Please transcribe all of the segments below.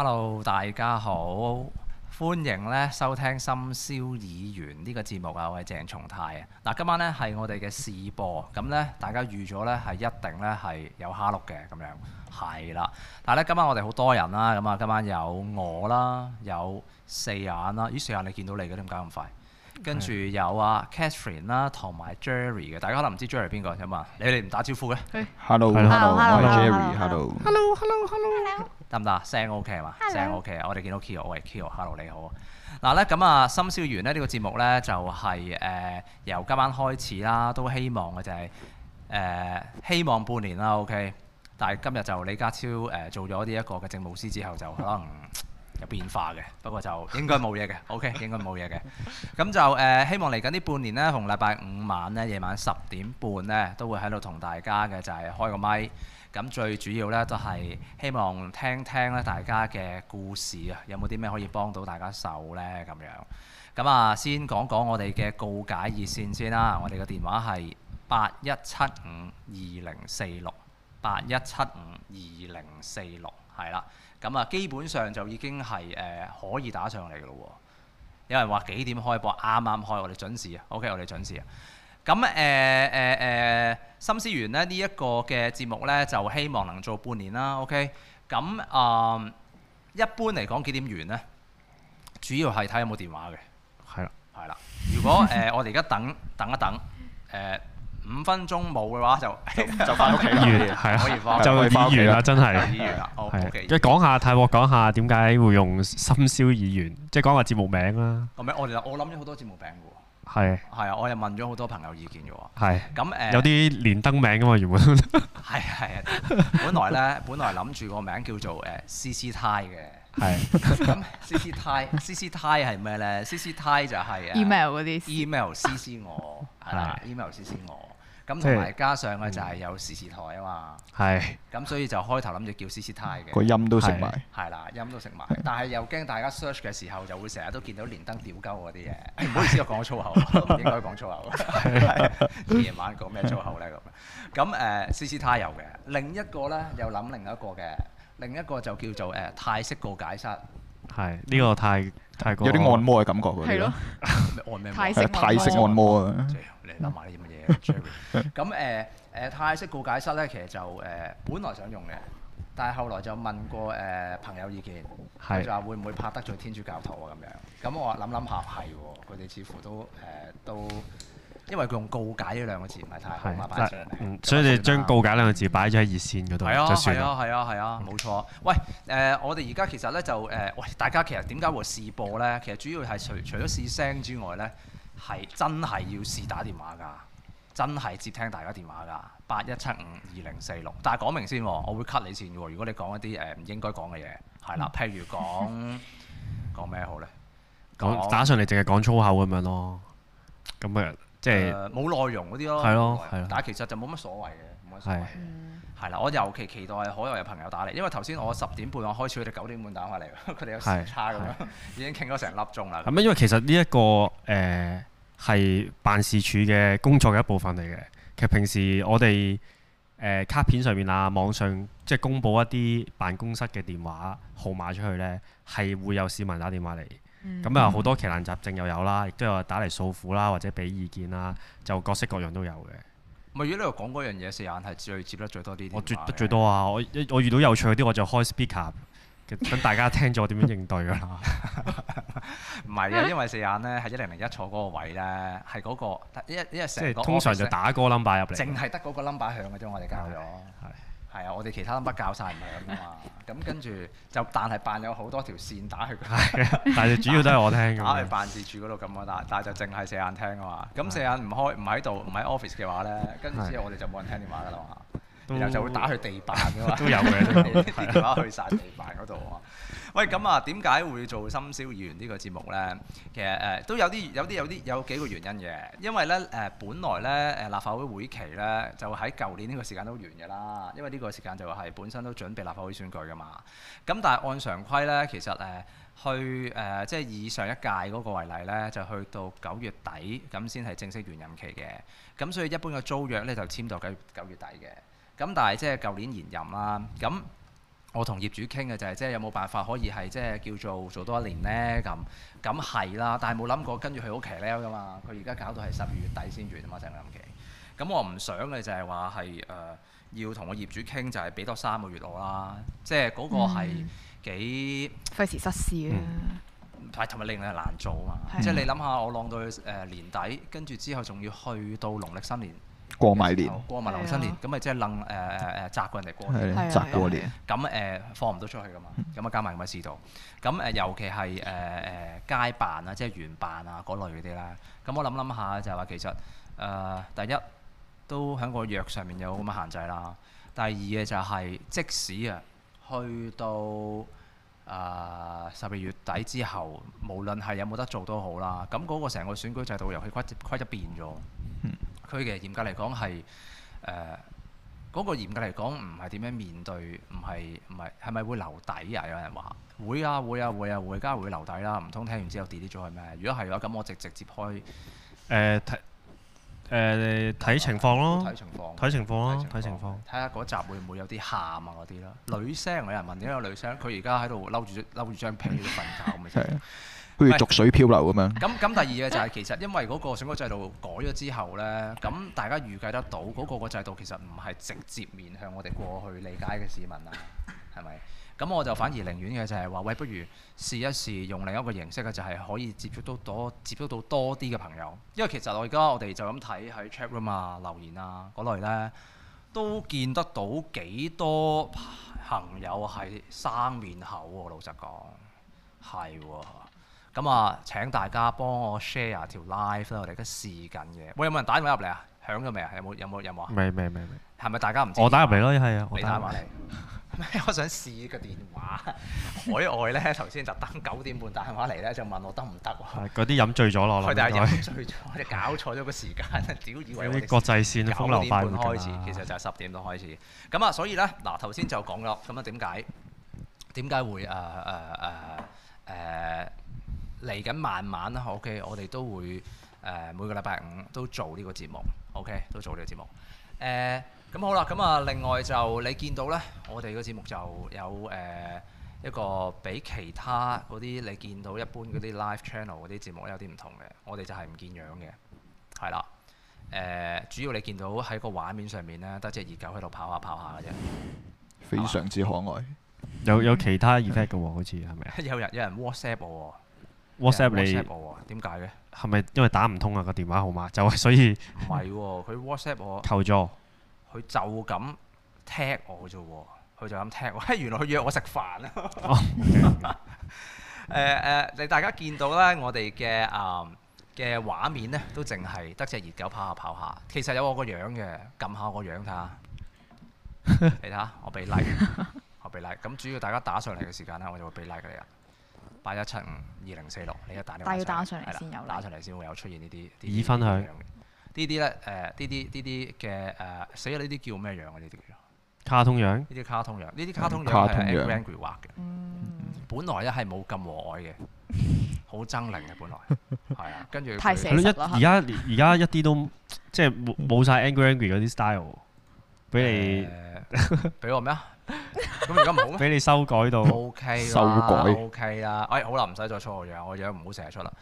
Hello，大家好，歡迎咧收聽《深宵議員》呢個節目啊，我係鄭松泰啊。嗱，今晚咧係我哋嘅試播，咁咧大家預咗咧係一定咧係有哈六嘅咁樣，係啦。但係咧今晚我哋好多人啦，咁啊今晚有我啦，有四眼啦，咦四眼你見到你嘅點解咁快？跟住有啊 Catherine 啦、啊，同埋 Jerry 嘅，大家可能唔知 Jerry 邊個，有嘛？你哋唔打招呼嘅？Hello，hello，hi Jerry，hello，hello，hello，hello。得唔得？聲 OK 嘛？聲 OK，Hello. 我哋見到 Kio，喂 Kio，hello 你好。嗱咧咁啊，深宵議員咧呢、這個節目咧就係、是、誒、呃、由今晚開始啦，都希望嘅就係誒希望半年啦 OK，但係今日就李家超誒、呃、做咗呢一個嘅政務司之後就可能 有變化嘅，不過就應該冇嘢嘅 OK，應該冇嘢嘅。咁 就誒、呃、希望嚟緊呢半年咧，同禮拜五晚咧夜晚十點半咧都會喺度同大家嘅就係、是、開個麥。咁最主要呢，都係希望聽聽咧大家嘅故事啊，有冇啲咩可以幫到大家手呢？咁樣？咁啊，先講講我哋嘅告解熱線先啦。我哋嘅電話係八一七五二零四六，八一七五二零四六，係啦。咁啊，基本上就已經係誒、呃、可以打上嚟噶咯喎。有人話幾點開播？啱啱開，我哋準時啊。OK，我哋準時啊。咁誒誒誒深宵員咧，呢一個嘅節目咧就希望能做半年啦，OK？咁啊，一般嚟講幾點完咧？主要係睇有冇電話嘅，係啦，係啦。如果誒我哋而家等等一等，誒五分鐘冇嘅話就就返屋企完，係啊，可以返就完啦，真係完啦，OK？跟住講下太博，講下點解會用深宵議員，即係講下節目名啦。唔係，我哋我諗咗好多節目名㗎喎。係係啊！我又問咗好多朋友意見嘅喎。咁誒的，呃、有啲連登名嘅嘛原本。係係啊！本來咧，本來諗住個名叫做誒 CC Tie 嘅。係、呃。咁 CC Tie，CC Tie 係咩咧？CC Tie 就係 email 啲。email CC 我係啦。email CC 我。咁同埋加上咧就係有時事台啊嘛，係，咁所以就開頭諗住叫 CC 太嘅，個音都食埋，係啦，音都食埋，但係又驚大家 search 嘅時候就會成日都見到連燈吊鳩嗰啲嘢，唔好意思，我講粗口，唔應該講粗口，夜晚講咩粗口咧咁，咁誒 CC 太有嘅，另一個咧又諗另一個嘅，另一個就叫做誒泰式告解室，係呢個泰泰有啲按摩嘅感覺嗰啲，泰式按摩啊。咁誒誒泰式告解室咧，其實就誒、呃、本來想用嘅，但係後來就問過誒、呃、朋友意見，係話會唔會怕得罪天主教徒啊咁樣？咁我諗諗下，係喎，佢哋似乎都誒都，因為佢用告解呢兩個字唔係太好啦，所以你將告解兩個字擺咗喺熱線嗰度，係啊，係啊，係啊，冇、啊啊、錯。喂誒、呃，我哋而家其實咧就誒喂、呃，大家其實點解要試播咧？其實主要係除除咗試聲之外咧，係真係要試打電話㗎。真係接聽大家電話㗎，八一七五二零四六。但係講明先，我會 cut 你線嘅。如果你講一啲誒唔應該講嘅嘢，係啦，譬如講講咩好咧？講打上嚟淨係講粗口咁樣咯。咁嘅即係冇內容嗰啲咯。係咯，係咯。但係其實就冇乜所謂嘅，冇乜所謂。係啦，我尤其期待係海外嘅朋友打嚟，因為頭先我十點半我開始，佢哋九點半打翻嚟，佢哋有時差咁樣，已經傾咗成粒鐘啦。咁啊，因為其實呢一個誒。係辦事處嘅工作嘅一部分嚟嘅。其實平時我哋、呃、卡片上面啊、網上即係公佈一啲辦公室嘅電話號碼出去呢，係會有市民打電話嚟。咁啊好多奇難雜症又有啦，亦都有打嚟訴苦啦，或者俾意見啦，就各式各樣都有嘅。咪如果你話講嗰樣嘢，四眼係最接得最多啲。我接得最多啊！的我我遇到有趣嗰啲，我就開 speaker。等大家聽咗點樣應對㗎啦？唔係啊，因為四眼咧喺一零零一坐嗰個位咧，係嗰、嗰個一一即係通常就打嗰個 number 入嚟。淨係得嗰個 number 響嘅啫，我哋教咗。係係啊，我哋其他 number 教曬唔響㗎嘛。咁跟住就但係辦有好多條線打去、嗰個。係，但係主要都係我聽㗎。 打去辦事處嗰度，咁啊，但但就淨係四眼聽㗎嘛。咁四眼唔開，唔喺度，唔喺 office 嘅話咧，跟住之後我哋就冇人聽電話㗎啦嘛。對然後就會打去地板㗎都有嘅，啲電話去晒地板嗰度啊！喂，咁啊，點解會做深宵議員呢個節目咧？其實誒、呃、都有啲有啲有啲有幾個原因嘅，因為咧誒、呃，本來咧誒立法會會期咧就喺舊年呢個時間都完嘅啦，因為呢個時間就係本身都準備立法會選舉㗎嘛。咁但係按常規咧，其實誒去誒、呃、即係以上一屆嗰個為例咧，就去到九月底咁先係正式完任期嘅。咁所以一般嘅租約咧就簽到九月，九月底嘅。咁但係即係舊年延任啦，咁我同業主傾嘅就係、是、即係有冇辦法可以係即係叫做做多一年呢？咁？咁係啦，但係冇諗過跟住佢屋企僆噶嘛，佢而家搞到係十二月底先完啫嘛，剩任期。咁我唔想嘅就係話係誒要同個業主傾就係俾多三個月我啦，即係嗰個係幾費、嗯、時失事同埋令你難做啊嘛。嗯、即係你諗下，我浪到誒年底，跟住之後仲要去到農曆新年，過埋年，過埋農曆新年，咁咪即係楞誒誒誒，砸、啊呃、過人哋過年，砸過年。咁誒對、啊呃、放唔到出去噶嘛，咁啊 加埋咁嘅制度。咁誒尤其係誒誒街辦，辦啊，即係原辦啊嗰類嗰啲咧。咁我諗諗下就係話，其實誒、呃、第一都喺個約上面有咁嘅限制啦。第二嘅就係即使啊，去到啊十二月底之後，無論係有冇得做都好啦。咁嗰個成個選舉制度，遊戲規則規則變咗。 區嘅嚴格嚟講係誒嗰個嚴格嚟講唔係點樣面對，唔係唔係係咪會留底啊？有人話會啊會啊會啊會啊梗係會留底啦！唔通聽完之後 delete 咗係咩？如果係嘅話，咁我直直接開誒睇誒睇情況咯，睇、呃、情況，睇情況咯，睇情況，睇下嗰集會唔會有啲喊啊嗰啲啦。女聲，我有人問，點解有女聲佢而家喺度摟住摟住張被瞓覺？係。 不如逐水漂流咁樣、哎。咁咁第二嘅就係其實因為嗰個選舉制度改咗之後呢，咁大家預計得到嗰個個制度其實唔係直接面向我哋過去理解嘅市民喇，係咪？咁我就反而寧願嘅就係話喂，不如試一試用另一個形式嘅，就係可以接觸到多接觸到多啲嘅朋友。因為其實我而家我哋就咁睇喺 chatroom 啊、留言啊嗰類呢，都見得到幾多朋友係生面口喎、啊。老實講，係喎。咁啊！請大家幫我 share 條 live 啦，我哋而家試緊嘅。喂，有冇人打電話入嚟啊？響咗未啊？有冇？有冇？有冇啊？未未未未。係咪大家唔知？我打入嚟咯，又係啊！我打電話嚟。我想試個電話。海外咧，頭先特登九點半打電話嚟咧，就問我得唔得喎？嗰啲飲醉咗攞落嚟。我哋搞錯咗個時間，屌以為國際線九點半開始，其實就係十點多開始。咁啊，所以咧，嗱頭先就講咗。咁啊，點解點解會誒誒誒誒？嚟緊，慢慢啦。OK，我哋都會誒、呃、每個禮拜五都做呢個節目。OK，都做呢個節目。誒、呃、咁好啦。咁啊，另外就你見到咧，我哋個節目就有誒、呃、一個比其他嗰啲你見到一般嗰啲 live channel 嗰啲節目有啲唔同嘅。我哋就係唔見樣嘅，係啦。誒、呃，主要你見到喺個畫面上面咧，得隻熱狗喺度跑下跑下嘅啫，非常之可愛。啊、有有其他 effect 嘅喎，好似係咪有人有人 WhatsApp 喎、哦。WhatsApp 嚟，WhatsApp 我啊？點解嘅？係咪因為打唔通啊個電話號碼就所以？唔係喎，佢 WhatsApp 我求助。佢就咁踢我啫喎，佢就咁踢我。嘿，原來佢約我食飯啊！誒誒，你大家見到咧，我哋嘅誒嘅畫面咧都淨係得隻熱狗跑下跑下。其實有我個樣嘅，撳下我個樣睇下。你睇下，我俾 like，我俾 like。咁主要大家打上嚟嘅時間咧，我就會俾 like 你啊。八一七五二零四六，你一打電話。但係要打上嚟先有打上嚟先會有出現呢啲。已分享呢啲咧，誒，呢啲呢啲嘅誒，死啦！呢啲叫咩樣啊？呢啲叫卡通樣，呢啲卡通樣，呢啲卡通樣同 angry 畫嘅。本來咧係冇咁和藹嘅，好猙獰嘅本來係啊。跟住。太寫實啦。而家而家一啲都即係冇晒 angry angry 嗰啲 style，俾你誒，俾我咩啊？咁而家唔好咩？俾你修改到、okay 了，修改 OK 啦、okay。哎，好啦，唔使再出我樣，我樣唔好成日出啦。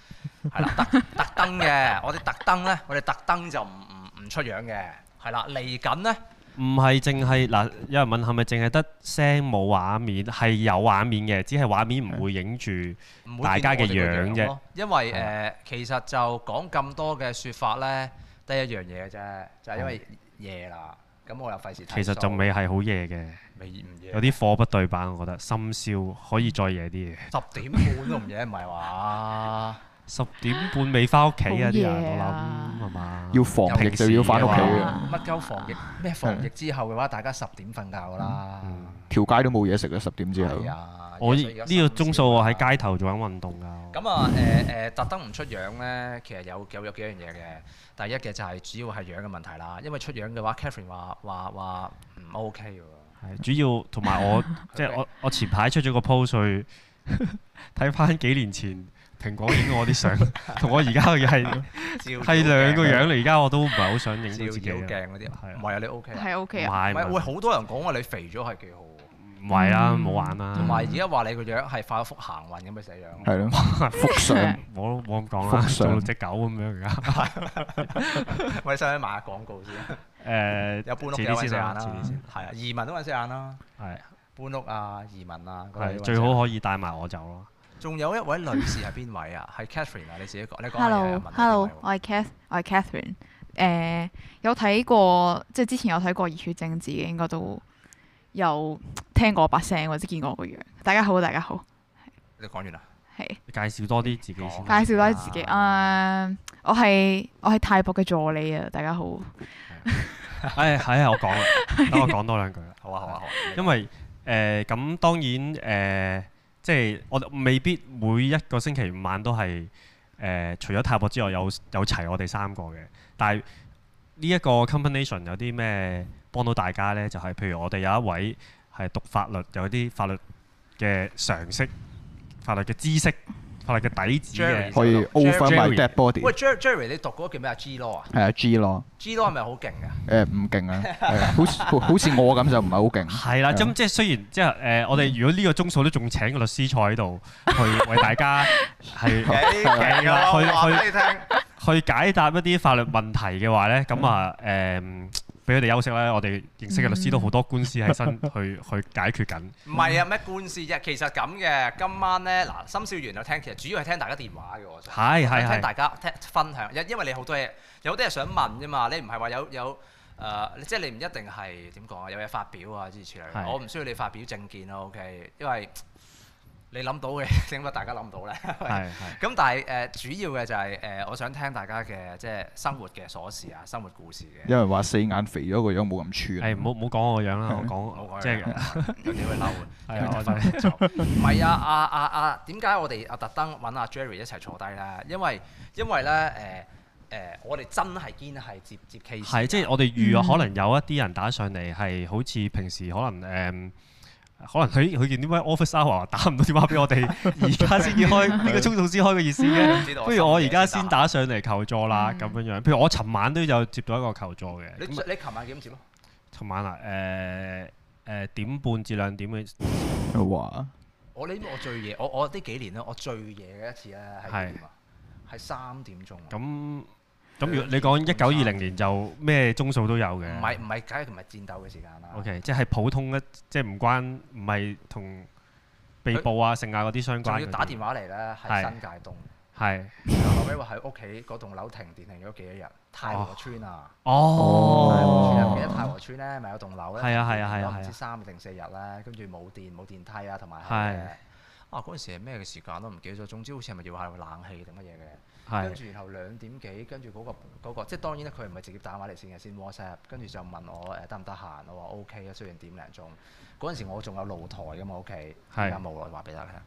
係啦， 特特登嘅，我哋特登咧，我哋特登就唔唔唔出樣嘅。係啦，嚟緊咧，唔係淨係嗱，有人問係咪淨係得聲冇畫面，係有畫面嘅，只係畫面唔會影住的大家嘅樣啫。因為誒、呃，其實就講咁多嘅說法咧，得一樣嘢嘅啫，就係、是、因為夜啦。咁我又費事，其實仲未係好夜嘅，有啲貨不對版。我覺得。深宵可以再夜啲嘅。十點半都唔夜，唔係話， 十點半未翻屋企啊啲人我， 我諗係嘛，要防疫就要翻屋企，乜鳩防疫？咩防疫之後嘅話，大家十點瞓覺啦。嗯嗯嗯、條街都冇嘢食啦，十點之後。我呢、這個鐘數我喺街頭做緊運動㗎。咁、這個、啊誒誒、呃呃，特登唔出樣咧，其實有有有幾樣嘢嘅。第一嘅就係主要係樣嘅問題啦，因為出樣嘅話，Catherine 話話話唔 OK 喎。係主要同埋我，即係 OK 我我前排出咗個 pose，睇翻 幾年前蘋果影我啲相，同 我而家嘅係係兩個樣嚟。而家我都唔係好想影到自己。照鏡嗰啲，唔係啊，啊，你 OK。係 OK 唔係唔係，會好多人講話你肥咗係幾好。唔係啦，冇玩啦。同埋而家話你個樣係快咗行運咁嘅死樣。係咯，幅相我冇咁講啦，做隻狗咁樣而家。喂，上去買下廣告先。誒，有搬屋揾視眼啦，係啊，移民都揾視眼啦，係搬屋啊，移民啊，最好可以帶埋我走咯。仲有一位女士係邊位啊？係 Catherine 啊，你自己講，你講 Hello，Hello，我係 Catherine。有睇過即係之前有睇過《熱血政治》嘅，應該都。有聽過我把聲或者見過我個樣，大家好，大家好。你講完啦？係是。介紹多啲自己先。介紹多啲自己，誒、啊啊，我係我係泰博嘅助理啊！大家好。誒係啊、， 哎、啊，我講啦，等 我講多兩句 好啊好啊好，好。啊。因為誒咁、 呃、當然誒、呃，即係我未必每一個星期五晚都係誒、呃，除咗泰博之外有有，有齊我哋三個嘅，但係呢一個 combination 有啲咩？幫到大家咧，就係、是、譬如我哋有一位係讀法律，有一啲法律嘅常識、法律嘅知識、法律嘅底子，可以 over 埋 dead body。喂，Jerry，你讀嗰個叫咩啊？G law 啊？係啊，G law G law 係咪好勁啊？誒唔勁啊，好好似我咁就唔係好勁。係啦， 咁即係雖然即係誒，我哋如果呢個鐘數都仲請個律師坐喺度，去為大家係去去 去解答一啲法律問題嘅話咧，咁啊誒。呃嗯俾佢哋休息咧，我哋認識嘅律師都好多官司喺身去 去解決緊。唔係啊，咩官司啫、啊？其實咁嘅，今晚咧嗱，深宵議員就聽，其實主要係聽大家電話嘅，我係是聽大家聽分享，因為你好多嘢，有啲人想問啫嘛，你唔係話有有誒、呃，即係你唔一定係點講啊？有嘢發表啊之類，是我唔需要你發表政見咯，OK？因為你諗到嘅，點解大家諗唔到咧？係係。咁但係誒，主要嘅就係誒，我想聽大家嘅即係生活嘅瑣事啊，生活故事嘅。因為話四眼肥咗個樣冇咁粗。係，冇冇講我個樣啦，我講我個樣。即係點會嬲啊？係啊，我就唔係啊啊啊啊！點解我哋啊特登揾阿 Jerry 一齊坐低咧？因為因為咧誒誒，我哋真係堅係接接 case。係，即係我哋預約可能有一啲人打上嚟，係好似平時可能誒。可能佢佢見點解 office hour 打唔到電話俾我哋，而家先至開呢個衝動先開嘅意思咧。 不如我而家先打上嚟求助啦。咁 樣，譬如我尋晚都有接到一個求助嘅。你就你尋晚幾點接？尋晚啊，誒、呃、誒、呃、點半至兩點嘅話 ，我你我最夜，我我呢幾年咧，我最夜嘅一次咧係幾點啊？係是三點鐘。咁如你講一九二零年就咩鐘數都有嘅？唔係唔係，梗係唔係戰鬥嘅時間啦。O K，即係普通咧，即係唔關，唔係同被捕啊、剩啊嗰啲相關嘅，仲要打電話嚟咧，係新界東。係後尾話喺屋企嗰棟樓停電停咗幾多日？太和村啊。哦。唔記得太和村咧，咪有棟樓咧？係啊係啊係啊。停咗三定四日啦，跟住冇電冇電梯啊，同埋係啊嗰陣時係咩嘅時間都唔記得咗。總之好似係咪要下冷氣定乜嘢嘅？跟住然後兩點幾，跟住嗰個、嗰個、即係當然咧，佢唔係直接打電話嚟先嘅，先 WhatsApp，跟住就問我誒得唔得閒，我話 OK 啊，雖然點零鐘，嗰陣時我仲有露台㗎嘛屋企，而家冇我話俾大家聽。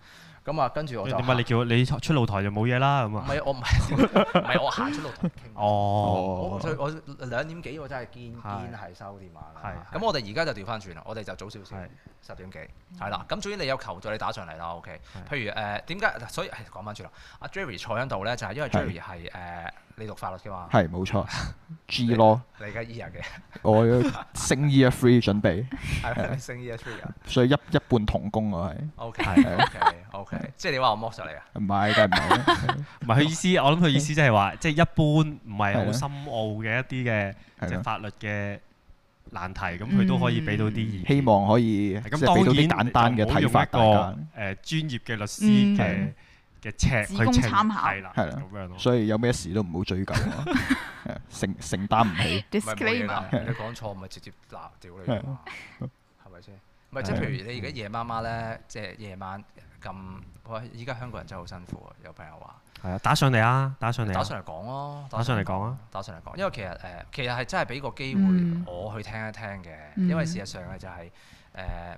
咁啊，跟住我。咁點解你叫我你出露台就冇嘢啦？咁啊。唔係，我唔係，唔係我行出露台傾。哦。我最我兩點幾我真係堅堅係收電話啦。係。咁我哋而家就調翻轉啦，我哋就早少少，十點幾。係啦。咁總之你有求，就你打上嚟啦，OK。譬如誒，點解？所以係講翻轉啦。阿 Jerry 坐喺度咧，就係因為 Jerry 係誒，你讀法律嘅嘛。係冇錯。G 咯。你而家 E 嘅。我升 E 啊 three 準備。係升 E 啊 three 啊。所以一一半同工我係。OK OK。即係你話我剝削你啊？唔係，梗係唔係唔係佢意思，我諗佢意思即係話，即係一般唔係好深奧嘅一啲嘅法律嘅難題，咁佢都可以俾到啲希望可以即係俾到啲簡單嘅睇法，大家誒專業嘅律師嘅嘅尺去參考，係啦，係啦，咁樣所以有咩事都唔好追究，承承擔唔起。唔係你講錯，唔係直接鬧掉你。係咪先？唔係即係譬如你而家夜媽媽咧，即係夜晚。咁，我依家香港人真係好辛苦啊！有朋友話：係啊，打上嚟啊，打上嚟，啊，打上嚟講咯，打上嚟講啊，打上嚟講，啊。講啊，因為其實誒，呃，其實係真係俾個機會我去聽一聽嘅。嗯，因為事實上嘅就係，是，誒，呃，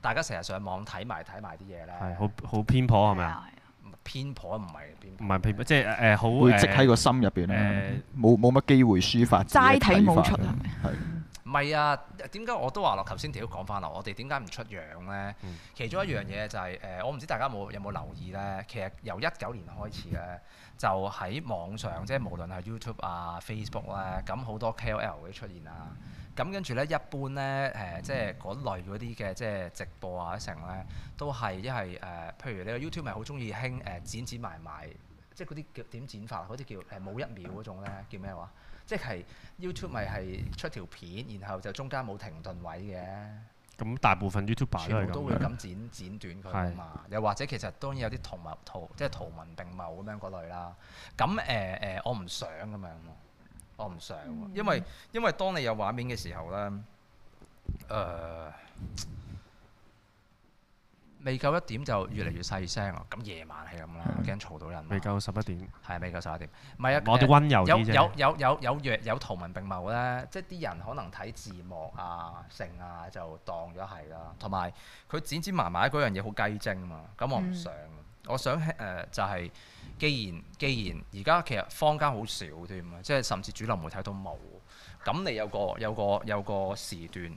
大家成日上網睇埋睇埋啲嘢咧，係，啊，好好偏頗係咪啊？是是偏頗唔係唔係即係誒，呃，好會積喺個心入邊咧。冇冇乜機會抒發，齋睇冇出啊。沒錯 唔係啊，點解我都話落頭先條講翻落，我哋點解唔出樣咧？嗯、其中一樣嘢就係、是、誒、呃，我唔知大家有冇有冇留意咧。其實由一九年開始咧，就喺網上，即係無論係 YouTube 啊、Facebook 咧、啊，咁好多 KOL 嗰啲出現啊。咁跟住咧，一般咧誒、呃，即係嗰類嗰啲嘅即係直播啊成咧，都係一係誒，譬如你個 YouTube 咪好中意興誒剪剪埋埋、呃，即係嗰啲叫點剪法？嗰啲叫誒冇一秒嗰種咧，叫咩話？即係 YouTube 咪係出條片，然後就中間冇停頓位嘅。咁大部分 YouTube 全部都會咁剪 剪短佢嘛？ 又或者其實當然有啲圖文圖即係圖文並茂咁樣嗰類啦。咁誒誒，我唔想咁樣，我唔想，嗯、因為因為當你有畫面嘅時候咧，誒、呃。未夠一點就越嚟越細聲啊！咁夜晚係咁啦，驚嘈到人未？未夠十一點，係未夠十一點。唔係啊，我哋溫柔，有有有有有有圖文並茂咧，即係啲人可能睇字幕啊、剩啊就當咗係啦。同埋佢剪剪埋埋嗰樣嘢好雞精啊嘛，咁我唔想，嗯、想。我想誒就係、是，既然既然而家其實坊間好少啲嘛，即係甚至主流媒體都冇，咁你有個有個有個，有個時段。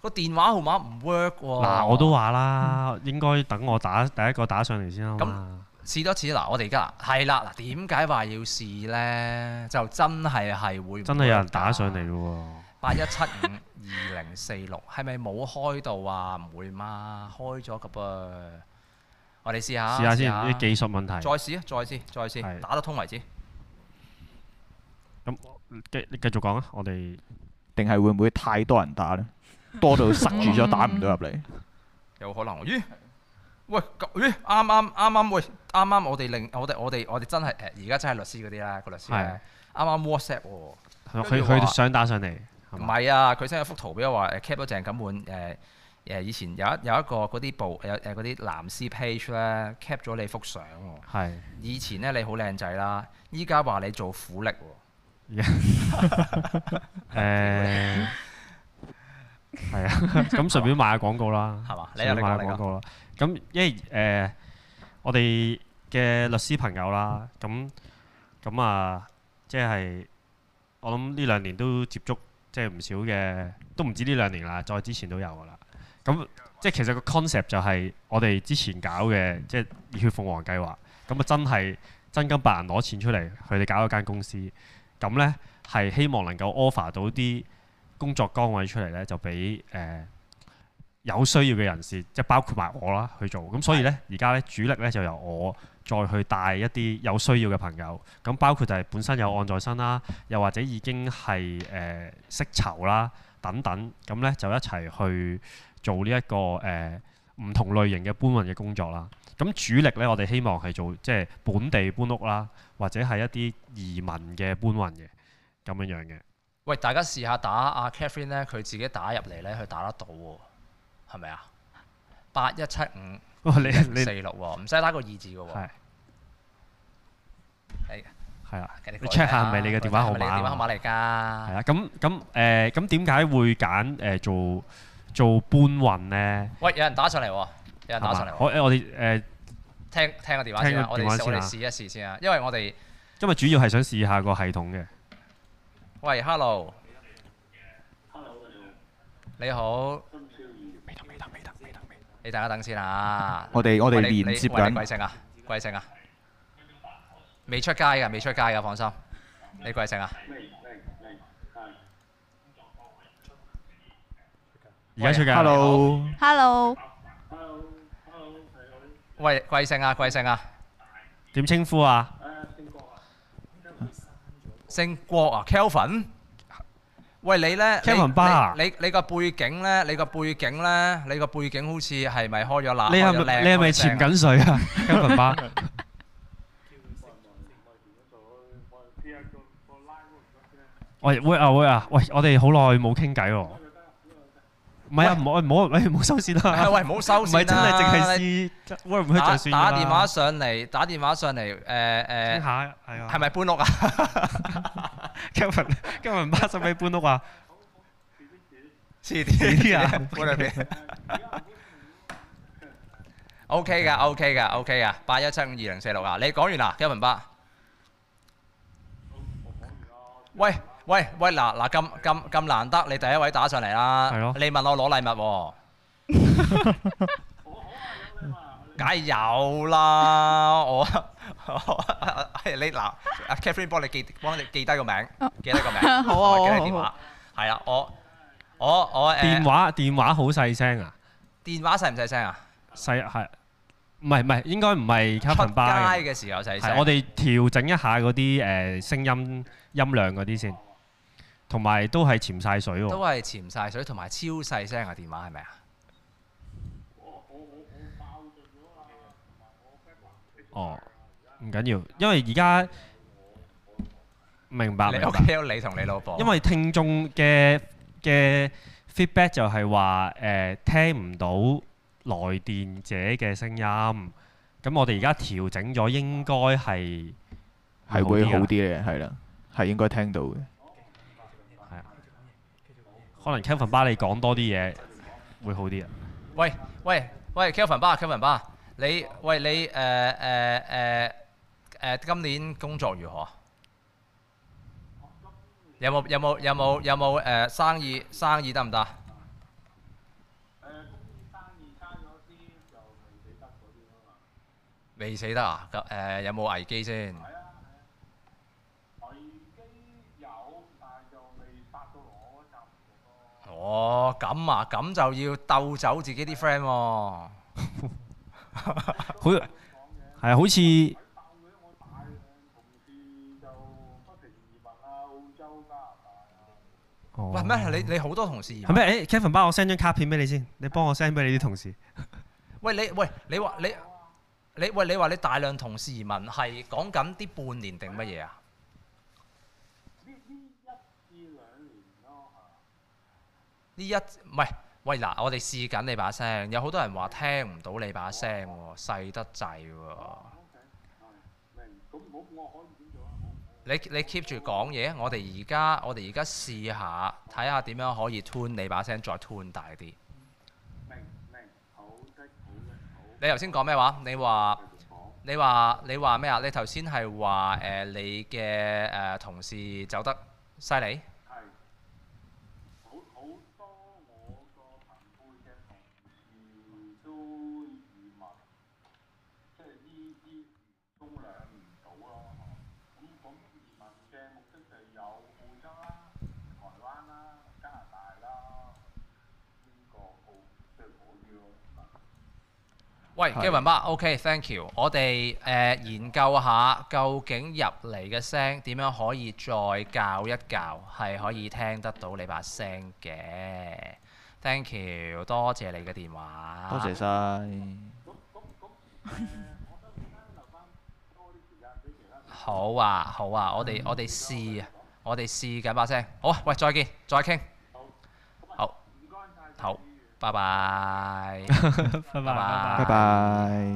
個電話號碼唔 work 喎。嗱、啊，我都話啦，嗯、應該等我打第一個打上嚟先啦。咁、嗯、試多次，嗱，我哋而家係啦。嗱，點解話要試呢？就真係係會,會。真係有人打上嚟咯喎。八一七五二零四六係咪冇開到、啊？話唔會嘛？開咗嘅噃，我哋試,試,試下。試下先，啲技術問題。再試啊！再試！再試！是打得通為止。咁繼你繼續講啊！我哋定係會唔會太多人打呢？ 多到塞住咗，打唔到入嚟。有可能。咦、哎？喂，咦？啱啱啱啱喂，啱啱我哋令我哋我哋我哋真係誒，而家真係律師嗰啲啦，個律師咧，啱啱 WhatsApp 喎。佢佢想打上嚟。唔係啊，佢 send 一幅圖俾我話 cap 咗鄭錦滿誒誒，以前有一有一個嗰啲部有誒嗰啲藍絲 page 咧 cap 咗你幅相喎。係。以前咧你好靚仔啦，依家話你做苦力喎。 係啊，咁 順便賣下廣告啦，係嘛？你又賣下廣告啦。咁因為誒、呃，我哋嘅律師朋友啦，咁咁啊，即係我諗呢兩年都接觸，即係唔少嘅，都唔止呢兩年啦，再之前都有噶啦。咁即係其實個 concept 就係我哋之前搞嘅，即係熱血鳳凰計劃。咁啊，真係真金白銀攞錢出嚟，佢哋搞咗間公司。咁呢係希望能夠 offer 到啲。工作崗位出嚟呢，就俾誒、呃、有需要嘅人士，即係包括埋我啦去做。咁所以呢，而家呢主力呢，就由我再去帶一啲有需要嘅朋友。咁包括就係本身有案在身啦，又或者已經係誒釋囚啦等等。咁呢，就一齊去做呢、這、一個誒唔、呃、同類型嘅搬運嘅工作啦。咁主力呢，我哋希望係做即係、就是、本地搬屋啦，或者係一啲移民嘅搬運嘅咁樣樣嘅。喂，大家試下打阿 Catherine 咧，佢自己打入嚟咧，佢打得到喎，係咪啊？八一七五四六喎，唔使打個二字嘅喎。係。係啊。你 check 下係咪你嘅電話號碼嚟㗎？係啊，咁咁誒，咁點解會揀誒做做搬運咧？喂，有人打上嚟喎，有人打上嚟。我我哋誒聽聽個電話先，我哋試我哋試一試先啊，因為我哋因為主要係想試下個系統嘅。喂，hello，你好。你大家等先啊，我哋我哋連接緊。喂，貴姓啊，貴姓啊，未出街噶，未出街噶，放心。你貴姓啊？而家出街。Hello，Hello，喂，貴姓啊，貴姓啊，點稱呼啊？姓郭啊，Kelvin，喂你咧，Kelvin 巴，你你個背景咧，你個背景咧，你個背景好似係咪開咗冷氣啊？你係咪你係咪潛緊水啊，Kelvin 巴？喂，會啊會啊，喂，我哋好耐冇傾偈喎。唔係啊，唔好唔好，唔好收線啦！係喂，唔好收線啦！唔係真係淨係試，會唔會再算嘢？打電話上嚟，打電話上嚟，誒誒，聽下，係啊，係咪搬屋啊？Kevin，Kevin 巴使唔使搬屋啊？是的，是的啊，搬嚟邊？OK 㗎，OK 㗎，OK 㗎，八一七五二零四六啊！你講完啦，Kevin 巴。喂。喂喂嗱嗱咁咁咁難得你第一位打上嚟啦，係咯，你問我攞禮物喎，梗係有啦，我你嗱，Catherine 幫你記幫你記低個名，記低個名，好啊，記低電話，係啊，我我我電話電話好細聲啊，電話細唔細聲啊，細係唔係唔係應該唔係出街嘅時候細聲，我哋調整一下嗰啲誒聲音音量嗰啲先。同埋都係潛曬水喎，都係潛曬水，同埋超細聲嘅電話係咪啊？哦，唔緊要，因為而家明白啦。你屋企有你同你老婆。因為聽眾嘅嘅 feedback 就係話誒聽唔到來電者嘅聲音，咁我哋而家調整咗，應該係係會好啲嘅，係啦，係應該聽到嘅。可能 Kevin 巴你講多啲嘢會好啲啊！喂喂 Kevin 巴，Kevin 巴，喂，Kevin 巴 Kevin 巴你喂你誒誒誒誒，今年工作如何？有冇有冇有冇有冇誒、呃、生意生意得唔得？生意差咗啲，就未死得未死得啊？咁、呃、有冇危機先？哦，咁啊，咁就要鬥走自己啲 friend 喎。好，係啊，好似。喂，咩？你你好多同事？係咩？誒，Kevin，幫我 send 張卡片俾你先，你幫我 send 俾你啲同事。喂，你喂，你話你，你喂，你話你大量同事移民係講緊啲半年定乜嘢啊？呢一唔係，喂嗱，我哋試緊你把聲，有好多人話聽唔到你把聲喎，細得滯喎。你你 keep 住講嘢，我哋而家我哋而家試下睇下點樣可以 turn 你把聲再 turn 大啲、嗯。你頭先講咩話？你話你話你話咩啊？你頭先係話誒你嘅誒、呃呃、同事走得犀利？喂，基民巴是，OK，thank you。我哋誒研究下，究竟入嚟嘅聲點樣可以再校一校，係可以聽得到你把聲嘅。Thank you，多謝你嘅電話。多謝晒！ 好啊，好啊，我哋、嗯、我哋試啊，嗯、我哋試緊把聲。好啊，喂，再見，再傾。拜拜，拜拜，拜拜，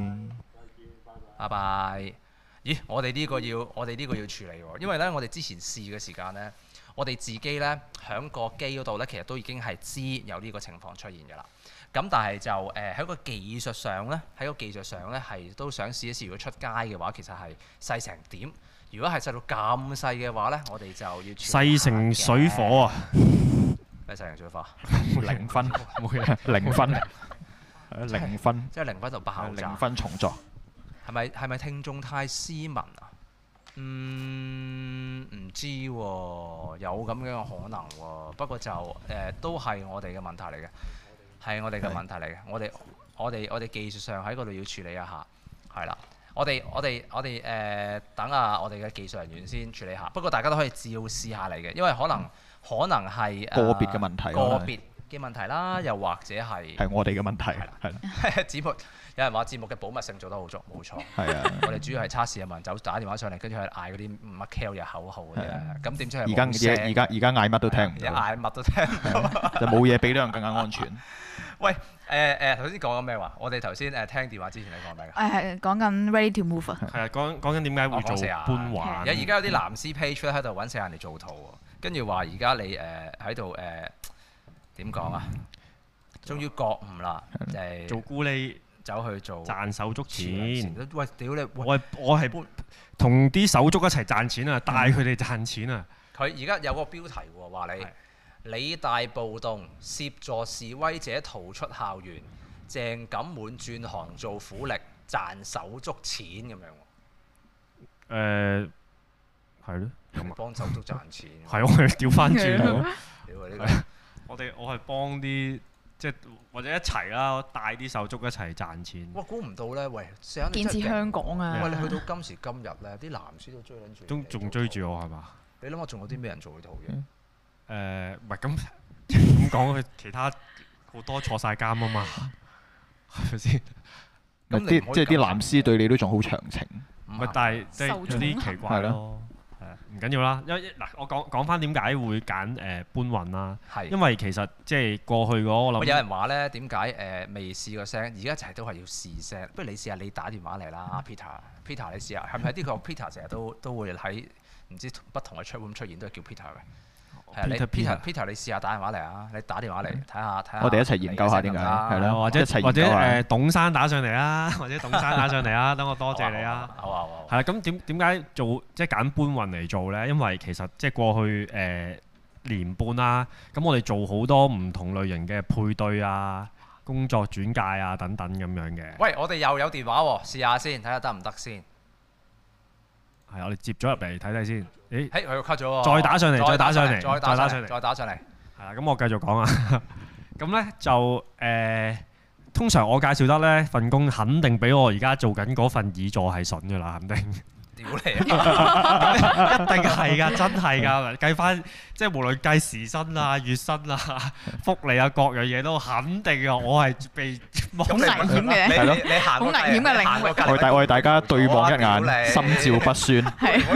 拜拜。咦，我哋呢個要，我哋呢個要處理喎。因為呢，我哋之前試嘅時間呢，我哋自己呢，響個機嗰度呢，其實都已經係知有呢個情況出現嘅啦。咁但係就誒喺、呃、個技術上呢，喺個技術上呢，係都想試一試。如果出街嘅話，其實係細成點。如果係細到咁細嘅話呢，我哋就要細成水火啊！ 一齊嚟做課，零分冇錯，零分， 零分，即係、 就是、 零分同爆零,零分重作。係咪係咪聽眾太斯文啊？嗯，唔知喎、啊，有咁樣嘅可能喎、啊，不過就誒、呃、都係我哋嘅問題嚟嘅，係我哋嘅問題嚟嘅的，我哋我哋我哋技術上喺嗰度要處理一下，係啦。我哋我哋我哋誒等下，我哋嘅技術人員先處理下。不過大家都可以照試下嚟嘅，因為可能可能係個別嘅問題，個別嘅問題啦，又或者係係我哋嘅問題，係啦，係啦。只有人話節目嘅保密性做得好足，冇錯。係啊，我哋主要係測試啊嘛，有人走打電話上嚟，跟住去嗌嗰啲乜 kill 嘅口號嘅嘢，咁點知係而家而家而家嗌乜都聽唔到，嗌乜都聽唔到，就冇嘢俾你更加安全。喂，誒、呃、誒，頭先講緊咩話？我哋頭先誒聽電話之前你講咩？誒係講緊 ready to move。係啊，講講緊點解會做搬運，哦。有而家有啲藍絲 page 出喺度揾死人嚟做圖，跟住話而家你誒喺度誒點講啊？終於覺悟啦， 就做咕喱走去做賺手足錢。錢喂，屌你！喂我我係搬同啲手足一齊賺錢啊，嗯、帶佢哋賺錢啊！佢而家有個標題喎，話你。理大暴動協助示威者逃出校園，鄭錦滿轉行做苦力賺手足錢咁樣。誒，係咯，幫手足賺錢。係我係調翻轉我哋我係幫啲即係或者一齊啦，帶啲手足一齊賺錢。我估唔到咧，喂，點知香港啊！喂，你去到今時今日咧，啲藍絲都追緊住。都仲追住我係嘛？你諗我仲有啲咩人做嘅途徑？誒唔係咁點講？佢、呃、其他好多坐晒監啊嘛，係咪先？咁啲即係啲藍絲對你都仲好長情，唔係但係即係有啲奇怪咯。啊、係唔緊要啦。因為嗱，我講講翻點解會揀誒、呃、搬運啦、啊。係因為其實即係過去嗰我諗。有人話咧點解誒未試過聲？而家就係都係要試聲。不如你試下你打電話嚟啦、嗯、，Peter。Peter，你試下係咪係呢個 Peter 成日都都會喺唔知不同嘅出出現，都係叫 Peter 嘅。Peter，Peter，你試下打電話嚟啊！你打電話嚟睇下，睇下。我哋一齊研究下點解，係啦，或者或者誒，董生打上嚟啊，或者董生打上嚟啊，等 我多謝你啊。好啊、好啊、係啦，咁點點解做即係揀搬運嚟做咧？因為其實即係、就是、過去誒、呃、年半啦、啊，咁我哋做好多唔同類型嘅配對啊、工作轉介啊等等咁樣嘅。喂，我哋又有電話喎、哦，試下先，睇下得唔得先。係，我哋接咗入嚟睇睇先。誒，係佢 cut 咗再打上嚟，再打上嚟，再打上嚟，再打上嚟。係啦，咁我繼續講啊。咁 咧就誒、呃，通常我介紹得咧份工，肯定比我而家做緊嗰份議助係筍嘅啦，肯定。 一定係㗎，真係㗎，嚟計返，即係無論計時薪啊、月薪啊、福利啊各樣嘢都肯定㗎，我係被好危險嘅的，你係咯，好危險嘅領，愛大愛大家對望一眼，理心照不宣，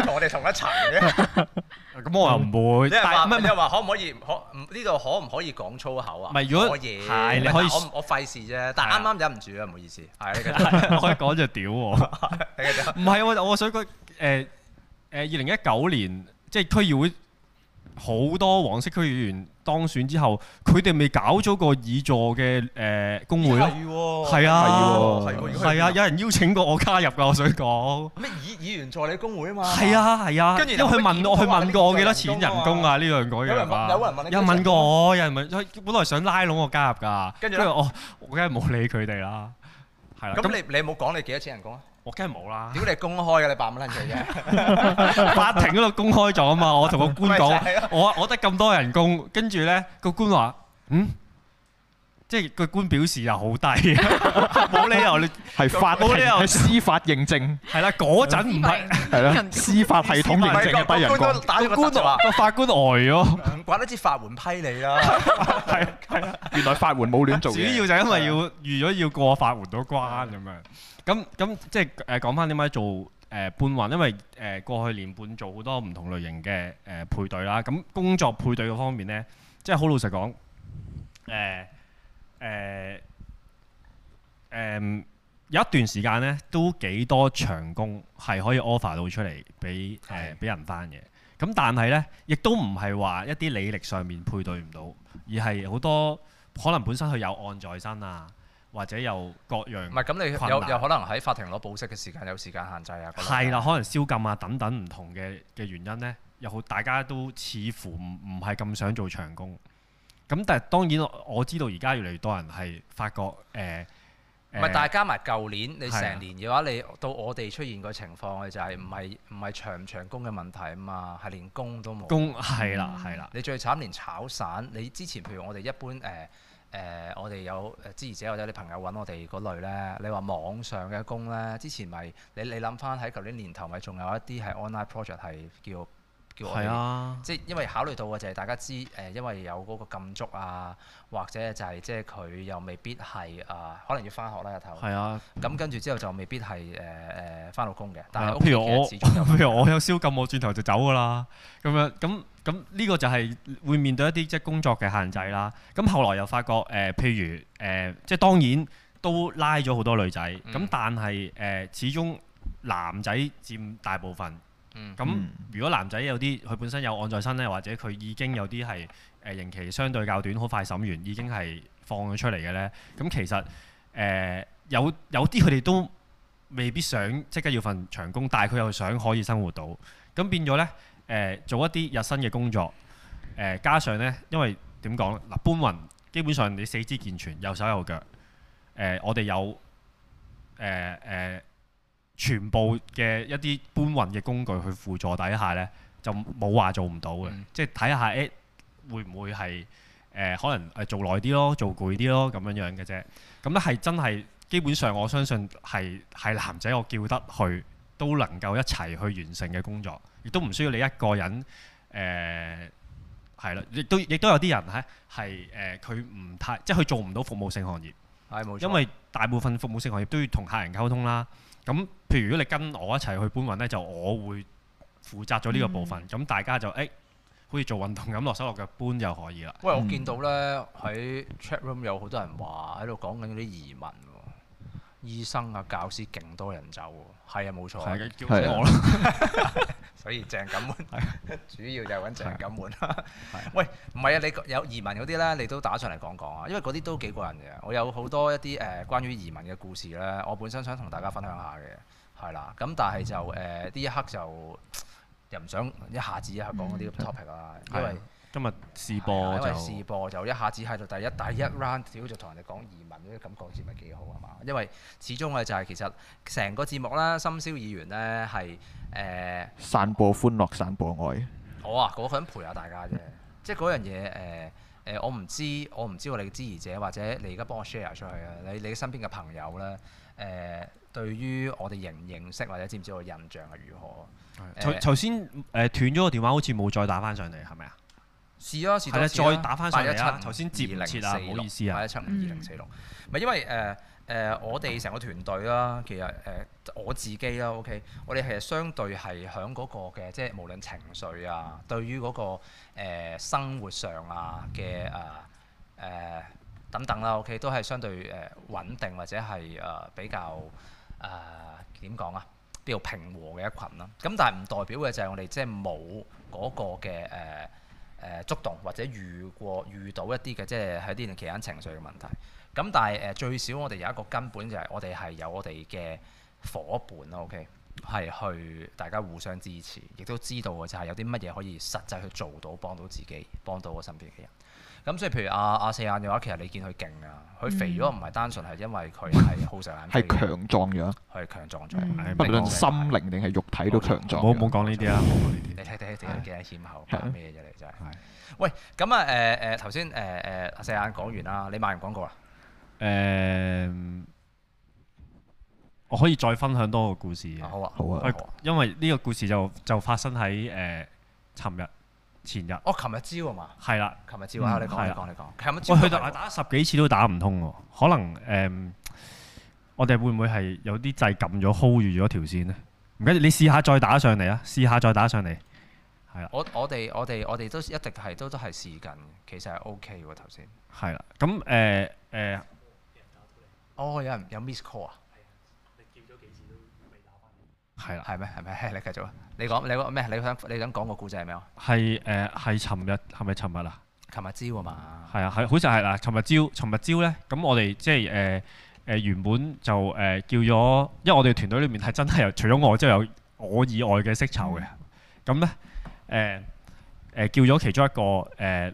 同我哋同一層嘅。 咁我又唔會，但係你話可唔可以？可呢度可唔可以講粗口啊？唔係如果，係你可以，我我費事啫。但係啱啱忍唔住啊，唔好意思。係，你覺得可以講隻屌喎。唔係，我我想講誒誒二零一九年，即係區議會好多黃色區議員。當選之後，佢哋咪搞咗個議助嘅誒工會咯。係啊，係啊，有人邀請過我加入噶。我想講咩？議議員助理工會啊嘛，係啊係啊，跟住因為佢問我去問過我幾多錢人工啊？呢樣嗰樣有人問過我，有人問，佢本來想拉攏我加入噶。跟住我我梗係冇理佢哋啦，係啦。咁你你冇講你幾多錢人工啊？我梗係冇啦！屌你，公開嘅你扮乜撚嘢啫，法 庭嗰度公開咗啊嘛！我同個官講 就、啊， 我我得咁多人工，跟住咧個官話，嗯？即係個官表示又好低，冇 理由你係法冇理由司法認證係啦。嗰陣唔係係啦，司法系統認證嘅低人官話，個法官呆咗，唔怪得知法援批你啦、啊。係原來法援冇亂做，主要就因為要預咗要過法援到關咁樣咁咁即係誒、呃、講翻點解做誒半運，因為誒、呃、過去年半做好多唔同類型嘅誒配對啦。咁、呃呃呃、工作配對方面咧，即係好老實講誒。呃誒誒、呃呃，有一段時間咧，都幾多長工係可以 offer 到出嚟俾誒俾人返嘅。咁但係呢，亦都唔係話一啲履歷上面配對唔到，而係好多可能本身佢有案在身啊，或者又各樣唔係咁，你有，有可能喺法庭攞保釋嘅時間有時間限制啊。係啦，可能宵禁啊等等唔同嘅嘅原因呢，又好大家都似乎唔唔係咁想做長工。咁但係當然，我知道而家越嚟越多人係發覺誒，唔、呃、係，但係加埋舊年你成年嘅話，是啊、你到我哋出現個情況嘅就是是，就係唔係唔係長唔長工嘅問題啊嘛，係連工都冇。工係啦，係啦、啊。你最慘，連炒散，你之前譬如我哋一般誒誒、呃，我哋有支持者或者你朋友揾我哋嗰類咧，你話網上嘅工咧，之前咪你你諗翻喺舊年年頭，咪仲有一啲係 online project 係叫。係啊，即係因為考慮到嘅就係大家知，誒、呃，因為有嗰個禁足啊，或者就係、是、即係佢又未必係啊、呃，可能要返學啦日頭。係啊，咁跟住之後就未必係誒誒返到工嘅。但係譬如我， 譬如我有宵禁，我轉頭就走㗎啦。咁樣咁咁呢個就係會面對一啲即係工作嘅限制啦。咁後來又發覺誒、呃，譬如誒、呃，即係當然都拉咗好多女仔，咁、嗯、但係誒、呃，始終男仔佔大部分。咁、嗯、如果男仔有啲佢本身有案在身咧，或者佢已經有啲係誒刑期相對較短，好快審完已經係放咗出嚟嘅咧，咁其實誒、呃、有有啲佢哋都未必想即刻要份長工，但係佢又想可以生活到，咁變咗咧誒做一啲日薪嘅工作，誒、呃、加上咧，因為點講咧？嗱、呃，搬運基本上你四肢健全，有手有腳，誒、呃、我哋有誒誒。呃呃全部嘅一啲搬運嘅工具去輔助底下呢，就冇話做唔到嘅。嗯、即係睇下誒，會唔會係誒、呃？可能誒做耐啲咯，做攰啲咯，咁樣樣嘅啫。咁咧係真係基本上，我相信係係男仔我叫得去，都能夠一齊去完成嘅工作，亦都唔需要你一個人誒係啦。亦、呃、都亦都有啲人咧係誒，佢、呃、唔太即係佢做唔到服務性行業係冇，因為大部分服務性行業都要同客人溝通啦。咁，譬如如果你跟我一齊去搬運咧，就我會負責咗呢個部分。咁、嗯、大家就誒、欸、好似做運動咁落手落腳搬就可以啦。喂，我見到咧喺 chat room 有好多人話喺度講緊啲移民。醫生啊，教師勁多人走喎，係啊，冇錯，係嘅的，叫咗我啦，的 所以鄭錦滿的主要就揾鄭錦滿的 喂，唔係啊，你有移民嗰啲呢，你都打上嚟講講啊，因為嗰啲都幾過癮嘅。我有好多一啲誒關於移民嘅故事呢，我本身想同大家分享下嘅，係啦。咁但係就誒呢、呃、一刻就又唔想一下子一下子講嗰啲 topic 啦、嗯，因為。今日試播，因為試播就一下子喺度第一第一 round，屌就同人哋講移民呢啲感覺，唔係幾好啊嘛。因為始終啊，就係其實成個節目啦，深宵議員咧係誒散播歡樂，哦、散播愛。好啊，我想陪下大家啫，嗯、即係嗰樣嘢誒誒，我唔知我唔知我哋嘅支持者或者你而家幫我 share 出去啊，嗯、你你身邊嘅朋友咧誒、呃，對於我哋認唔認識或者知唔知我印象係如何？頭先誒斷咗個電話，好似冇再打翻上嚟，係咪啊？試咗、啊，試到試、啊、再打翻上嚟啊！八一七，頭先截唔切啊！唔好意思啊！八一七五二零四六，咪因為誒誒、呃呃、我哋成個團隊啦，其實誒、呃、我自己啦，OK，我哋其實相對係響嗰個嘅，即係無論情緒啊，對於嗰、那個、呃、生活上啊嘅誒誒等等啦，OK，都係相對誒穩定或者係誒比較誒點講啊，比較平和嘅一群啦。咁但係唔代表嘅就係我哋即係冇嗰個嘅誒。呃誒、呃、觸動或者遇過遇到一啲嘅，即係喺啲嘅期間情緒嘅問題。咁但係誒、呃、最少我哋有一個根本就係我哋係有我哋嘅伙伴啦。OK，係去大家互相支持，亦都知道嘅就係有啲乜嘢可以實際去做到，幫到自己，幫到我身邊嘅人。咁、嗯、所以，譬如阿、啊、阿、啊、四眼嘅話，其實你見佢勁啊！佢肥咗唔係單純係因為佢係好食，係 強壯樣，係強壯咗。無、嗯嗯、論心靈定係肉體都強壯。唔好唔好講呢啲啊！啊啊你睇睇自己幾欠口講咩啫？你，你、哎、你真係。係、啊。喂，咁啊誒誒頭先誒誒阿四眼講完啦，你賣完廣告啦。誒、呃，我可以再分享多個故事、啊。好啊好啊，啊。因為呢個故事就就發生喺誒尋日。前日哦，琴日朝啊嘛，係啦是的，琴日朝啊，你講你講你講，佢去到打十幾次都打唔通喎，可能誒、嗯，我哋會唔會係有啲掣撳咗 hold 住咗條線呢？唔緊要，你試下再打上嚟啊！試下再打上嚟，係啦。我我哋我哋我哋都一直係都都係試緊，其實係 OK 喎頭先。係啦，咁誒誒，哦有人有 miss call 啊？係啦，係咩？係咩？你繼續啊！你講，你咩？你想，你想講個故仔係咩？係、呃、誒，係尋日，係咪尋日啊？尋日朝啊嘛。係啊，係，好似係嗱，尋日朝，尋日朝咧，咁我哋即係誒誒，原本就誒叫咗，因為我哋團隊裏面係真係有，除咗我之外，有我以外嘅薪酬嘅。咁咧、嗯，誒誒、呃呃呃，叫咗其中一個誒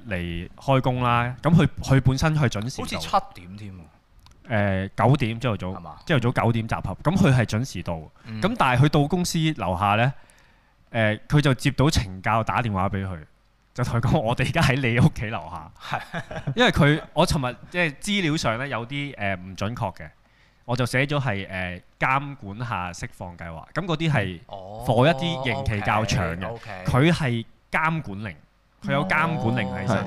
嚟、呃、開工啦。咁佢佢本身去準時，好似七點添。誒九、呃、點朝頭早，朝頭吧早九點集合，咁佢係準時到。咁、嗯、但係佢到公司樓下呢，誒、呃、佢就接到懲教，打電話俾佢，就同佢講：我哋而家喺你屋企樓下。 因為佢我尋日即係資料上咧有啲誒唔準確嘅，我就寫咗係誒監管下釋放計劃。咁嗰啲係 for 一啲刑期較長嘅，佢係、哦 okay, okay、監管令，佢有監管令喺身，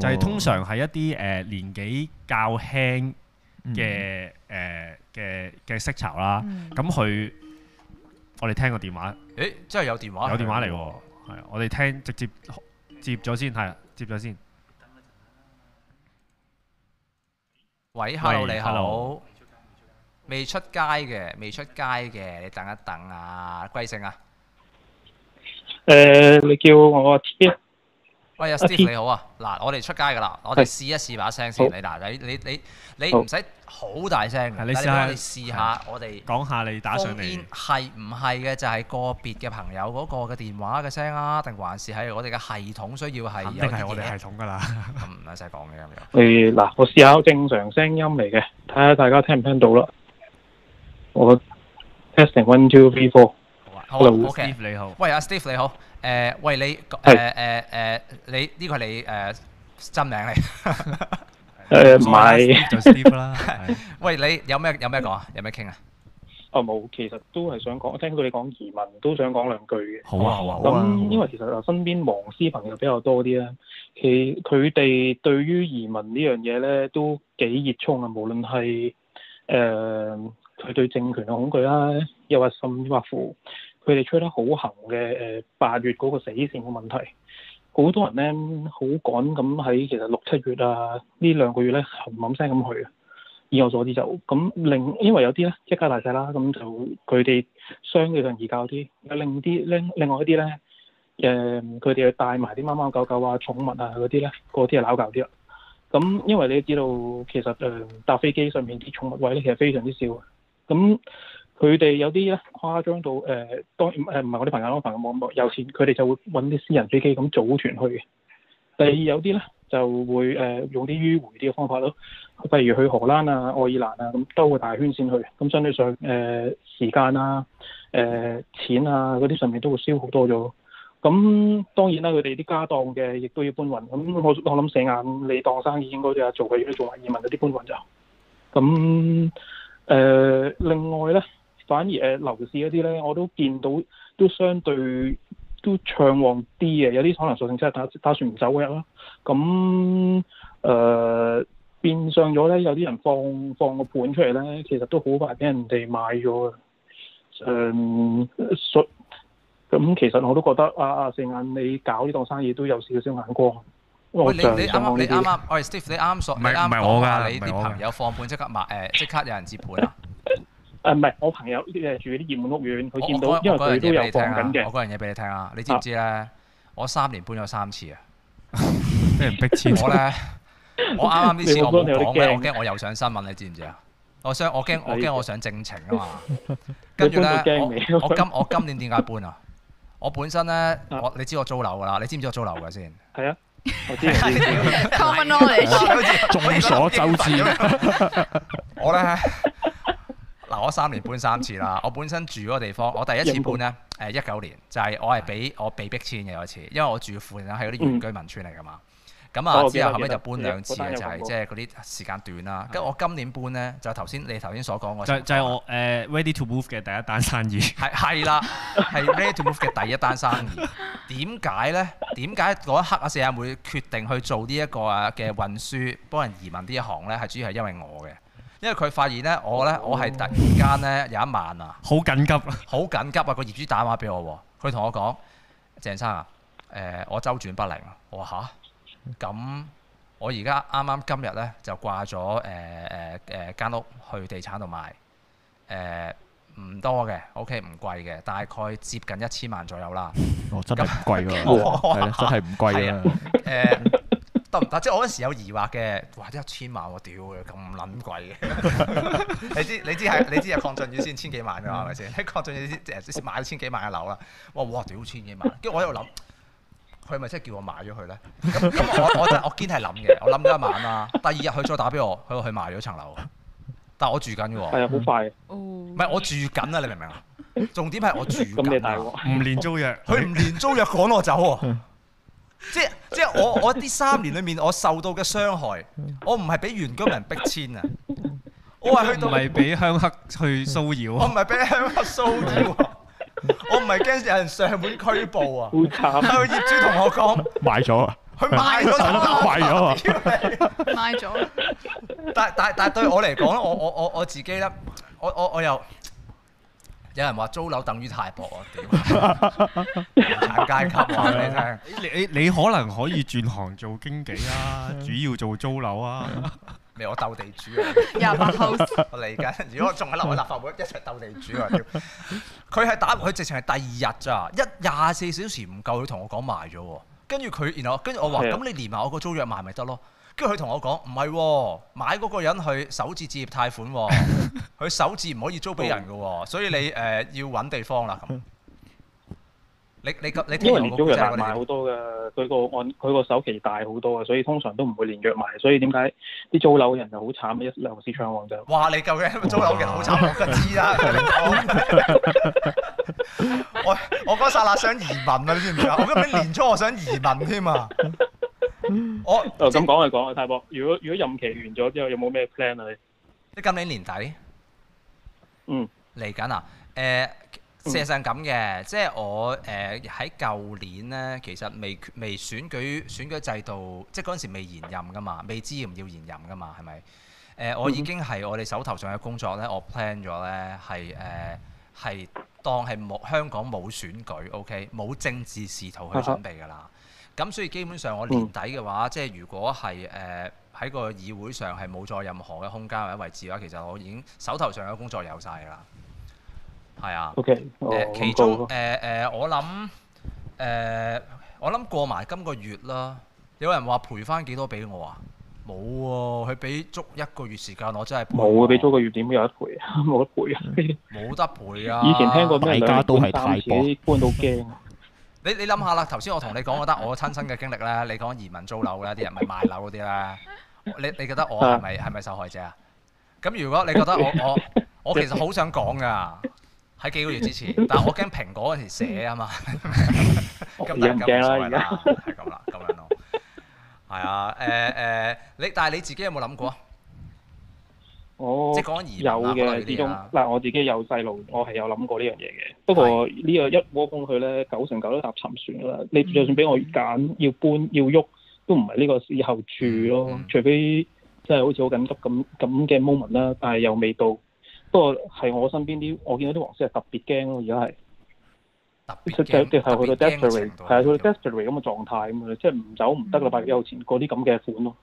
就係通常係一啲誒年紀較輕。嘅誒嘅嘅色巢啦，咁佢、嗯、我哋聽個電話，誒，真係有電話，有電話嚟喎，係啊，我哋聽直接接咗先，係，接咗先。喂，hello，你 hello，未出街嘅，未出街嘅，你等一等啊，貴姓啊？誒，uh, 你叫我喂，阿 Steve 你好啊！嗱，我哋出街噶啦，我哋試一試把聲先。你嗱，你你你唔使好大聲你試下，你試下我哋講下你打上嚟。係唔係嘅就係個別嘅朋友嗰個嘅電話嘅聲啊？定還是係我哋嘅系統需要係？肯定係我哋系統噶啦，唔使講嘅咁樣。你嗱，我試下正常聲音嚟嘅，睇下大家聽唔聽到啦。我 testing one two three four。好啊，好啊。Steve 你好。喂，阿 Steve 你好。誒，喂你誒誒誒，你呢個係你誒真名嚟？誒咪做 Steve 啦，呃！喂，你有咩有咩講啊？ 有咩傾啊？啊冇，其實都係想講，聽到你講移民，都想講兩句嘅、啊。好啊好啊咁、啊、因為其實啊，身邊黃絲朋友比較多啲啦，其佢哋對於移民呢樣嘢咧都幾熱衷啊，無論係誒佢對政權嘅恐懼啦，又或甚至乎。佢哋吹得好行嘅，誒八月嗰個死線嘅問題，好多人咧好趕咁，喺其實六七月啊呢兩個月咧冚冚聲咁去啊，以我所知就咁另因為有啲咧一家大細啦，咁就佢哋相對上而教啲，有另啲咧另外一啲咧，誒佢哋要帶埋啲貓貓狗狗啊、寵物啊嗰啲咧，嗰啲就撈教啲啦。咁因為你知道其實誒、呃、搭飛機上面啲寵物位咧，其實非常之少咁。佢哋有啲咧誇張到誒、呃，當然唔係我啲朋友咯，我朋友冇咁有錢，佢哋就會揾啲私人飛機咁組團去。第二有啲咧就會誒、呃、用啲迂迴啲嘅方法咯，例如去荷蘭啊、愛爾蘭啊咁，兜個大圈先去。咁相對上誒、呃、時間啊、誒、呃、錢啊嗰啲上面都會燒好多咗。咁當然啦，佢哋啲家當嘅亦都要搬運。咁我我諗四眼，你當生意應該都係做嘅，要做移民嗰啲搬運就咁誒。另外咧。反而誒、呃、樓市嗰啲咧，我都見到都相對都暢旺啲嘅，有啲可能索性真係打打算唔走嘅啦、嗯。咁誒、呃、變相咗咧，有啲人放放個盤出嚟咧，其實都好快俾人哋買咗嘅。誒、嗯、所咁其實我都覺得啊啊四眼，你搞呢檔生意都有少少眼光。我你你啱啱你啱啱，喂 Steve 你啱唔係唔係我㗎？你啲朋友放盤即刻買誒，即刻有人接盤。唔係、啊、我朋友，呢啲係住啲熱門屋苑，佢見到，因為佢都有放緊嘅。我嗰樣嘢俾你聽啊！你知唔知咧？啊、我三年搬咗三次啊！俾 人逼遷。我咧，我啱啱呢次我唔講咧，我驚我又上新聞，你知唔知啊？我想，我驚，對我驚我上正情啊嘛！對跟住咧， 我今我今年點解搬啊？啊我本身咧，我你知我租樓噶啦，你知唔知我租樓嘅先？係啊， 我知。c 知。m m o n 眾所周知。我咧。我 啊、我三年搬三次啦。我本身住嗰個地方，我第一次搬呢，誒一九年就係我係俾我被逼遷嘅有一次，因為我住富人喺啲原居民村嚟㗎嘛。咁、嗯、啊之後後尾就搬兩次嘅、嗯嗯就是，就係即係嗰啲時間短啦。跟住、嗯啊、我今年搬呢，就係頭先你頭先所講就係、是就是、我誒、呃、ready to move 嘅第一單生意。係係啦，係 ready to move 嘅第一單生意。點解呢？點解嗰一刻阿四阿妹決定去做呢一個嘅運輸幫人移民呢一行呢？係主要係因為我嘅。因為佢發現咧，哦、我咧，我係突然間咧有一晚啊，好緊急，好緊急啊！個、啊、業主打電話俾我，佢同我講：鄭生啊，誒、呃，我周轉不靈啊、哦。我嚇，咁我而家啱啱今日咧就掛咗誒誒誒間屋去地產度賣，誒、呃、唔多嘅，OK，唔貴嘅，大概接近一千萬左右啦。哦，真係唔貴㗎喎，真係唔貴嘅。 得唔得？即係我嗰時有疑惑嘅，哇！即係千萬我屌嘅咁撚貴嘅。你知你知係你知阿鄺俊宇先千幾萬㗎嘛？係咪先？阿鄺俊宇買咗千幾萬嘅樓啦。哇哇！屌千幾萬，跟住我喺度諗，佢咪真係叫我買咗佢咧？咁我我我堅係諗嘅，我諗咗一晚啦。第二日佢再打俾我，佢去買咗層樓，但係我、哎哦、我住緊喎。係啊，好快！唔係我住緊啊，你明唔明？重點係我住緊、嗯、啊，唔連租約，佢唔、嗯、連租約趕我走喎、啊。嗯即係即係我我呢三年裏面我受到嘅傷害，我唔係俾原居民逼遷啊，我係去到唔係俾鄉黑去騷擾啊，我唔係俾鄉黑騷擾啊， 我唔係驚有人上門拘捕啊，好慘，業主同我講賣咗了啊，佢賣咗啊，賣咗啊，賣咗 了， 但但但對我嚟講，我我我我自己咧，我我我，我又。有人話租樓等於太薄喎，屌！ 產階級話 你聽，你你你可能可以轉行做經紀啊，主要做租樓啊，咪 我鬥地主啊，廿八號我嚟緊，如果我仲喺立法會一齊鬥地主啊，佢係打，佢直情係第二日咋，一廿四小時唔夠，佢同我講賣咗喎，跟住佢，然後跟住我話，咁你連埋我個租約埋咪得咯？的 跟住佢同我講：唔係，買嗰個人去首次置業貸款，佢首次唔可以租俾人嘅，所以你誒要揾地方啦。咁，你你今你因為租人賣好多嘅，佢個按佢個首期大好多啊，所以通常都唔會連約埋。所以點解啲租樓人就好慘？一樓市暢旺就哇！你究竟租樓嘅好慘，我知啦。我我嗰剎那想移民啊！你知唔知啊？我今年初我想移民添啊！我就咁講去講啊，太博。如果如果任期完咗之後，有冇咩 plan 啊？你即今年年底，嗯嚟緊啊？誒、呃，事實上咁嘅，即係我誒喺舊年咧，其實未未選舉選舉制度，即嗰陣時未延任噶嘛，未知要唔要延任噶嘛，係咪？誒、呃，我已經係我哋手頭上嘅工作咧，我 plan 咗咧係誒係當係冇香港冇選舉，OK 冇政治試圖去準備噶啦。嗯嗯咁所以基本上我年底嘅話，嗯、即係如果係誒喺個議會上係冇再任何嘅空間或者位置嘅話，其實我已經手頭上嘅工作有晒㗎啦。係啊。O、okay, K、哦。其中誒誒、哦，我諗誒、呃呃，我諗、呃、過埋今個月啦，有人話賠翻幾多俾我啊？冇喎，佢俾足一個月時間，我真係冇會俾足個月，點有得賠啊？冇得賠啊！ 得啊，以前聽過咩女搬單車搬到驚。你想想，你諗下啦，頭先我同你講覺得我親身嘅經歷咧，你講移民租樓咧，啲人咪賣樓嗰啲咧，你你覺得我係咪係咪受害者啊？咁 如果你覺得我我我其實好想講噶，喺幾個月之前，但係我驚蘋果嗰時寫啊嘛，咁 但係冇所謂啦，係咁啦，咁樣咯，係 啊，誒、呃、誒、呃，你但係你自己有冇諗過？哦，有嘅始終，嗱，我自己有細路，我係有諗過呢樣嘢嘅。不過呢個一窩蜂去咧，九成九都搭沉船噶啦。你就算俾我揀，要搬要喐，都唔係呢個時候住咯。除非真係好似好緊急咁咁嘅 moment 啦，但係又未到。不過係我身邊啲，我見到啲黃色係特別驚咯，而家係特別驚，特別驚程度。係啊，佢 desperate 咁嘅狀態咁啊，即係唔走唔得啦，八幾有錢嗰啲咁嘅款咯。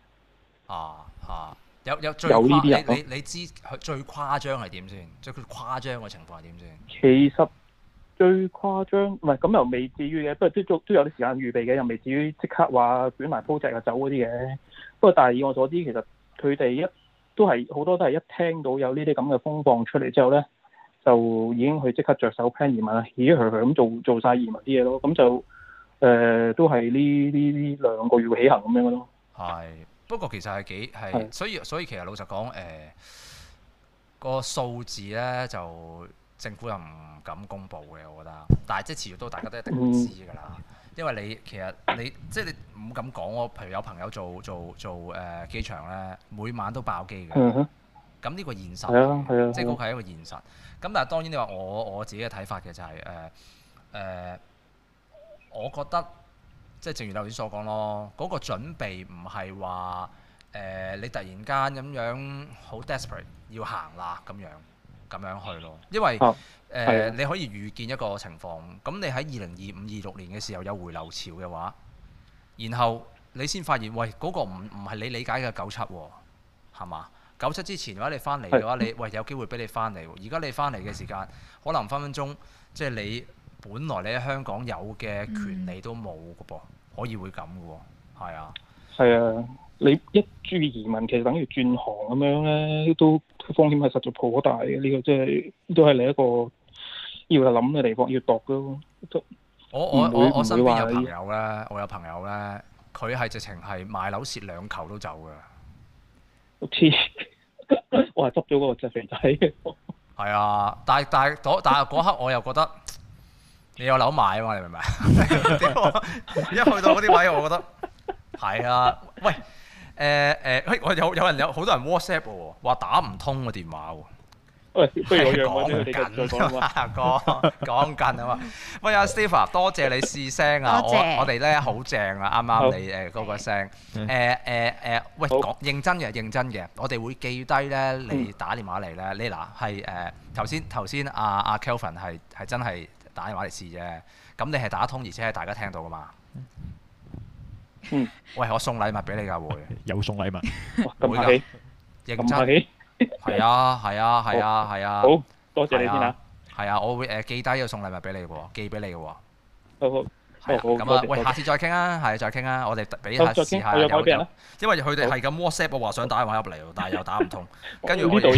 啊啊！有有呢啲人，你你知佢最誇張係點先？即係佢誇張嘅情況係點先？其實最誇張唔係咁，又未至於嘅。不過都都都有啲時間預備嘅，又未至於即刻話捲埋 project 啊，走嗰啲嘅。不過但係以我所知，其實佢哋一都係好多都係一聽到有呢啲咁嘅風暴出嚟之後咧，就已經去即刻着手 plan 移民啦，咿呀佢咁做做晒移民啲嘢咯。咁就誒、呃、都係呢呢呢兩個月起行咁樣咯。係。不過其實係幾係，所以所以其實老實講，誒、呃、個數字咧就政府又唔敢公布嘅，我覺得。但係即係持續到大家都一定會知㗎啦，嗯、因為你其實你即係、就是、你唔好咁講我，譬如有朋友做做做誒、呃、機場咧，每晚都爆機嘅。嗯，咁呢個現實即係嗰個係一個現實。咁但係當然你話我我自己嘅睇法嘅就係誒誒，我覺得。即係正如頭先所講咯，嗰、那個準備唔係話誒你突然間咁樣好 desperate 要行啦咁樣，咁樣，樣去咯。因為誒、啊呃、你可以預見一個情況，咁你喺二零二五、二六年嘅時候有回流潮嘅話，然後你先發現喂，嗰、那個唔唔係你理解嘅九七喎，係嘛？九七之前嘅、呃、話的你翻嚟嘅話你喂，有機會俾你翻嚟，而家你翻嚟嘅時間可能分分鐘即係你。本來你喺香港有嘅權利都冇嘅噃，嗯、可以會咁嘅喎，係啊，係啊，你一注移民其實等於轉行咁樣咧，都風險係實在頗大嘅，呢個即係都係你一個要諗嘅地方，要度嘅咯。我我我我身邊有朋友咧，是我有朋友咧，佢係直情係賣樓蝕兩球都走嘅。我黐、啊，我係執咗嗰個隻肥仔嘅。係啊，但係但係但係嗰刻我又覺得。你有樓買啊嘛？你明唔明？ 因為一去到嗰啲位，我覺得係啊！喂，誒、呃、誒，喂，有有人有好多人 WhatsApp 喎，話打唔通個電話喎。喂、哎，不如講緊啊，講緊啊嘛。喂阿 Stephen 多謝你試聲啊謝！我哋咧好正啊，啱啱你誒嗰個聲，誒誒好、嗯呃、喂，講認真嘅認真嘅，我哋會記低咧你打電話嚟咧。你嗱係誒頭先頭先阿阿 Kelvin 係係真係。打電話嚟試啫，咁你係打通，而且係大家聽到噶嘛？嗯、喂，我送禮物俾你㗎會。有送禮物？會 的，咁快係啊，係啊，係啊，係啊。好，多謝你先嚇、啊。係啊，我會誒記低，要送禮物俾你喎，寄俾你嘅喎。好好。係啊，咁啊，喂，下次再傾啊，係再傾啊，我哋俾下試下，因為佢哋係咁 WhatsApp，我話想打電話入嚟，但係又打唔通，跟住我哋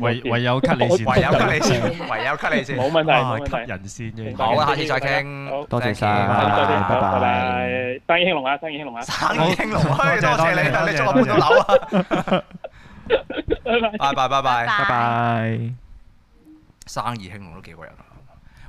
唯唯有 cut 你先，唯有 cut 你先，唯有 cut 你先，冇問題，冇問題，好啦，下次再傾，多謝晒，拜拜，生意興隆啊，生意興隆啊，生意興隆，多謝你，等你做我鋪頭樓啊，拜拜拜拜拜拜，生意興隆都幾過癮啊！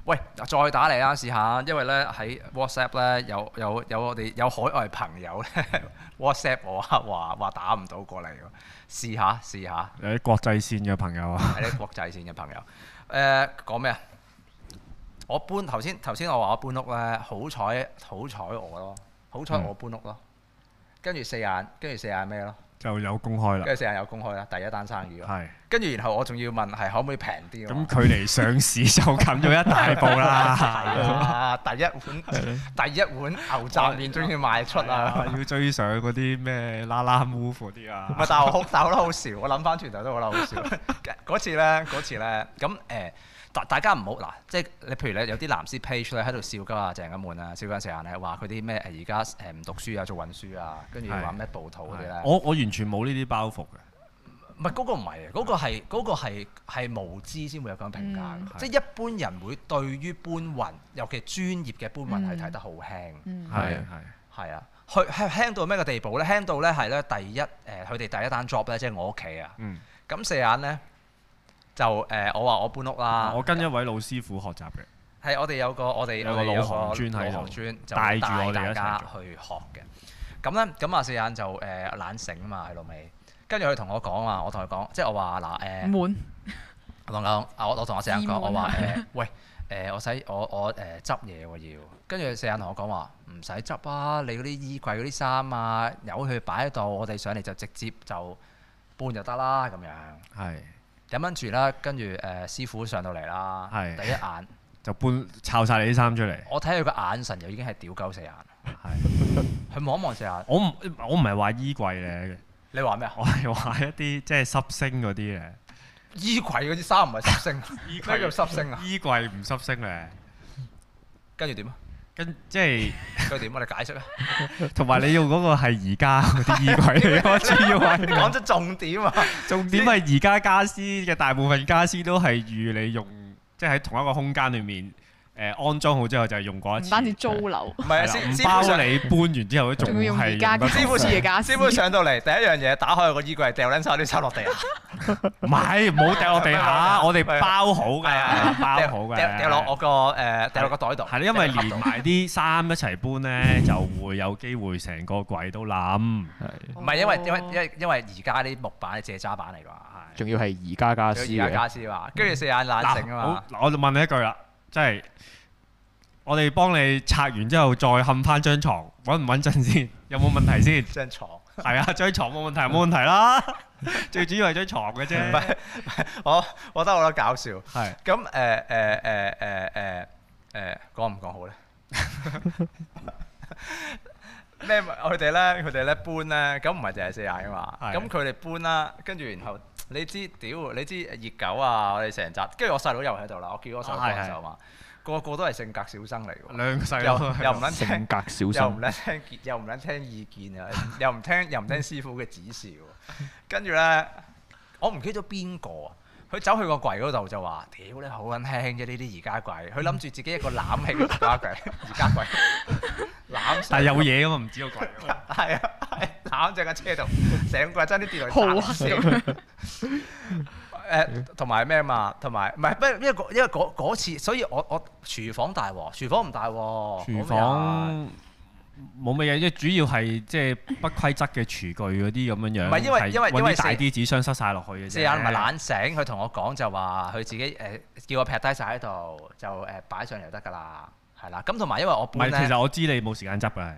喂，再打嚟啦，試下，因為呢，喺 WhatsApp 呢，有有有，有我哋有海外朋友咧 WhatsApp 我啊，話話打唔到過嚟喎，試下試下。試下有啲國際線嘅朋友啊，有啲 國際線嘅朋友，誒講咩啊？我搬頭先頭先我話我搬屋呢，好彩好彩我咯，好彩我搬屋咯，跟住四眼跟住四眼咩咯？又有公開啦，嘅時候有公開啦，第一單生意。係是，跟住然後我仲要問係可唔可以平啲？咁距離上市就近咗一大步啦。係啊 ，第一碗 第一碗牛雜麵終於賣出啊！要追上嗰啲咩拉拉烏烏啲啊？唔係，但係我哭，但我嬲好，好笑。我諗翻轉頭都好嬲好笑。嗰 次咧，嗰次咧，咁誒。大家唔好嗱，即係你譬如咧有啲藍絲 page 咧喺度笑鳩啊，靜咁悶啊，笑緊四眼咧話佢啲咩誒而家誒唔讀書啊，做運輸啊，跟住話咩暴徒嗰啲咧？是些我我完全冇呢啲包袱嘅。唔係嗰個唔係，嗰、嗰個係嗰、嗰個係、嗰個、無知先會有咁樣評價。即係、嗯、一般人會對於搬運，尤其專業嘅搬運係睇得好輕。嗯，係係係啊，去輕輕到咩個地步咧？輕到咧係咧第一誒，佢、呃、哋第一單 job 咧即係我屋企啊。咁四眼咧。嗯就誒、呃，我話我搬屋啦。我跟一位老師傅學習嘅。係，我哋有個我哋有個老行尊，係老行尊就帶住我哋一齊去學嘅。咁咧，咁啊，四眼就誒、呃、懶醒啊嘛，係老尾。跟住佢同我講話，我同佢講，即、就、係、是、我話嗱誒。悶、呃滿。我講啊滿、欸呃，我我同阿、呃、四眼講，我話誒，喂誒，我使我我誒執嘢喎要。跟住四眼同我講話，唔使執啊，你嗰啲衣櫃嗰啲衫啊，由佢擺喺度，我哋上嚟就直接就搬就得啦咁樣。係。忍住啦，跟住誒、呃、師傅上到嚟啦，是第一眼就搬抄晒你啲衫出嚟。我睇佢個眼神就已經係屌鳩四眼，係佢望一望四眼。我唔我唔係話衣櫃嘅、啊，你話咩？我係話一啲即係濕聲嗰啲嘅衣櫃嗰啲衫，唔係濕聲衣櫃，咩叫濕聲啊？衣櫃唔濕聲咧，跟住點啊？ 跟即係是，佢點？ 我哋解釋啦。同埋 你要嗰個係而家啲衣櫃，我主要講咗重點啊！重點係而家家私嘅大部分家私都係預你用，即係喺同一個空間裡面。誒安裝好之後就係用嗰一次。唔單止租樓。唔係啊，先師包你搬完之後仲要用而家師傅似而家師傅上到嚟，第一樣嘢打開個衣櫃，掉撚晒啲衫落地。唔係，唔好掉落地下，我哋包好嘅。包好嘅。掉落我個誒，掉落個袋度。係，因為連埋啲衫一齊搬咧，就會有機會成個櫃都冧。唔係，因為因為因為因為而家啲木板係借渣板嚟㗎，仲要係而家家私。而家傢俬啊，跟住四眼爛啊嘛。嗱，我就問你一句啦。即係我哋幫你拆完之後再，再冚翻張牀，穩唔穩陣先？有冇問題先？張牀係啊，張牀冇問題，冇問題啦。 最主要係張牀嘅啫。唔 係，我覺得好鬼搞笑。係咁誒誒誒誒誒誒，講唔講好咧？咩？ 佢哋咧，佢哋咧搬咧，咁唔係淨係四眼嘅嘛？咁佢哋搬啦，跟住然後。你知屌，你知熱狗啊！我哋成集，跟住我細佬又喺度啦。我叫我上課嘅時候嘛，啊、對對對個個都係性格小生嚟㗎。兩個細佬又唔撚聽性格小生，又唔撚聽又唔撚聽，聽意見啊！ 又唔聽，又唔聽師傅嘅指示喎。跟住咧，我唔記得咗邊個，佢走去個櫃嗰度就話，屌，你好撚輕啫！呢啲宜家櫃，佢諗住自己一個攬起個宜家櫃，宜家櫃攬。但係有嘢㗎嘛，唔知個櫃。係啊。正喺只架車度，成個爭啲跌落嚟，好笑。誒、 呃，同埋咩嘛？同埋唔係，不因為因為嗰次，所以我我廚房大喎，廚房唔大喎。廚房冇乜嘢，即係主要係即係不規則嘅廚具嗰啲咁樣樣。唔係因為因為因為大啲紙箱塞晒落去嘅啫。試下唔係懶醒，佢同我講就話佢自己誒、呃、叫我劈低晒喺度，就誒擺、呃、上嚟就得㗎啦。係啦，咁同埋因為我本身，是其實我知你冇時間執㗎。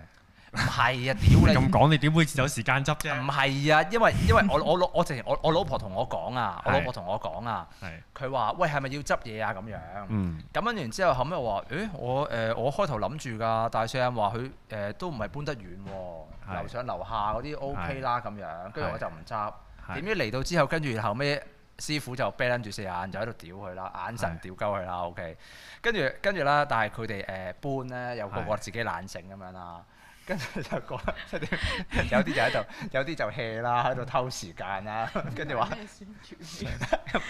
唔係啊！屌你咁講，你點會有時間執啫？唔係啊，因為因為我我老我直我我老婆同我講啊，我老婆同我講啊，佢話：喂，係咪要執嘢啊？咁樣咁、嗯、樣然之後，後，後尾我話，誒，我誒、呃、我開頭諗住㗎，但係成日話佢誒都唔係搬得遠、啊，是樓上樓下嗰啲 OK 啦咁是樣。跟住我就唔執。點知嚟到之後，跟住後尾，師傅就啤住四眼就喺度屌佢啦，眼神屌鳩佢啦。OK。跟住跟住啦，但係佢哋誒搬咧又個，個個自己懶醒咁樣啦。的跟住就講，即係有啲就喺度，有啲就 hea 啦，喺度偷時間啦、啊。跟住話，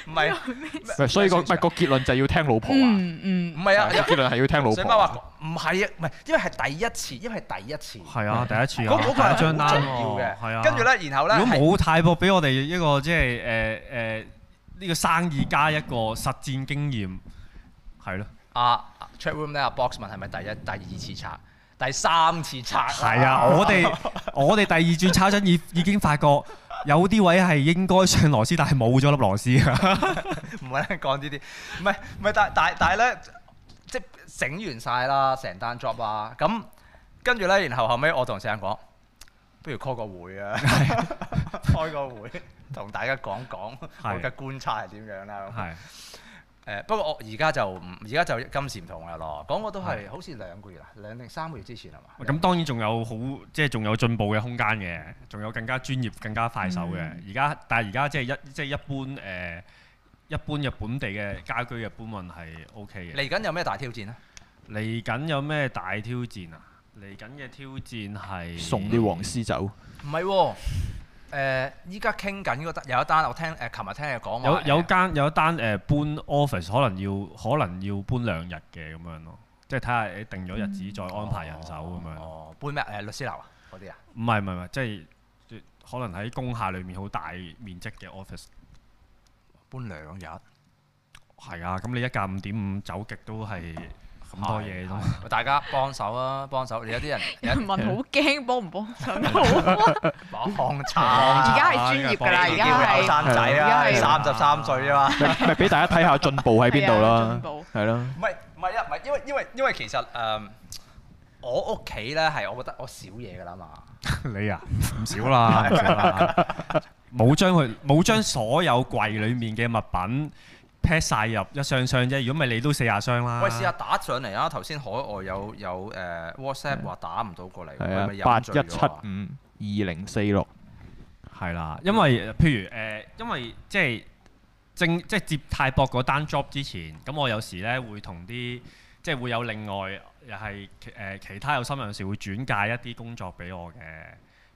唔係 是，所以個唔係個結論就係要聽老婆啊。嗯唔係、嗯、啊，個結論係要聽老婆。想乜話？唔係唔係，因為係第一次，因為係第一次。係啊，第一次啊。嗰、嗯、個係張單喎。啊、哦。跟住咧，然後咧。如果冇太博，俾我哋一個即係誒誒呢個生意加一個實戰經驗，係咯。阿 check room 咧，阿 Boxman 係咪第一、第二次刷？第三次拆，係啊！ 我哋我哋第二轉拆咗已已經發覺有啲位係應該上螺絲，但係冇咗粒螺絲啊！ 唔係咧，講呢啲，唔係唔係，但但但係咧，即整完晒啦，成單 job 啊，咁跟住咧，然後後尾我同成日講，不如 call 個會啊，是的 開個會，同 大家講講我嘅觀察係點樣啦咁。是的 誒、嗯、不過我而家就唔，而家就今時唔同啦咯。講我都係好似兩個月啦，兩定三個月之前係嘛？咁、嗯、當然仲有好，即係仲有進步嘅空間嘅，仲有更加專業、更加快手嘅。而家、嗯、但係而家即係一即係、就是、一般誒、呃，一般嘅本地嘅家居嘅搬運係 OK 嘅。嚟緊有咩大挑戰咧？嚟緊有咩大挑戰啊？嚟緊嘅挑戰係送啲黃絲走、嗯。唔係喎。誒，依家傾緊嗰單有一單，我聽誒琴日聽你講話有有間有一單誒、呃、搬 office 可能要可能要搬兩日嘅咁樣咯，即係睇下你定咗日子、嗯、再安排人手咁、哦、樣。哦，搬咩誒、呃、律師樓啊嗰啲啊？唔係唔係唔係，即係、就是、可能喺工廈裏面好大面積嘅 office 搬兩日。係啊，咁你一架五點五走極都係。咁多嘢都，大家幫手啊！幫手，有啲人有人問好驚，幫唔幫手啊？幫撐！而家係專業㗎啦，而家係後生仔啊，三十三歲吖嘛，咪咪俾大家睇下進步喺邊度啦，係咯？唔係唔係啊？唔係因為因為因為其實誒，我屋企咧係我覺得我少嘢㗎啦嘛。你啊，唔少啦，冇將佢冇將所有櫃裡面嘅物品，踢晒入一箱箱啫，如果唔係你都四廿箱啦。喂，試下打上嚟啊！頭先海外有有誒、呃、WhatsApp 話打唔到過嚟，係咪入咗？八一七五二零四六係啦，因為譬如誒、呃，因為即係正即係接泰博嗰單 job 之前，咁我有時咧會同啲即係會有另外又係誒其他有心人事會轉介一啲工作俾我嘅。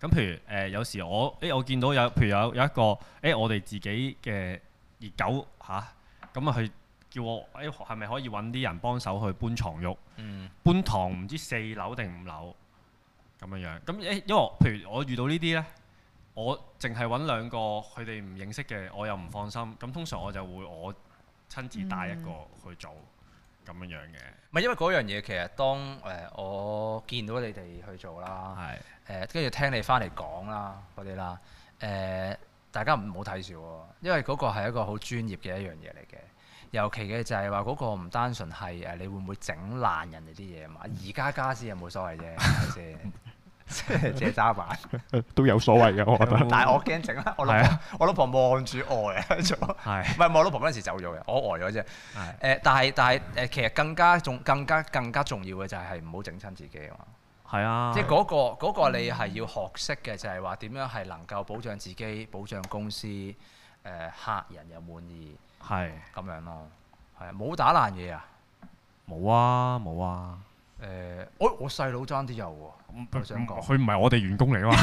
咁譬如誒、呃、有時我誒、欸、我見到有譬如有有一個誒、欸、我哋自己嘅熱狗嚇。啊。咁啊，佢叫我誒，係、欸、咪可以揾啲人幫手去搬床褥？嗯、搬堂唔知四樓定五樓咁樣樣。咁誒、欸，因為譬如我遇到呢啲呢，我淨係揾兩個佢哋唔認識嘅，我又唔放心。咁通常我就會我親自帶一個去做咁、嗯、樣樣嘅。唔係因為嗰樣嘢，其實當誒、呃、我見到你哋去做啦，誒跟住聽你翻嚟講啦，我哋啦，誒、呃。大家唔好睇笑喎、哦，因為嗰個係一個好專業嘅一樣嘢嚟嘅。尤其嘅就係話嗰個唔單純係誒，你會唔會整爛人哋啲嘢嘛？而家家私有冇所謂啫，係咪先？即係只係揸玩，都有所謂嘅，我覺得。 但係我驚整啦，我老婆，望住我呀，係，唔係我老婆嗰陣時走咗嘅，我呆咗啫。誒是的， 但係但係誒，其實更加重、更加更加重要嘅就係唔好整親自己嘛。係啊，即係嗰、那個嗯、個你係要學識嘅，就係話點樣係能夠保障自己、保障公司、誒、呃、客人又滿意係咁係、嗯、樣咯。係啊，冇打爛嘢啊，冇啊冇啊。誒、呃哎，我我細佬爭啲有喎、啊。唔想講，佢唔係我哋員工嚟嘛，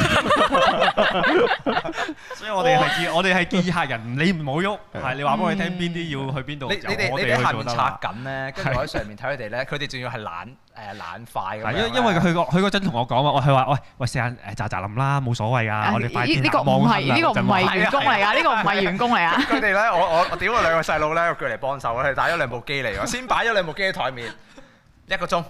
所以我哋係建，我哋係建議客人，你唔好喐，係你話俾我聽邊啲要去邊度，你你哋你哋下面測緊咧，跟住喺上面睇佢哋咧，佢哋仲要係懶誒懶快咁樣。係，因為因為佢個佢嗰陣同我講話，我佢話喂喂，試下誒喳喳臨啦，冇所謂噶，我哋快啲望啦。呢個唔係員工嚟噶，呢個唔係員工嚟啊。佢哋咧，我我我屌佢兩個細佬咧，叫嚟幫手咧，打咗兩部機嚟，我先擺咗兩部機喺台面，一個鐘，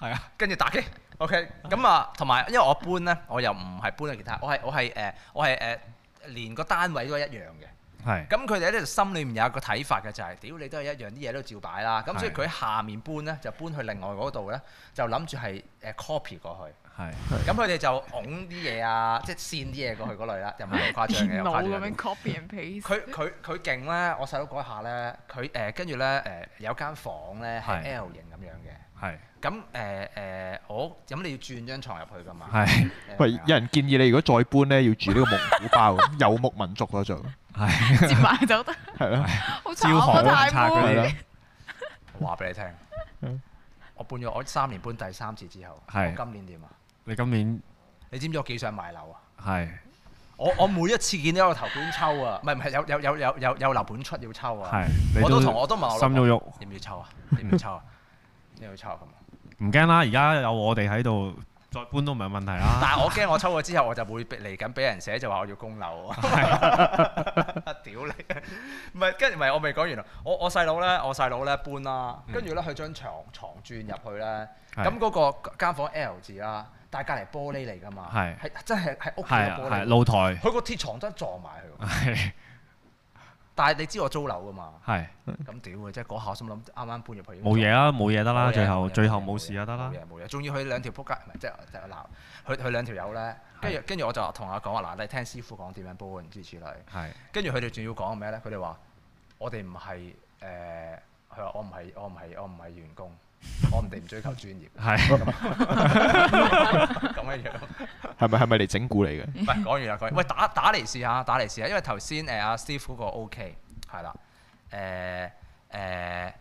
係啊，跟住打機。OK，咁、嗯、啊，同埋因為我搬咧，我又唔係搬去其他，我係我係誒，我係誒、呃呃，連個單位都係一樣嘅。係。咁佢哋喺度心裏面有一個睇法嘅，就係、是、屌你都係一樣，啲嘢都照擺啦。咁所以佢喺下面搬咧，就搬去另外嗰度咧，就諗住係誒、呃、copy 過去。係是。 咁佢哋就拱啲嘢啊，即係扇啲嘢過去嗰類啦，又唔係好誇張嘅。咁樣 copy 佢佢佢勁咧，我細佬嗰下咧，佢誒、呃、跟住咧誒有間房咧係 L 型咁樣嘅。係咁誒誒，我咁你要轉張床入去噶嘛？係。喂，有人建議你如果再搬咧，要住呢個蒙古包，遊牧民族嗰種。係。接埋就得。係咯。好慘啊！太悶。我話俾你聽，我搬咗我三年搬第三次之後，我今年點啊？你今年？你知唔知我幾想買樓啊？係。我我每一次見到一個頭盤抽啊，唔係唔係有有有有有有樓盤出要抽啊？我都同我都冇。心喐喐。要唔要抽啊？要唔要抽啊？你要抽咁，唔驚啦！而家有我哋喺度，再搬都唔係問題啦。 但係我驚，我抽咗之後，我就會嚟緊俾人寫，就話我要供樓。啊屌你！唔係跟住，唔係我未講完啊！我我細佬咧，我細佬咧搬啦，跟住咧佢張床床轉入去咧，咁嗰、嗯、個間房 L 字啦，但隔離玻璃嚟㗎嘛，係是真係喺屋企嘅玻璃、係、啊、露台。佢個鐵床真係撞埋佢。 但係你知我租樓噶嘛？係是。咁屌啊！即係嗰下心諗，啱啱搬入去。冇嘢啦，冇嘢得啦，最後最後冇事啊得啦。冇嘢冇嘢，仲要佢兩條仆街，唔係即係即係嗱，佢佢兩條友咧，跟住跟住我就同阿講話嗱，你聽師傅講點樣煲，唔知處理。跟住佢哋仲要講咩咧？佢哋話我哋唔係誒，佢、呃、話我唔係我唔係我唔係員工。我唔哋唔追求專業，係咁嘅樣，係咪係咪嚟整蠱你嘅？唔係講完啦，講喂打打嚟試下，打嚟試下，因為頭先誒阿師傅個 O K 係啦，誒誒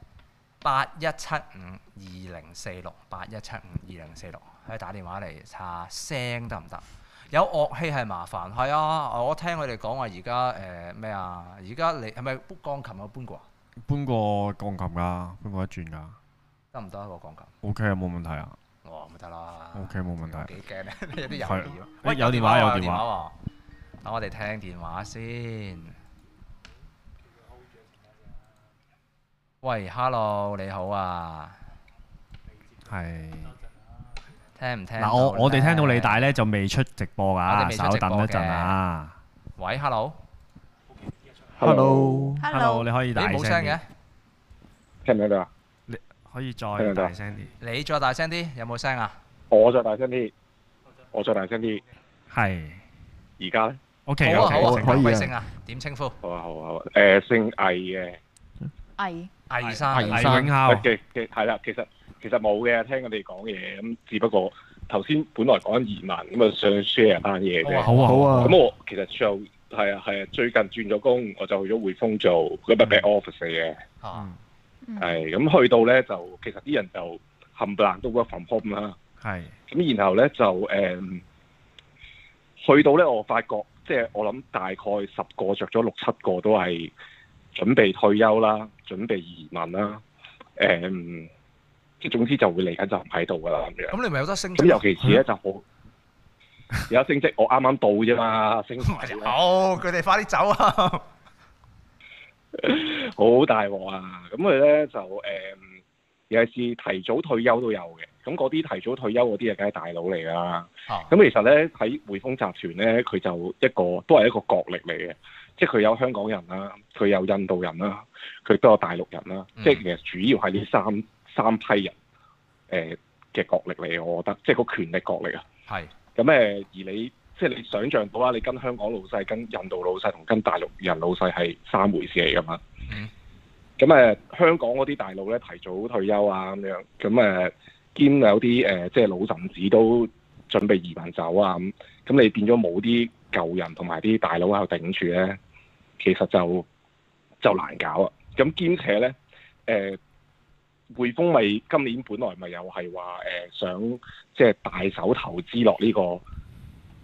八一七五二零四六八一七五二零四六，可以打電話嚟查聲得唔得？有樂器係麻煩，係啊，我聽佢哋講話而家誒咩啊？而家你係咪搬鋼琴啊？搬過啊？搬過鋼琴啊？搬過一轉㗎。得唔得一個講緊？O K 啊，冇問題啊。哇，唔得啦。O K，冇問題。幾驚咧？有啲人。喂，有電話，有電話喎。等我哋聽電話先。喂，Hello，你好啊。係。聽唔聽？嗱，我我哋聽到你大咧就未出直播噶，稍等一陣啊。喂，Hello。Hello。Hello。你可以大聲嘅。聽唔聽到啊？可以再大聲啲，你再大聲啲，有冇聲啊？我再大聲啲，我再大聲啲，係，而家咧？OK，好啊，好啊，可以啊。點稱呼？好啊，好啊，誒，姓魏嘅，魏魏先生，魏生嘅嘅係啦，其實其實冇嘅，聽佢哋講嘢，咁只不過頭先本來講移民，咁啊上去 share 翻嘢啫。好啊好啊。咁我其實就係啊係啊，最近轉咗工，我就去咗匯豐做個 back office 嘅。係咁、嗯、 去到咧就，的就，其實啲人就冚唪唥都揾 home 啦。係咁，然後咧就誒去到咧，我發覺即係我諗大概十個着咗六七個都係準備退休啦，準備移民啦。誒即係總之就會嚟緊就唔喺度噶啦咁樣。咁你咪有得升職？咁尤其是咧就好，有得升職， 升職我啱啱到啫嘛，升唔埋。好，佢哋快啲走啊！好 大鑊啊！咁佢咧就誒，有、嗯、是提早退休都有嘅。咁嗰啲提早退休嗰啲啊，梗係大佬嚟㗎喇。咁其實咧喺匯豐集團咧，佢就一個都係一個角力嚟嘅，即係佢有香港人啦，佢有印度人啦，佢都有大陸人啦。嗯、即係其實主要係呢三三批人誒嘅、呃、角力嚟，我覺得即係個權力角力啊。係咁誒，而你。即係你想象到啦，你跟香港老細、跟印度老細同跟大陸人老細係三回事嚟㗎嘛？咁誒、嗯，香港嗰啲大佬咧提早退休啊，咁樣，咁、啊、誒兼有啲誒即係老臣子都準備移民走啊，咁，咁你變咗冇啲舊人同埋啲大佬喺度頂住咧，其實就就難搞啊！咁兼且咧，誒、呃，匯豐咪今年本來咪又係話誒想即係大手投資落呢、呢個。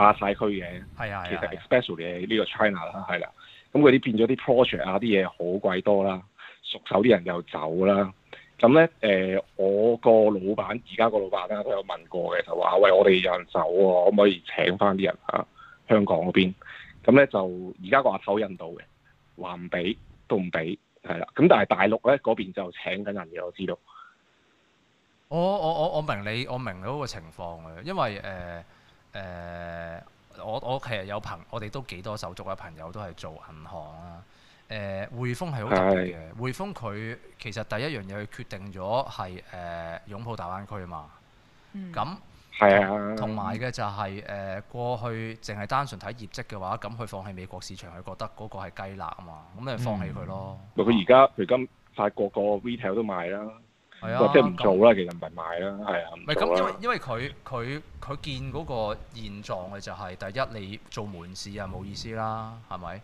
亞細區嘅，其實 especially 嘅呢個 China 啦，係啦，咁嗰啲變咗啲 project 啊，啲嘢好鬼多啦，熟手啲人又走啦，咁咧誒，我個老闆而家個老闆咧都有問過嘅，就話喂，我哋有人走喎、啊，可唔可以請翻啲人啊？香港嗰邊，咁咧就而家個阿頭印度嘅話唔俾，都唔俾，係啦，咁但係大陸咧嗰邊就請緊人嘅，我知道。我我我我明你，我明你嗰個情況嘅，因為誒。呃誒、呃，我我其實有朋友，我哋都幾多手足嘅朋友都係做銀行啊。誒、呃，匯豐係好大嘅，是的 匯豐佢其實第一樣嘢佢決定咗係誒擁抱大灣區啊嘛。咁係啊，同埋嘅就係、是、誒、呃、過去淨係單純睇業績嘅話，咁佢放棄美國市場，佢覺得嗰個係雞肋啊嘛，咁咪放棄佢咯。佢而家佢今法國個 retail 都賣啦。係啊，即係唔做啦，那其實唔係賣啦，係、哎、啊。唔係咁，因為因為佢佢佢見嗰個現狀嘅就係、是，第一你做門市啊，冇意思啦，係咪、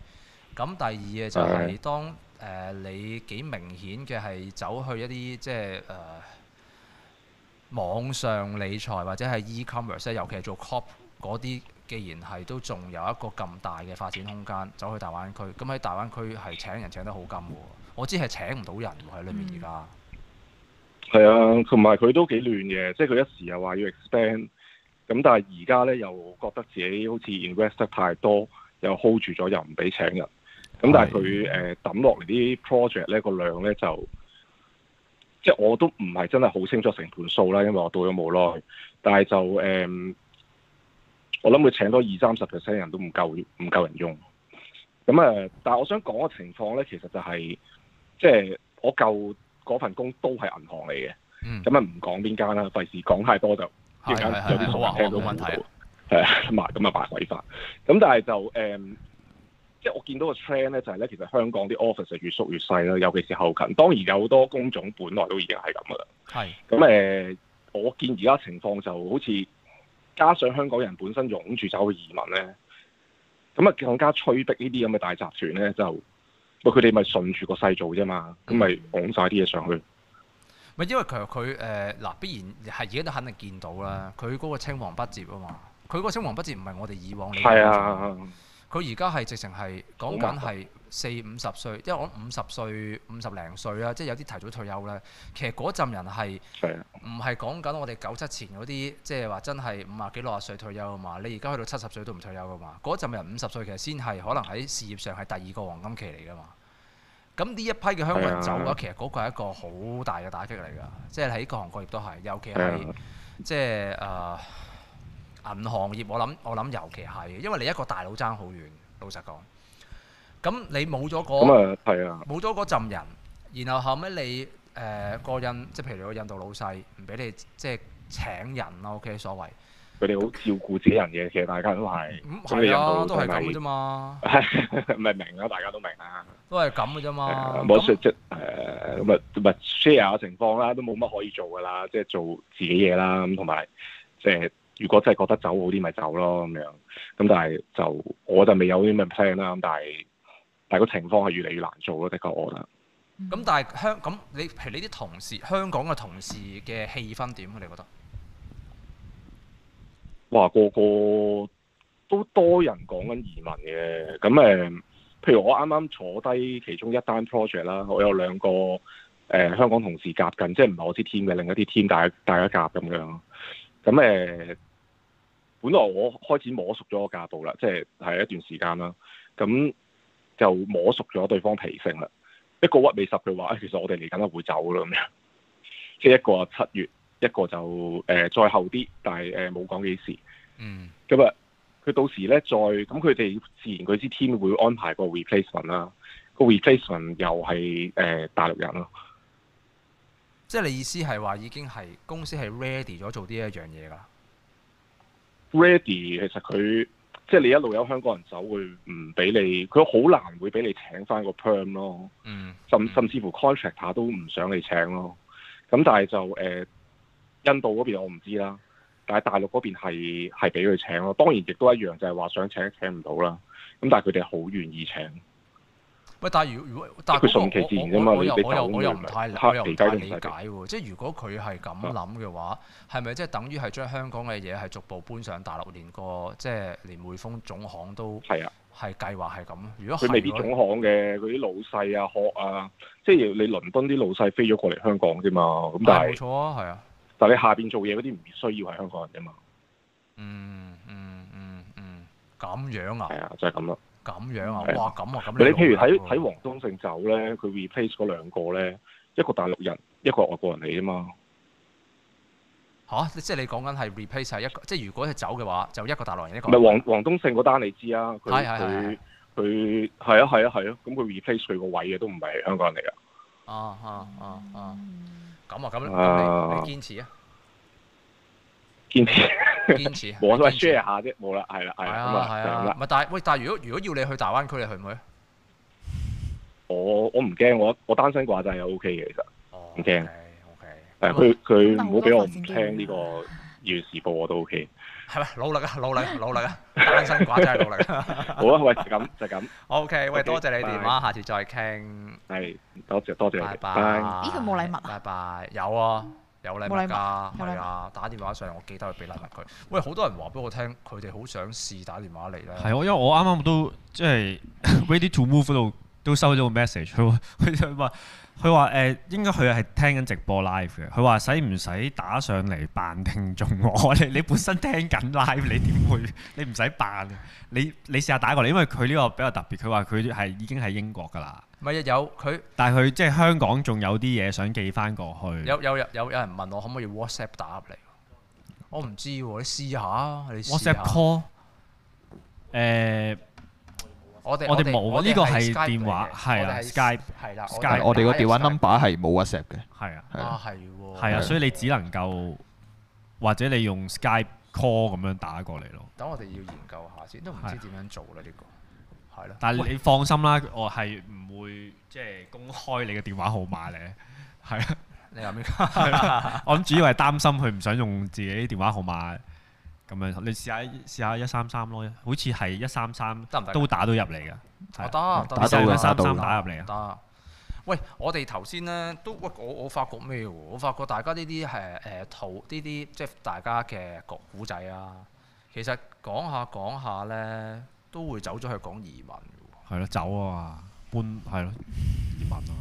嗯？咁第二嘅就係、是嗯、當誒、呃、你幾明顯嘅係走去一啲即係誒、呃、網上理財或者係 e-commerce，尤其係做 cop 嗰啲，既然係都仲有一個咁大嘅發展空間，走去大灣區。咁喺大灣區係請人請得好金喎，我知係請唔到人喎喺裏面而家、嗯。係啊，同埋佢都幾亂嘅，即係佢一時又話要 expand，咁但係而家咧又覺得自己好似 invest 得太多，又 hold 住咗，又唔俾請人，咁的但係佢誒、呃、抌落嚟啲 project 咧、個量咧就，即係我都唔係真係好清楚成盤數啦，因為我到咗冇耐，的但係就誒、呃，我諗佢請多二三十 percent 人都唔夠，唔夠人用。咁啊，但係我想講嘅情況咧，其實就係、是，即係我夠。嗰份工都係銀行嚟嘅，咁啊唔講邊間啦，費事講太多就有啲好啊，聽到問到，誒咁啊咁啊白鬼化。咁但係就誒、嗯，即係我見到個 trend 咧，就係、是、咧，其實香港啲 office 越縮越細啦，尤其是後勤。當然有好多工種本來都已經係咁噶啦，係的。咁誒、呃，我見而家情況就好似加上香港人本身湧住走去移民咧，咁啊更加催逼呢啲咁嘅大集團咧就。佢哋咪順住個勢做啫嘛，咁咪講晒啲嘢上去。咪因為其實佢誒嗱，必然係而家都肯定見到啦。佢嗰、嗯、個青黃不接啊嘛，佢、嗯、個青黃不接唔係我哋以往。係啊、嗯。佢而家係直情係、嗯、講緊係四五十歲，因為我五十歲五十零歲啦，即係有啲提早退休咧。其實嗰陣人係唔係講緊我哋九七前嗰啲，即係話真係五啊幾六啊歲退休啊嘛。你而家去到七十歲都唔退休噶嘛。嗰陣人五十歲其實先係可能喺事業上係第二個黃金期嚟噶嘛。咁呢一批嘅香港人走咗，啊、其實嗰個係一個好大嘅打擊嚟噶，即係喺各行各業都係，尤其係、啊、即係誒、呃、銀行業我。我諗我諗尤其係，因為你一個大佬爭好遠，老實講。咁你冇咗、嗰個冇咗嗰陣人，然後後尾你誒、呃、個印，即係譬如你個印度老細唔俾你即係請人咯，O K 所謂。佢哋好照顧自己人嘅，其實大家都係咁，係啊、嗯，都係咁嘅啫嘛。咪明啊？大家都明啊，都係咁嘅啫嘛。冇説即係咁啊，唔 share 嘅情況啦，都冇乜可以做噶啦，即係做自己嘢啦。咁同埋即係如果真係覺得走好啲，咪走咯咁樣。咁但係就我就未有啲咁 plan 啦。咁但係但係個情況係越嚟越難做咯，的確我覺得。咁、嗯、但係香咁你譬如你啲同事香港嘅同事嘅氣氛點啊？你覺得？話，個個都多人講緊移民嘅，咁誒，譬如我啱啱坐低其中一單 project 啦，我有兩個誒、呃、香港同事夾緊，即係唔係我支 team 嘅，另一啲 team 大家大家夾咁樣。咁誒、呃，本來我開始摸熟咗個架步啦，即係係一段時間啦，咁就摸熟咗對方脾性啦，一個屈尾十佢話，誒、哎、其實我哋嚟緊都會走啦咁樣，即係一個七月。一個就誒、呃、再後啲，但係誒冇講幾時。嗯，咁啊、嗯，佢到時咧再，咁，佢哋自然佢知 team 會安排個 replacement 啦。個 replacement 又係誒、呃、大陸人咯。即係你意思係話已經係公司係 ready 咗做呢一樣嘢啦？Ready，其實佢即係你一路有香港人走，佢會唔俾你，佢好難會俾你請翻個 perm 咯嗯。嗯，甚甚至乎 contract 下都唔想你請咯。咁但係就誒。呃印度嗰邊我唔知啦，但係大陸嗰邊係係俾佢請咯。當然亦都一樣，就係話想請請唔到啦。咁但係佢哋好願意請。喂，但係如如果但係佢順其自然啫嘛，我又你走 我又他我又唔太，他太理解。即係哈如果佢係咁諗嘅話，係咪即係等於係將香港嘅嘢係逐步搬上大陸，連個即係、就是、連匯豐總行都係啊，係計劃係咁。如果佢未必總行嘅嗰啲老細啊、學啊，即、就、係、是、你倫敦啲老細飛咗過嚟香港啫嘛。咁但係冇是錯啊，係啊。但你下邊做嘢嗰啲唔需要係香港人啫嘛，嗯？嗯嗯嗯嗯，咁樣啊？係啊，就係咁咯。咁樣啊？哇，咁啊，咁你譬如喺喺黃東勝走咧，佢 replace 嗰兩個咧，一個大陸人，一個外國人嚟啫嘛？吓、啊，即係你講緊係 replace 係一個，即係如果係走嘅話，就一個大陸人，一個唔係黃黃東勝嗰單你知啊？係係佢係啊係啊係啊，咁佢 replace 佢個位嘅都唔係香港人嚟噶。哦哦哦哦。啊啊啊咁啊咁，你堅持啊堅持！堅持，堅持，我咪 share 下啫，冇啦，係啦，係啊，係啊，咪但係喂，但係如果如果要你去大灣區，你去唔去？我我唔驚，我我，我單身掛就係 OK 嘅，其實唔驚。O K，佢佢唔好俾我唔聽呢個電視我都 OK。係咪努力啊？努力啊，努力啊！單身寡仔真係努力。好啊，喂，就咁就咁。O K，喂，多謝你電話，下次再傾。係，多謝多謝。拜拜。咦？佢冇禮物？拜拜。有啊，有禮物。冇禮物啊？冇禮物。打電話上嚟，我記得去俾禮物佢。喂，好多人話俾我聽，佢哋好想試打電話嚟咧。係啊，因為我啱啱都即係，ready to move 嗰度都收咗個 message，佢哋話。佢話誒應該佢係聽緊直播 live 嘅。佢話使唔使打上嚟扮聽眾我？ 你你本身聽緊 live，你點會？你唔使扮，你你試下打過嚟，因為佢呢個比較特別。佢話佢係已經喺英國㗎啦。咪又有佢？但係佢即係香港仲有啲嘢想寄翻過去。有有有有人問我可唔可以 WhatsApp 打入嚟？我唔知喎、啊，你試下啊！你試下 WhatsApp call 誒、呃。我哋我哋冇呢個係電話係啦，Skype 係啦，Skype 我哋個電話 number 係冇 WhatsApp 嘅，係啊，係喎，係啊，所以你只能夠或者你用 Skype call 咁樣打過嚟咯。等我哋要研究下先，都唔知點樣做啦呢個，係咯。但係你放心啦，我係唔會即係公開你嘅電話號碼咧。係啊，你話咩？我諗主要係擔心佢唔想用自己電話號碼。咁樣，你試下試下一三三咯，好似係一三三都打到入嚟嘅，得，打到咗度啦。打入嚟啊，得。喂，我哋頭先咧都，我我我發覺咩喎？我發覺大家呢啲誒誒套呢啲，即係大家嘅古仔啊，其實講下講下咧，都會走咗去講移民嘅，係咯，走啊，搬係咯，移民啊。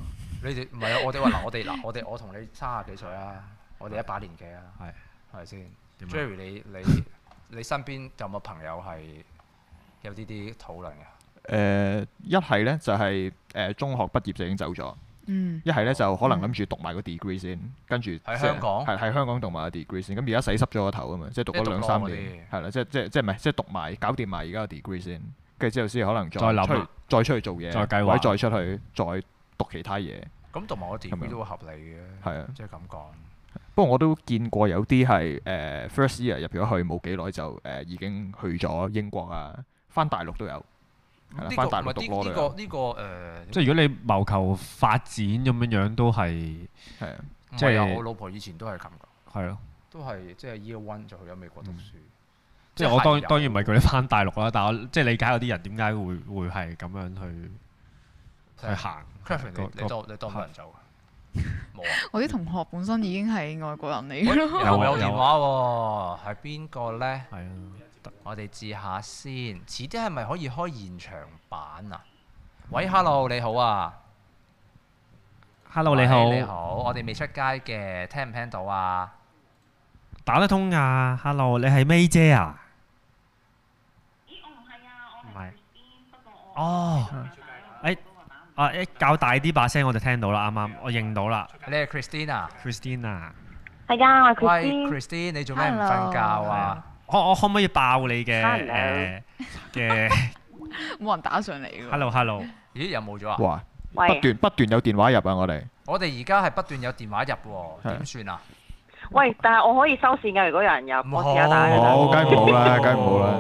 你哋唔係啊？我哋話嗱，我哋嗱，我哋我同你三十幾歲啊，我哋一把年紀啊，係係咪先？Jerry，你你你身邊有冇朋友係有呢啲討論嘅？誒、呃，一係咧就係、是、誒、呃、中學畢業就已經走咗。嗯。一係咧就可能諗住讀埋個 degree 先，跟住喺香港，喺喺香港讀埋個 degree 先。咁而家洗濕咗個頭啊嘛，即係讀咗兩三年，係啦，即即即唔係，即係讀埋搞掂埋而家個 degree 先，跟住之後先可能再，再出去再出去做嘢，再計或者再出去再讀其他嘢。咁讀埋個 degree 都會合理嘅，係、就、啊、是，即係咁講。不過我都見過有啲係誒 first year 入咗去冇幾耐，就誒已經去咗英國啊，翻大陸都有。翻大陸讀過。唔係呢個呢個呢即係如果你謀求發展，咁樣樣都係係即係。我老婆以前都係咁㗎。係咯。都係即係 year one 就去咗美國讀書。即係我當然當然唔係叫你翻大陸啦，但我即係理解有啲人點解會會係咁樣去去行。你多你多唔人走？我啲同學本身已經係外國人嚟咯。又有電話喎，係邊個咧？係嘅，我哋接下先。遲啲係咪可以開現場版啊？喂，hello，你好啊。hello，你好。Hi，你好，嗯、我哋未出街嘅，聽唔聽到啊？打得通啊。hello，你係 May 姐啊？咦，我唔係啊，我唔係。哦。Oh, 啊！一搞大啲把聲，我就聽到啦，啱啱，我認到啦。你係 Christina，Christina。係啊，我係 Christina。喂，Christina，你做咩唔瞓覺啊？我我可唔可以爆你嘅？嘅。冇人打上嚟㗎。Hello，Hello，咦？又冇咗啊？哇！不斷不斷有電話入啊！我哋我哋而家係不斷有電話入喎，點算啊？喂，但係我可以收線㗎。如果有人入，我試下打嘅。好，梗唔好啦，梗唔好啦。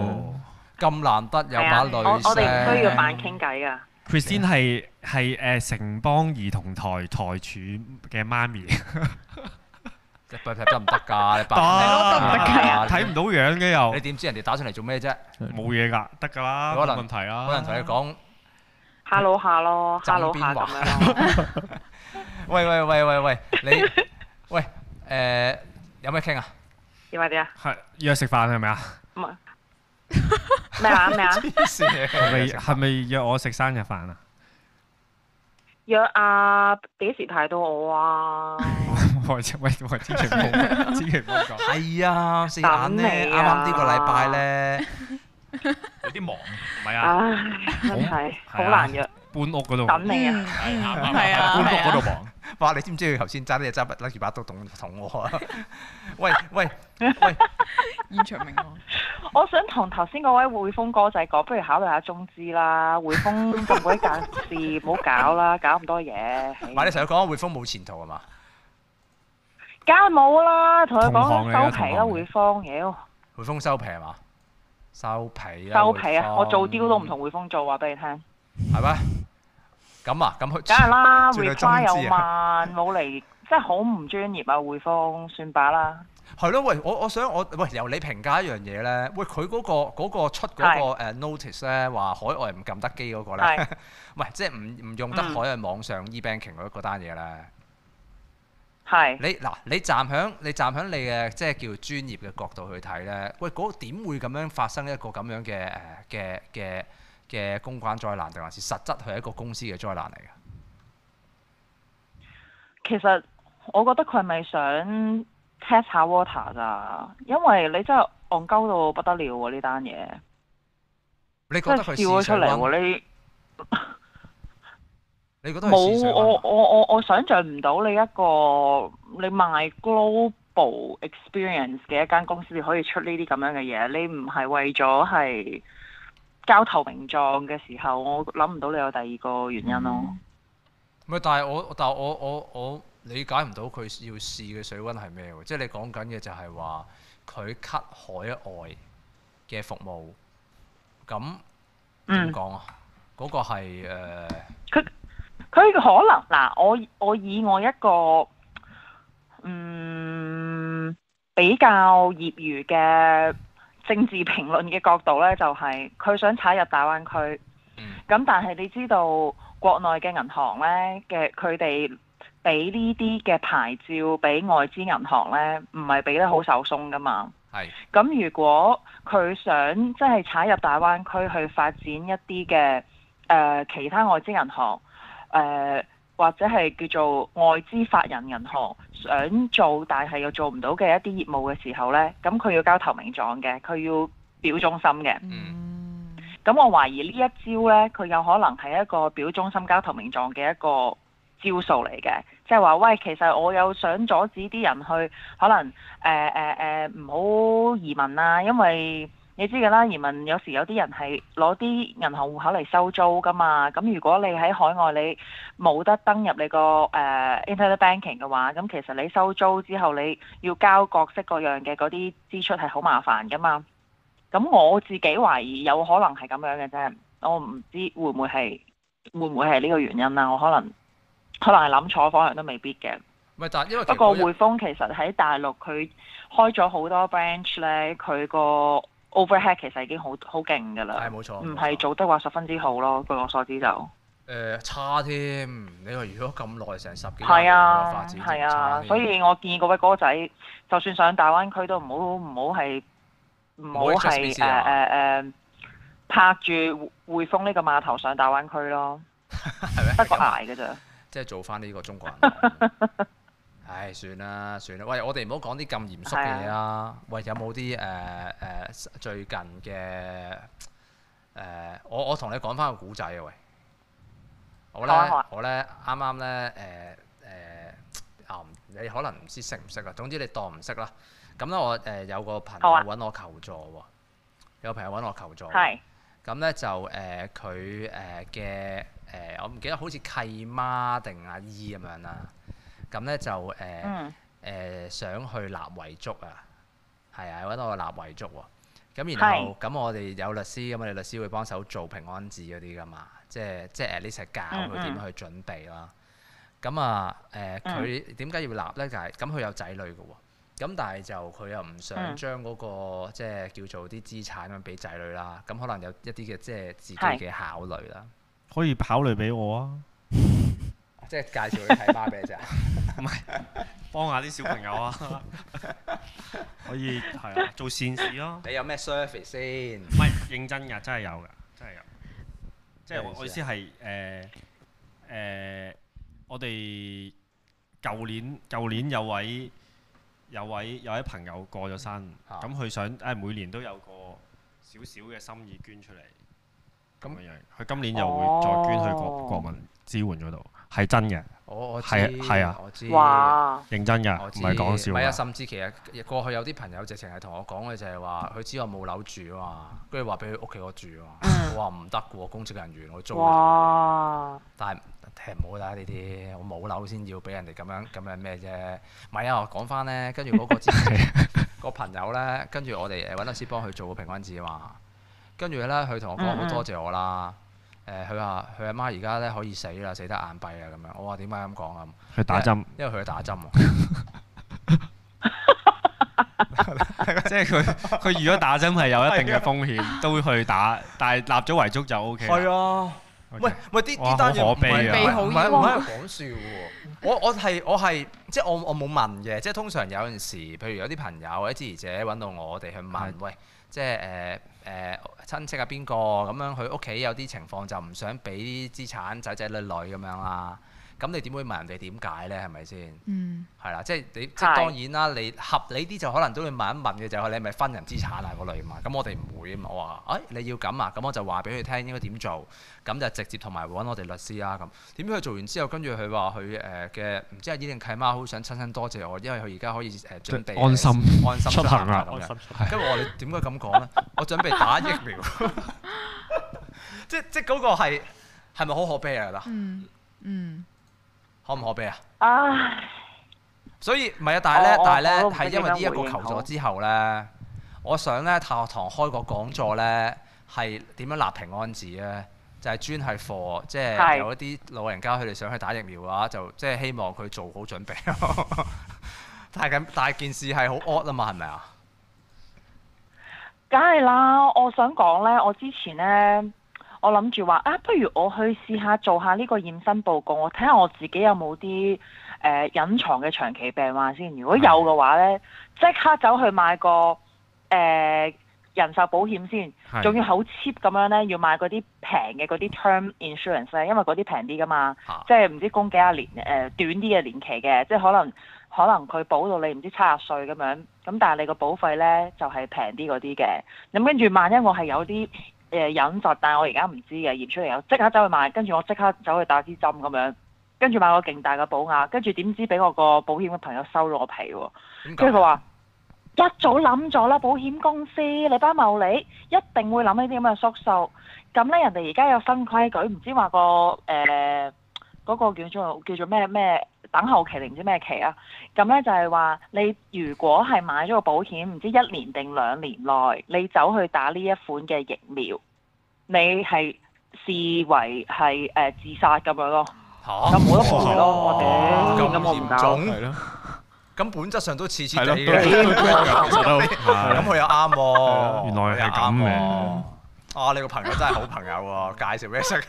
咁難得有把女聲。我我哋需要扮傾偈㗎。Christine 先係係誒城邦兒童台台柱嘅媽咪，即係白得唔得㗎？你白得唔得㗎？睇唔、啊啊、到樣嘅又你，你點知人哋打上嚟做咩啫？冇嘢㗎，得㗎啦，冇能問題啦、啊。可能同你講，hello 下咯，hello 下咁邊 Hello, hello. 樣喂喂喂喂喂，喂喂喂 你喂誒、呃、有咩傾啊？要埋啲啊？係約食飯係咪啊？唔係。咩啊咩啊？係咪係咪約我食生日飯啊？約啊？幾時睇到我啊？喂喂，千祈千祈唔好講，係啊，四眼咧，啱啱、啊、呢個禮拜咧。有啲忙，唔係啊， 啊，真係，好難約，搬、啊、屋嗰度等你啊，係啊，搬屋嗰度忙。哇，你知唔知佢頭先揸啲嘢揸住把刀，捅捅我啊！喂喂喂，現場名堂我想同頭先嗰位匯豐哥仔講，不如考慮下中資啦。匯豐仲鬼間事，唔好搞啦，搞咁多嘢。唔係 哎、你成日講匯豐冇前途啊嘛？梗係冇啦，同佢講收皮啦、啊，匯豐，妖要，匯豐收皮係嘛？收皮啊！收皮啊！我做雕都唔同匯豐做，話俾你聽。係咪？咁啊？咁去梗係啦！require 又慢，冇嚟，即係好唔專業啊！匯豐算把啦。係咯，喂，我我想我喂由你評價一樣嘢咧。喂，佢嗰個嗰個出嗰個誒 notice 咧，話海外唔撳得機嗰個咧，唔係即係唔唔用得海外網上 e-banking 嗰嗰單嘢咧。係你嗱，你站喺你站喺你嘅即係叫專業嘅角度去睇咧，喂嗰個點會咁樣發生一個咁樣嘅誒嘅嘅嘅公關災難定還是實質係一個公司嘅災難嚟嘅？其實我覺得佢係咪想 test 下 water 咋？因為你真係戇鳩到不得了喎，呢單嘢，你覺得佢跳咗出嚟喎、啊 你覺得冇我我我我想象唔到你一個你賣 global experience 嘅一間公司，你可以出呢啲咁樣嘅嘢。你唔係為咗係交投名狀嘅時候，我諗唔到你有第二個原因咯、啊。唔係、嗯，但係我但係我我我，我理解唔到佢要試嘅水溫係咩？即係你講緊嘅就係話佢 cut 海外嘅服務。咁點講啊？嗰、嗯、個係誒。呃佢可能嗱，我我以我一個嗯比較業餘嘅政治評論嘅角度呢，就係、是、佢想踩入大灣區。嗯。咁但係你知道國內嘅銀行呢，嘅佢哋俾呢啲嘅牌照俾外資銀行呢，唔係俾得好手鬆㗎嘛。係、嗯。咁如果佢想即係踩入大灣區去發展一啲嘅、呃、其他外資銀行。誒、呃、或者係叫做外資法人銀行想做但係又做唔到嘅一啲業務嘅時候呢，咁佢要交投名狀嘅，佢要表忠心嘅。嗯，咁我懷疑呢一招呢，佢有可能係一個表忠心交投名狀嘅一個招數嚟嘅，即係話喂，其實我有想阻止啲人去可能誒誒誒唔好移民啊，因為。你知㗎啦，移民有時有啲人係攞啲銀行戶口嚟收租㗎嘛。咁如果你喺海外你冇得登入你個誒、uh, internet banking 嘅話，咁其實你收租之後你要交各式各樣嘅嗰啲支出係好麻煩㗎嘛。咁我自己懷疑有可能係咁樣嘅啫。我唔知會唔會係會唔會係呢個原因啦、啊。我可能可能係諗錯方向都未必嘅。不過匯豐其實喺大陸佢開咗好多 branch 呢，佢個。Overhead 其實已經好好勁㗎啦，係冇錯，唔係做得話十分之好咯。據我所知就誒、呃、差添，你話如果咁耐成十幾年嘅、啊、發係啊，所以我建議嗰位哥仔，就算上大灣區都唔好唔好係唔好係誒誒誒拍住匯豐呢個碼頭上大灣區咯，得個捱㗎啫，即係做返呢個中國人。 唉，算啦，算啦。喂，我哋唔好講啲咁嚴肅嘅嘢啦。啊、喂，有冇啲誒誒最近嘅誒、呃？我我同你講翻個古仔啊，喂。好啊好啊、我咧，我咧，啱啱咧，誒、呃、誒，啊、呃，你可能唔知識唔識啦？總之你當唔識啦。咁咧，我誒、呃、有個朋友揾我求助喎、啊。啊、有個朋友揾我求助、啊。係是。咁咧就誒，佢誒嘅誒，我唔記得好似契媽定阿姨咁樣啦。咁咧就誒誒、呃嗯呃、想去立遺囑啊，係啊，我覺得我立遺囑喎、啊。咁然後咁是我哋有律師，咁我哋律師會幫手做平安紙嗰啲噶嘛，即係即係你成日教佢點去準備啦。咁、嗯嗯、啊誒，佢點解要立咧？啊、就係咁，佢有仔女嘅喎。咁但係就佢又唔想將嗰個即係叫做啲資產咁俾仔女啦。咁可能有一啲嘅即係自己嘅考慮啦。可以考慮俾我啊！即係介紹你睇芭比啫，唔係 幫下啲小朋友啊， 可以係啊，做善事咯、啊。你有咩 service 先 唔係認真㗎，真係有㗎，真係有。即係我意思係誒誒，我哋舊年舊年有位有位有位，有位朋友過咗身，咁佢，、啊、想誒、哎、每年都有個少少嘅心意捐出嚟，咁樣樣。佢那今年又會再捐去國國民支援嗰度。係真嘅，我我知，係啊，我知，哇，認真嘅，唔係講笑。係啊，甚至其實過去有啲朋友直情係同我講嘅就係話，佢知我冇樓住啊嘛，跟住話俾佢屋企我度住喎，我話唔得嘅喎，公職人員我租，但係唔好啦呢啲，我冇樓先要俾人哋咁樣咁樣咩啫？唔係啊，我講翻咧，跟住嗰個個朋友咧，跟住我哋揾律師幫佢做個平均字啊嘛，跟住咧佢同我講好多謝我啦。誒，佢話佢阿媽而家咧可以死啦，死得眼閉啦咁樣。我話點解咁講啊？佢打針，因為佢打針喎。即係佢，佢如果打針係有一定嘅風險，都去打。但係立咗遺囑就 OK。係啊。喂喂，啲啲單嘢我係唔係唔係講笑喎。我我係我係即係我我冇問嘅。即係通常有陣時，譬如有啲朋友或者支持者揾到我哋去問喂。即係誒誒親戚啊，邊個咁樣？佢屋企有啲情況就唔想俾啲資產仔仔女女咁樣啦。咁你點會問人哋點解呢？係咪先？嗯，係啦，即係你即係當然啦。你合理啲就可能都會問一問嘅就係你係咪分人資產啊嗰類嘛。咁我哋唔會啊嘛。我話誒你要咁啊，咁我就話俾佢聽應該點做。咁就直接同埋揾我哋律師啦咁。點解佢做完之後，跟住佢話佢誒嘅唔知係依定契媽好想親身多謝我，因為佢而家可以誒準備安心安心出行啊。安心，跟住我哋點解咁講呢？我準備打疫苗，即即嗰個係係咪好可悲啊？嗱，可唔可悲啊？唉，所以唔係啊，但係咧，哦、但係是咧，係因為呢一個求助之後咧，我想咧，太學堂開個講座咧，係點樣立平安紙咧，就係、是、專係課，即係有一啲老人家佢哋想去打疫苗嘅話，就即係、就是、希望佢做好準備。 但係咁，但係件事係好 odd 啊嘛，係咪啊？梗係啦，我想講咧，我之前咧。我諗住話啊，不如我去試下做下呢個驗身報告，我睇下我自己有冇啲誒隱藏嘅長期病患先。如果有嘅話咧，即刻走去買個誒、呃、人壽保險先，仲要好 cheap 咁樣咧，要買嗰啲平嘅嗰啲 term insurance 咧，因為嗰啲平啲噶嘛。啊、即係唔知供幾十年誒、呃、短啲嘅年期嘅，即係可能可能佢保到你唔知七十歲咁樣，咁但係你個保費咧就係平啲嗰啲嘅。咁跟住萬一我係有啲。誒隱疾，但係我而家唔知嘅，驗出嚟又即刻走去買，跟住我即刻走去打支針咁樣，跟住買個勁大嘅保額，跟住點知俾我個保險嘅朋友收咗我皮喎，跟住佢話一早諗咗啦，保險公司、你班茂利一定會諗呢啲咁嘅縮數，咁咧人哋而家有新規矩，唔知話、呃嗰個誒嗰個叫做叫做咩咩？等候期定唔知咩期啊？咁咧就係、是、話你如果係買咗個保險，唔知一年定兩年內，你走去打呢一款嘅疫苗，你係視為係誒自殺咁樣咯，咁冇得賠咯，或咁我唔咯。咁本質上都次次都係咁，佢又啱。原來係咁嘅。 啊，你個朋友真係好朋友，啊，介紹咩識？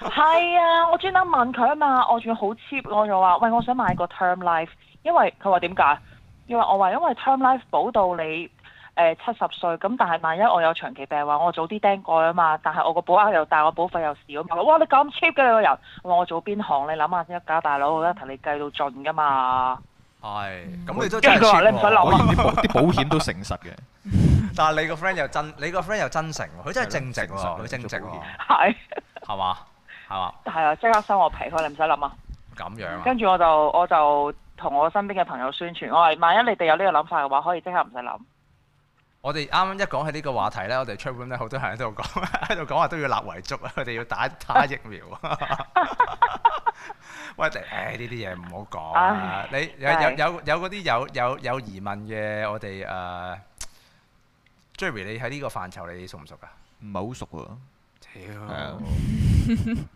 係 啊，我專登問佢啊嘛，我仲要好 cheap，我就話，喂，我想買個 term life，因為佢話點解？因為我話因為 term life 保到你誒七十歲，咁、呃、但係萬一我有長期病話，我早啲釘過啊嘛，但係我個保額又大，我保費又少，哇，你咁 cheap 嘅你個人，我話我做邊行？你諗下先一家大佬，我一同你計到盡噶嘛。係，咁你都真係 cheap 喎。啲保險都誠實嘅， 但係你個 friend 又真，你個 friend 又真誠，佢真係正直喎，佢正直喎，係吧，係嘛？係啊！即刻收我皮，佢哋唔使諗啊！咁樣，跟住我就我就同我身邊嘅朋友宣傳，我話萬一你哋有呢個諗法嘅話，可以即刻唔使諗。我哋啱啱一講起呢個話題呢，我哋出門咧好多人喺度講，喺度講話都要立遺囑啊！我哋 要打打疫苗。啊、 哎。喂，誒唉，呢啲嘢唔好講你有的有有嗰啲有有有，有疑問嘅，我、呃、哋誒，Jerry，你喺呢個範疇你熟唔熟啊？唔係好熟啊。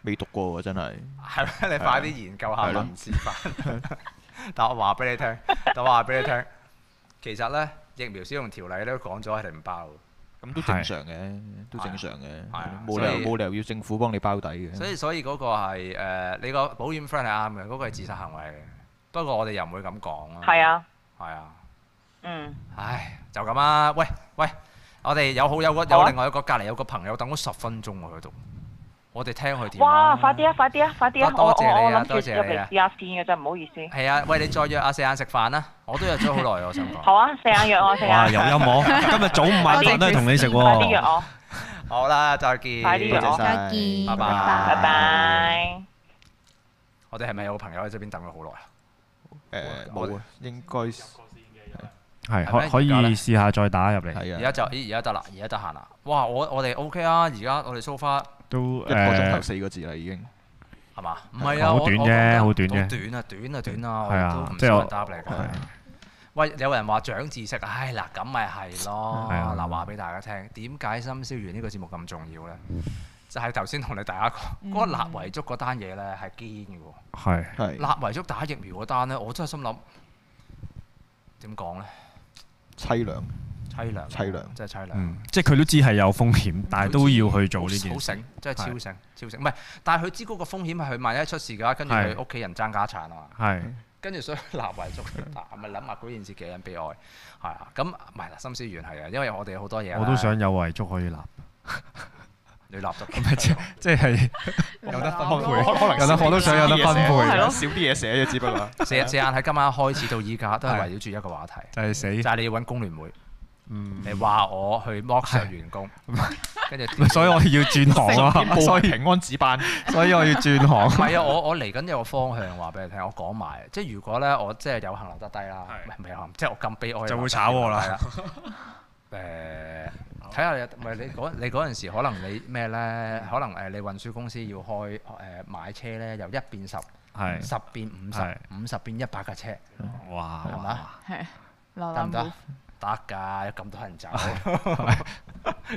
未讀過喎，真係。係咩？你快啲研究下啦，唔知。但我話俾你聽，我話俾你聽，其實呢，疫苗使用條例咧講咗係唔包嘅，咁都正常嘅，都正常嘅。冇理由，冇理由要政府幫你包底嘅。所以所以嗰個係誒，你個保險 friend 係啱嘅，嗰個係自殺行為嘅。不過我哋又唔會咁講咯。係啊。係啊。嗯。唉，就咁啦。喂喂。我哋有好有個有另外一個隔離有個朋友等咗十分鐘喎喺度，我哋聽佢點。哇！快啲啊！快啲啊！快啲啊！多謝你啊！多謝你啊！啊！錢嘅真係唔好意思。係啊，喂，你再約阿四眼食飯啦，我都約咗好耐喎想講。好啊，四眼約我四眼。哇！有音樂，今日早午晚飯都同你食喎。好啦，再見，多謝曬，拜拜，拜拜。我哋係咪有朋友喺側邊等咗好耐啊？誒，冇啊，應該。係可以試下再打入嚟。係啊，而家就咦？而家得啦，而家得閒啦。哇！我我哋 O K 啊，而家我哋 so far 都一個鐘頭四個字啦，已經係嘛？唔係啊，好短啫，好短啫。短啊，短啊，短啊，都唔少人答嚟喂，有人話長知識，唉嗱，咁咪係咯。嗱，話俾大家聽，點解《深宵議員》呢個節目咁重要咧？就係頭先同你大家講嗰個立遺囑嗰單嘢咧，係堅嘅喎。係係。立遺囑打疫苗嗰單咧，我真係心諗點講咧？淒涼，淒，涼 begun, 淒涼，淒涼，淒涼，真係淒涼。嗯，即係佢都知係有風險，但係都要去做呢件。好醒，真係超醒，超醒。唔係，但係佢知嗰個風險係，佢萬一出事嘅話，跟住佢屋企人爭家產啊嘛。係，跟住所以立遺囑，係咪諗下嗰件事幾樣悲哀？係啊，咁唔係啦，心思如係啊，因為我哋好多嘢。我都想有遺囑可以立。 你立圾，即係即係有得分配，可能有得我都想有得分配，少啲嘢寫嘅，只不過。四隻眼喺今晚開始到依家都係圍繞住一個話題，就係死。就係你要揾工聯會，嗯，你話我去剝削員工，跟住，所以我要轉行啊！所以平安指辦，所以我要轉行。唔係啊，我我嚟緊有個方向話俾你聽，我講埋，即係如果咧，我即係有幸留得低啦，唔即係我咁悲哀就會炒我啦。誒。睇下，唔係你嗰你嗰陣時，可能你咩呢？可能誒，你運輸公司要開誒、呃、買車呢的，由一變十，十變五十，五十變一百架車，哇，係嘛吧？係，得唔得？行得㗎，咁多人走，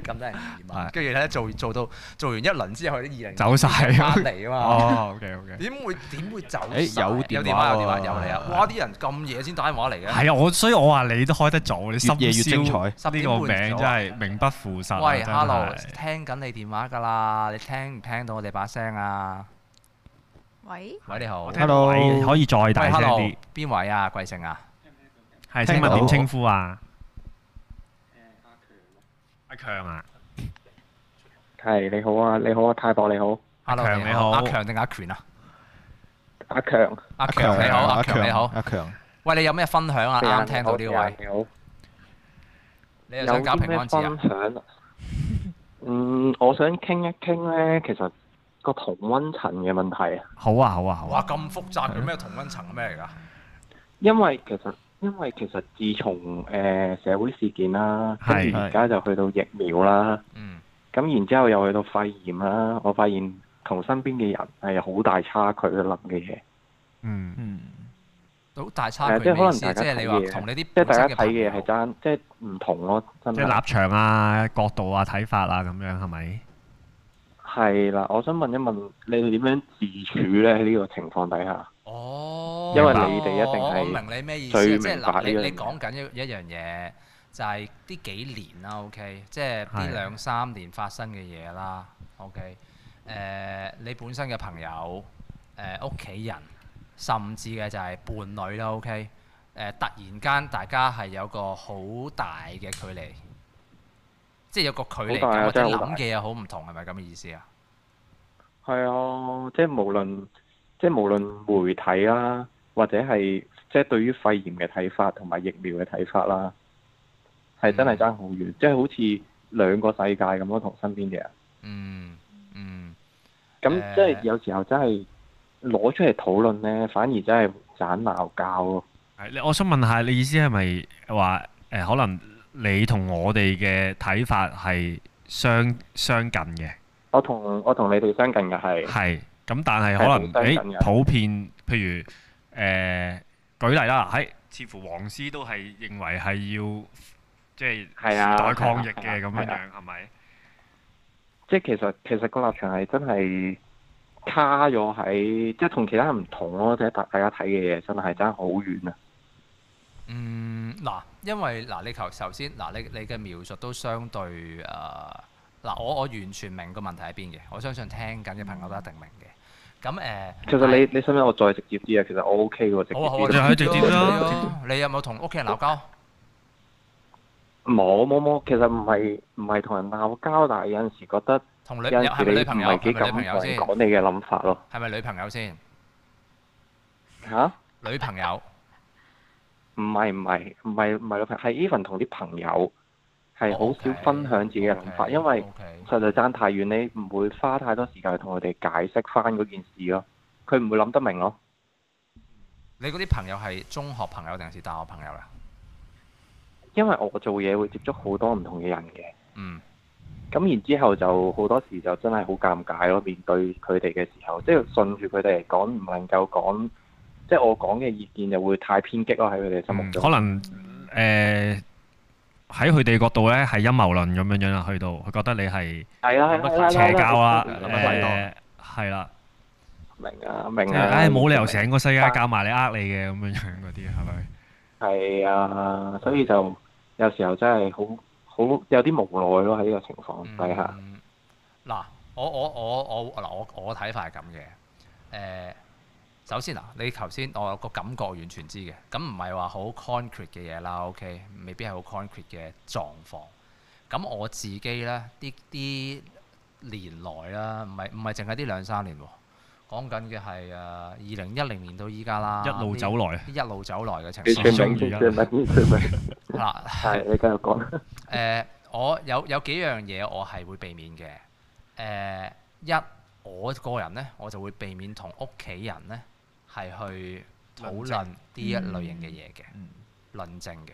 咁多人電話，跟住咧做做到做完一輪之後，啲二零走晒翻嚟啊嘛。哦，OK，OK。點會點會走？有電話，有電話，有嚟啊！哇，啲人咁夜先打電話嚟嘅。係啊，我所以我話你都開得早，越夜越精彩。呢個名真係名不副實。喂，Hello，聽緊你電話㗎啦，你聽唔聽到我哋把聲啊？喂，喂，你好。Hello，你可以再大聲啲。邊位啊？貴姓啊？係請問點稱呼啊？強啊，係你好啊，你好啊，泰博你好，Hello，你好，阿強定阿權啊？阿強，阿強你好，阿強你好，阿強，喂，你有咩分享啊？啱啱聽到呢位，你又想搞平安紙啊？嗯，我想傾一傾咧，其實個同温層嘅問題啊，好啊，好啊，哇，咁複雜嘅咩同温層係咩嚟噶？因為其實。因為其實自從誒、呃、社會事件啦，跟住而家就去到疫苗啦，咁是是 然之後又去到肺炎啦，我發現同身邊嘅人係有好大差距去諗嘅嘢。嗯嗯，好大差距啊。即係可能大家睇嘅，同你啲即係大家睇嘅嘢係爭，即係唔同咯，即立場啊、角度啊、睇法啊咁樣係咪？係啦，我想問一問你哋點樣自處咧？喺呢 個情況底下。哦。因為你哋一定係最明白，哦、我明你咩意思，明即係嗱，你你講緊一一樣嘢，就係、是、呢幾年啦，OK，即係呢兩三年發生嘅嘢啦，OK、呃。誒，你本身嘅朋友、誒屋企人，甚至嘅就係伴侶啦，OK、呃。誒，突然間大家係有個好大嘅距離，大即係有個距離，大或者諗嘅嘢好唔同，係咪咁嘅意思啊？係啊，即係無論，即係無論媒體啊。或者係即係對於肺炎嘅睇法同埋疫苗嘅睇法啦，係真係爭好遠，嗯、即係好似兩個世界咁咯。同身邊嘅人，嗯嗯，咁、嗯、即係有時候真係攞出嚟討論呢，呃、反而真係爭鬧交咯。係，我想問下你意思係咪話誒？可能你同我哋嘅睇法係相相近嘅。我同我同你哋相近嘅係係咁，但係可能誒、欸、普遍譬如。誒、呃，舉例啦，喺似乎黃絲都係認為係要即係時代抗疫嘅咁樣樣，係咪？即係其實其實個立場係真係卡咗喺即係同其他人唔同咯，即大大家睇嘅嘢真係真係好遠啊！嗯，嗱，因為嗱，你頭首先嗱，你你嘅描述都相對誒，嗱、呃，我我完全明個問題喺邊嘅，我相信聽緊嘅朋友都一定明嘅。咁誒，其實你你使唔使我再直接啲啊？其實我 OK 喎，直直接啲咯。你有冇同屋企人鬧交？冇冇冇，其實唔係唔係同人鬧交，但係有陣時覺得，有陣時你唔係幾敢講你嘅諗法咯。係咪女朋友先？吓？女朋友？唔係唔係唔係唔係女朋友，係 even 同啲朋友。係好少分享自己嘅諗法，因為實在爭太遠，你唔會花太多時間去同佢哋解釋返嗰件事咯。佢唔會諗得明咯。你嗰啲朋友係中學朋友定係大學朋友啊？因為我做嘢會接觸好多唔同嘅人嘅。嗯。咁然之後就好多時就真係好尷尬咯，面對佢哋嘅時候，即係順住佢哋嚟講，唔能夠講，即係我講嘅意見就會太偏激咯，喺佢哋心目中。可能誒。呃喺佢哋角度咧，係陰謀論咁樣樣啊，去到佢覺得你係乜嘢邪教啊？誒、啊，係啦、啊，明啊，啊，啊，啊，明唉、啊，冇、啊哎、理由成個世界、啊、教埋你呃你嘅咁樣樣嗰啲，係咪？係啊，所以就有時候真係好好有啲無奈咯喺呢個情況底下。嗱、嗯，我我我我嗱，我我睇法係咁嘅，誒、呃。首先嗱，你頭先我有個感覺完全知嘅，咁唔係話好 concrete 嘅嘢啦，OK？未必係好 concrete 嘅狀況。咁我自己呢啲啲年來啦，唔係唔係淨係啲兩三年喎，講緊嘅係誒二零一零年到依家啦，一路走來，一路走來嘅情況。最明最明最係你繼續講。誒，我有有幾樣嘢我係會避免嘅。誒、呃，一，我個人呢，我就會避免同屋企人呢。係去討論呢一類型嘅嘢嘅，嗯、論證嘅。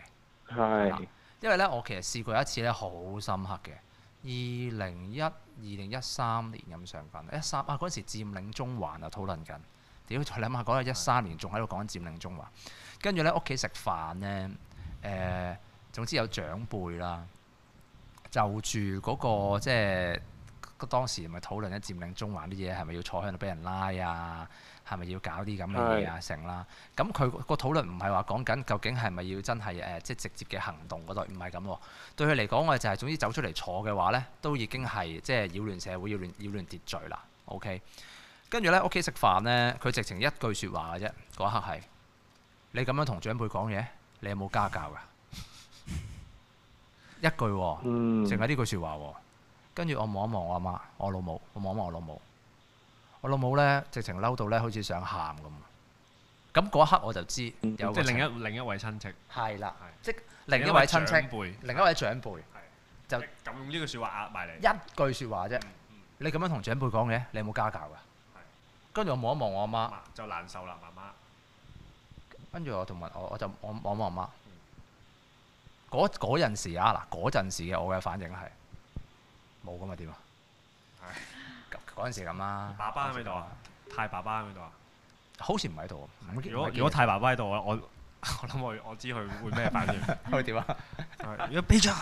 係、嗯。因為呢，我其實試過一次呢，好深刻嘅。二零一二零一三年咁上下，一三啊，嗰陣時佔領中環啊，討論緊。屌你諗下，講到一三年仲喺度講緊佔領中環。跟住呢，屋企食飯呢，誒，總之有長輩啦，就住嗰、嗰個即係嗰當時咪討論一佔領中環啲嘢，係咪要坐喺度俾人拉啊？係咪要搞啲咁嘅嘢啊？成啦是，咁佢個討論唔係話講緊究竟係咪要真係誒即係直接嘅行動嗰度，唔係咁喎。對佢嚟講，我哋就係總之走出嚟坐嘅話呢，都已經係即係擾亂社會、擾亂、擾亂秩序啦。OK，跟住呢，屋企食飯呢，佢直情一句説話嘅啫。嗰刻係你咁樣同長輩講嘢，你有冇家教㗎？ 一句、哦，淨係呢句説話、哦。跟住我望一望我阿媽，我老母，我望一望我老母。我老母咧，直情嬲到咧，好似想喊咁。咁嗰一刻我就知，即係另一另一位親戚。係啦了，是即係另一位親戚，輩另一位長輩。是就咁用呢句説話壓埋你。一句説話啫，嗯嗯、你咁樣同長輩講嘅，你有冇家教噶？跟住是我望一望我阿媽，就難受啦，媽媽。跟住我同埋我，我就望望我媽。嗰嗰陣時啊，嗱，嗰陣時嘅我嘅反應係冇咁啊，點啊？嗰陣時咁啦，爸爸喺度啊？太爸爸喺度啊？好似唔喺度喎。如果如果太爸爸喺度，我我我諗我我知佢會咩反應，會點啊？如果俾咗，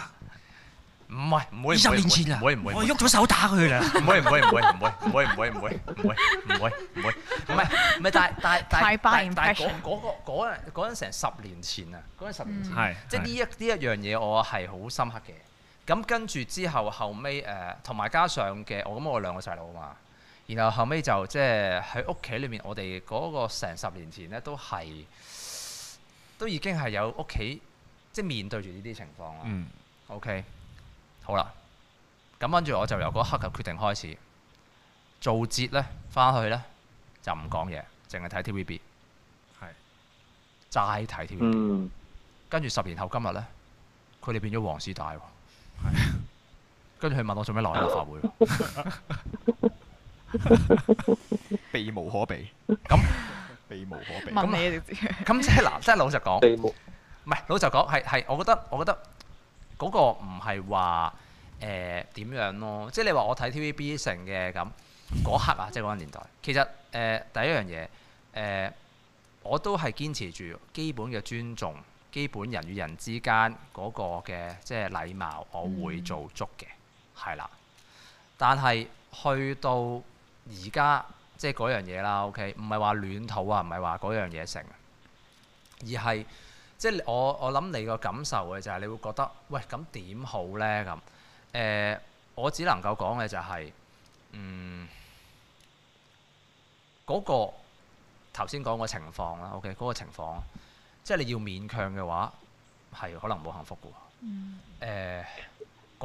唔係唔會，十年前啦，我喐咗手打佢啦。唔會唔會唔會唔會唔會唔會唔會唔會唔會唔係唔係，但係但係但係但係嗰嗰個嗰陣嗰陣成十年前啊，嗰陣十年前，係即係呢一呢一樣嘢，我係好深刻嘅。咁跟住之後後尾誒，同、呃、埋加上嘅我咁，我兩個細佬啊嘛。然後後尾就即係喺屋企裏面，我哋嗰個成十年前咧都係都已經係有屋企，即係面對住呢啲情況啊。嗯、o、okay? K，好啦。咁跟住我就由嗰刻嘅決定開始，做節咧，返去咧就唔講嘢，淨係睇 T V B、嗯。係、嗯。齋睇 T V B。跟住十年後今日咧，佢哋變咗黃絲帶喎。係，跟住佢問我做咩落喺立法會，避 無可避。咁避 無可避。 可 問咁你 即係嗱，即係老實講，唔係無老實講，係係，我覺得我覺得嗰個唔係話誒點樣咯。即係你話我睇 TVB 成嘅咁嗰刻啊，即係嗰個年代。其實誒、呃、第一樣嘢誒、呃，我都係堅持住基本嘅尊重。基本人與人之間嗰個嘅即係禮貌，我會做足嘅，係、嗯嗯、啦。但係去到而家即係嗰樣嘢啦，OK，唔係話暖土啊，唔係話嗰樣嘢成、啊，而係即係我我諗你個感受嘅就係你會覺得喂咁點好呢？咁？誒，我只能夠講嘅就係，嗯，嗰個頭先講個情況啦，OK，嗰個情況。即係你要勉強嘅話，係可能冇幸福嘅喎。誒、呃，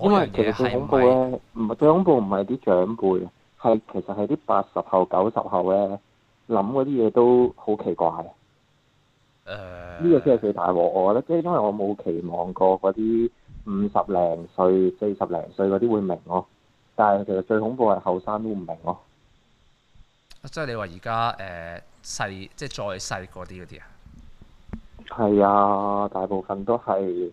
因為其實最恐怖咧，唔係最恐怖唔係啲長輩，係其實係啲八十後、九十後咧諗嗰啲嘢都好奇怪。誒、呃，呢個先係最大鑊，我覺得，即係因為我冇期望過嗰啲五十零歲、四十零歲嗰啲會明咯。但係其實最恐怖係後生都唔明咯。即係你話而家誒細，即係再細嗰啲嗰啲啊？係啊，大部分都係，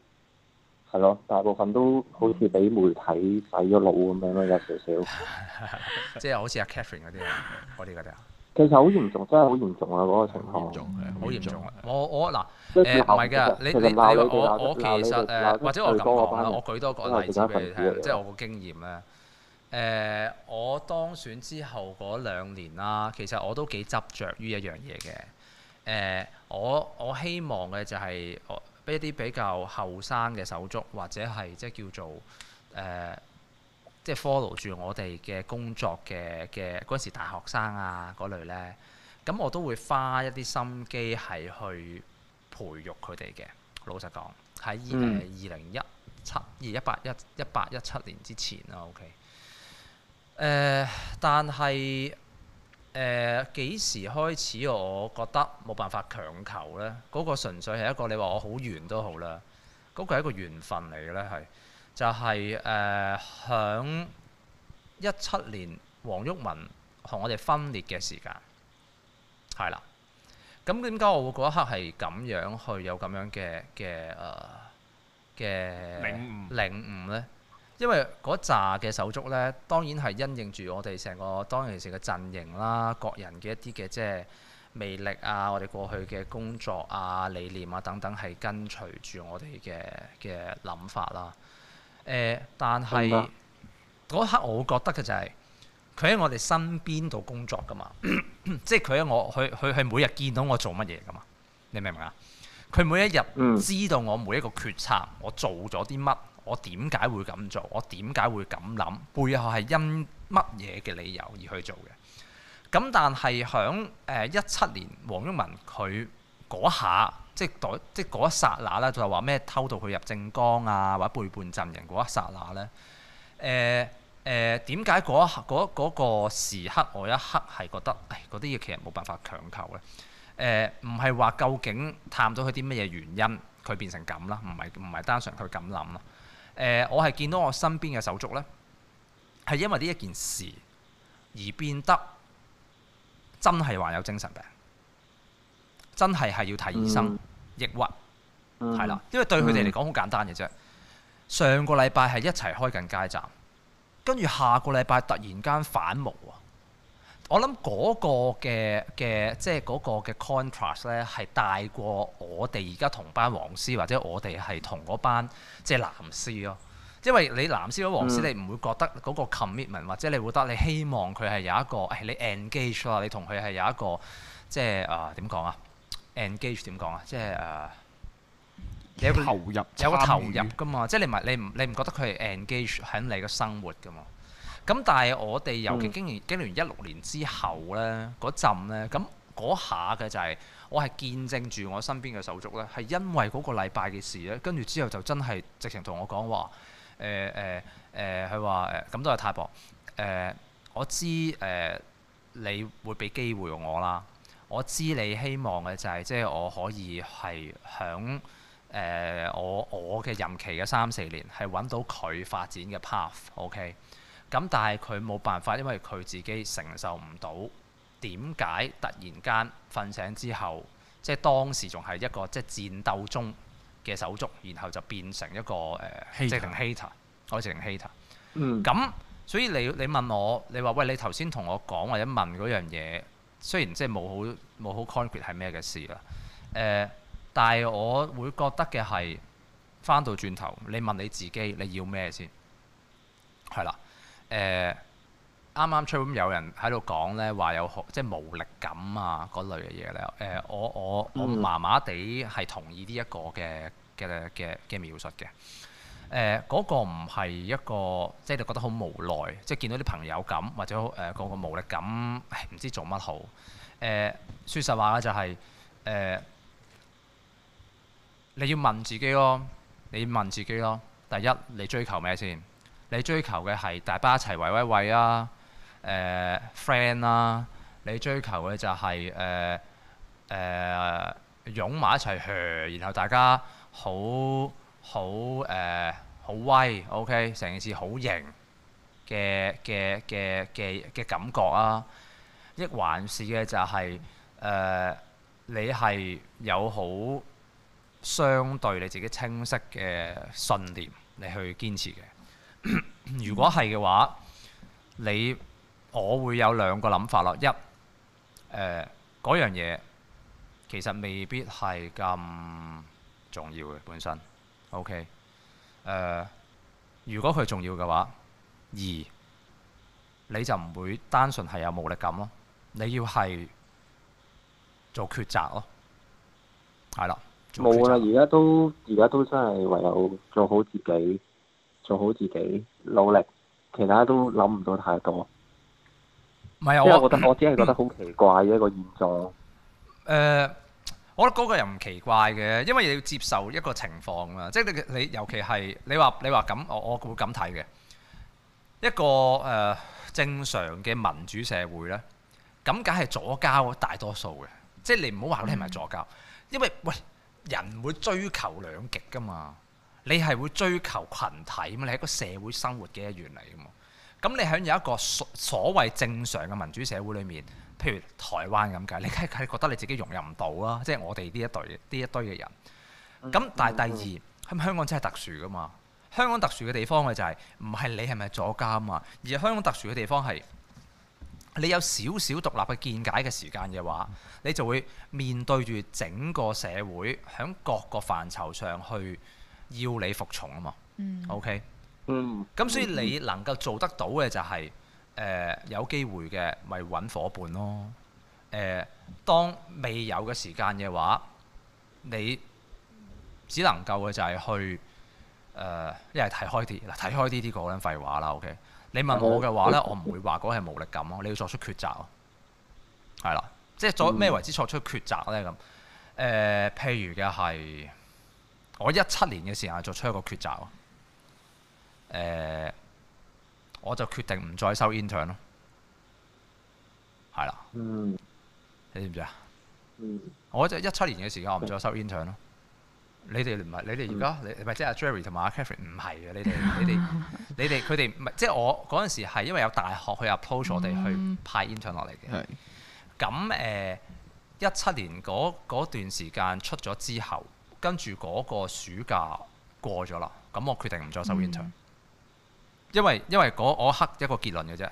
係咯，大部分都好似俾媒體洗咗腦咁樣咯，有少少，即係好似阿 Catherine 嗰啲啊，我嗰啲啊。其實好嚴重，真係好嚴重啊！嗰個情況，好嚴重，好嚴重。我我嗱誒，唔係㗎，你你我我其實誒，或者我咁講啦，我舉多個例子俾你睇，即係我個經驗咧。誒，我當選之後嗰兩年啦，其實我都幾執着於一樣嘢嘅，誒。我我希望嘅就係、是、俾一啲比較後生嘅手足，或者係即係叫做誒、呃，即係 follow 住我哋嘅工作嘅嘅嗰陣時大學生啊嗰類咧，咁我都會花一啲心機係去培育佢哋嘅。老實講，喺二零一七二一八一一八一七年之前啦，OK。誒、嗯，但係。誒幾時開始？我覺得冇辦法強求呢？嗰個純粹係一個你話我好緣都好啦。嗰個係一個緣分嚟嘅呢，係就係誒響一七年黃毓民同我哋分裂嘅時間，係啦。咁點解我會嗰一刻係咁樣去有咁樣嘅嘅嘅領悟呢？因為嗰扎嘅手足咧，當然係因應住我哋成個當其時嘅陣營啦，各人嘅一啲嘅即係魅力啊，我哋過去嘅工作啊、理念啊等等，係跟隨住我哋嘅嘅諗法啦。誒、呃，但係嗰刻我覺得嘅就係佢喺我哋身邊度工作噶嘛， 即係佢喺我，佢佢佢每日見到我做乜嘢噶嘛，你明唔明啊？佢每一日知道我每一個決策，嗯、我做咗啲乜。我點解會咁做？我點解會咁諗？背後係因乜嘢嘅理由而去做嘅？咁但係響誒一七年，黃毓民佢嗰下，即係袋，即係嗰一剎那咧，就話、係、咩偷渡佢入政綱啊，或者背叛陣營嗰一剎那咧？誒、呃、誒，點解嗰一嗰嗰個時刻我一刻係覺得，誒嗰啲嘢其實冇辦法強求嘅。誒唔係話究竟探到佢啲乜嘢原因，佢變成咁啦？唔係唔係單純佢咁諗咯？誒、呃，我係見到我身邊嘅手足呢，係因為呢一件事而變得真係患有精神病，真係係要睇醫生，嗯、抑鬱，係、嗯、啦，因為對佢哋嚟講好簡單嘅啫。上個禮拜係一齊開緊街站，跟住下個禮拜突然間反目啊！我諗嗰個嘅嘅，即係嗰個嘅 contrast 咧，係大過我哋而家同班黃絲，或者我哋係同嗰班即係藍絲咯。因為你藍絲嗰黃絲，你唔會覺得嗰個 commitment，或者你會覺得你希望佢係有一個，誒你 engage 咯，你同佢係有一個，即係啊、呃、點講啊 engage 點講啊，即係你、呃、有投入，有個投入噶嘛。即係你唔你唔你唔覺得佢係 engage 喺你嘅生活噶嘛？咁但係我哋尤其經完經完一六年之後呢，嗰陣咧，咁嗰下嘅就係、是、我係見證住我身邊嘅手足呢，係因為嗰個禮拜嘅事呢。跟住之後就真係直情同我講話誒誒誒，佢話誒咁都係太博誒，我知誒、呃、你會俾機會我啦，我知你希望嘅就係即係我可以係響誒我我嘅任期嘅三四年係揾到佢發展嘅 path，ok、okay? 咁但係佢冇辦法，因為佢自己承受唔到點解突然間瞓醒之後，即係當時仲係一個即係戰鬥中嘅手足，然後就變成一個誒，呃、hater，即成 hater，改成 hater。嗯。咁所以你你問我，你話喂你頭先同我講或者問嗰樣嘢，雖然即係冇好冇好 concrete 係咩嘅事啦。誒、呃，但係我會覺得嘅係翻到轉頭，你問你自己你要咩先係啦。誒啱啱出有人喺度講咧話有即係無力感啊嗰類嘅嘢咧誒我我我麻麻地係同意呢一個嘅嘅嘅嘅描述嘅誒嗰個唔係一個即係你覺得好無奈即係見到啲朋友咁或者誒個、呃嗰個無力感唔知做乜好誒、呃、說實話咧就係、是、誒、呃、你要問自己咯，你要問自己咯，第一你追求咩先？你追求嘅係大家一齊維維維啊，誒、呃、friend 啦、啊，你追求嘅就係誒誒湧埋一齊去，然後大家好好誒好威，OK，成件事好型嘅嘅嘅嘅嘅感覺啊！一還是嘅就係、是、誒、呃、你係有好相對你自己清晰嘅信念，你去堅持嘅。 如果係嘅話，你我會有兩個諗法咯。一，誒、呃，嗰樣嘢其實未必係咁重要嘅本身。OK，誒，如果佢重要嘅話，二，你就唔會單純係有無力感咯。你要係做抉擇咯，係啦。冇啦，而家都而家都真係唯有做好自己。做好自己，努力，其他都諗唔到太多。唔係啊，因為我覺得我只係覺得好奇怪嘅一 個現狀。誒，我覺得嗰個又唔奇怪嘅，因為你要接受一個情況啊，即係你你尤其係你話你話咁，我我會咁睇嘅，一個誒，正常嘅民主社會咧，咁梗係左膠大多數嘅，即係你唔好話你係咪左膠，嗯、因為喂人會追求兩極㗎嘛。你係會追求羣體嘛？你係一個社會生活嘅一員嚟㗎嘛？咁你喺有一個所所謂正常嘅民主社會裏面，譬如台灣咁解，你梗係覺得你自己融入唔到啦。即係我哋呢一隊呢一堆嘅人咁。但係第二喺、嗯嗯嗯、香港真係特殊㗎嘛？香港特殊嘅地方嘅就係唔係你係咪左家啊嘛？而香港特殊嘅地方係你有少少獨立嘅見解嘅時間嘅話，你就會面對住整個社會，響各個範疇上去。要你服從啊嘛，OK，嗯，咁 Okay?、嗯、所以你能夠做得到嘅就係、是，誒、呃、有機會嘅咪揾伙伴咯。誒、呃，當未有嘅時間嘅話，你只能夠嘅就係去，誒、呃、一係睇開啲，嗱睇開啲啲講緊廢話啦。OK，你問我嘅話呢，我唔會話嗰係無力感咯、啊，你要作出抉擇咯、啊，係啦，即係咩為之作出抉擇呢？咁、嗯？誒、呃，譬如嘅係。我一七年嘅時候做出一個抉擇啊，誒、呃，我就決定唔再收 intern 咯，係啦，你知唔知啊？我就一七年嘅時間，我唔再收 intern 咯。你哋唔係，你哋而家，你唔係即係 Jerry 同埋 Catherine 唔係嘅，你哋你哋你哋佢哋唔係，即係、就是、我嗰陣時係因為有大學去 approach 我哋、嗯、去派 intern 落嚟嘅。咁誒、嗯，一七、呃、年嗰段時間出咗之後。跟住嗰個暑假過咗啦，咁我決定唔再收 intern 因為因為嗰刻一個結論嘅啫。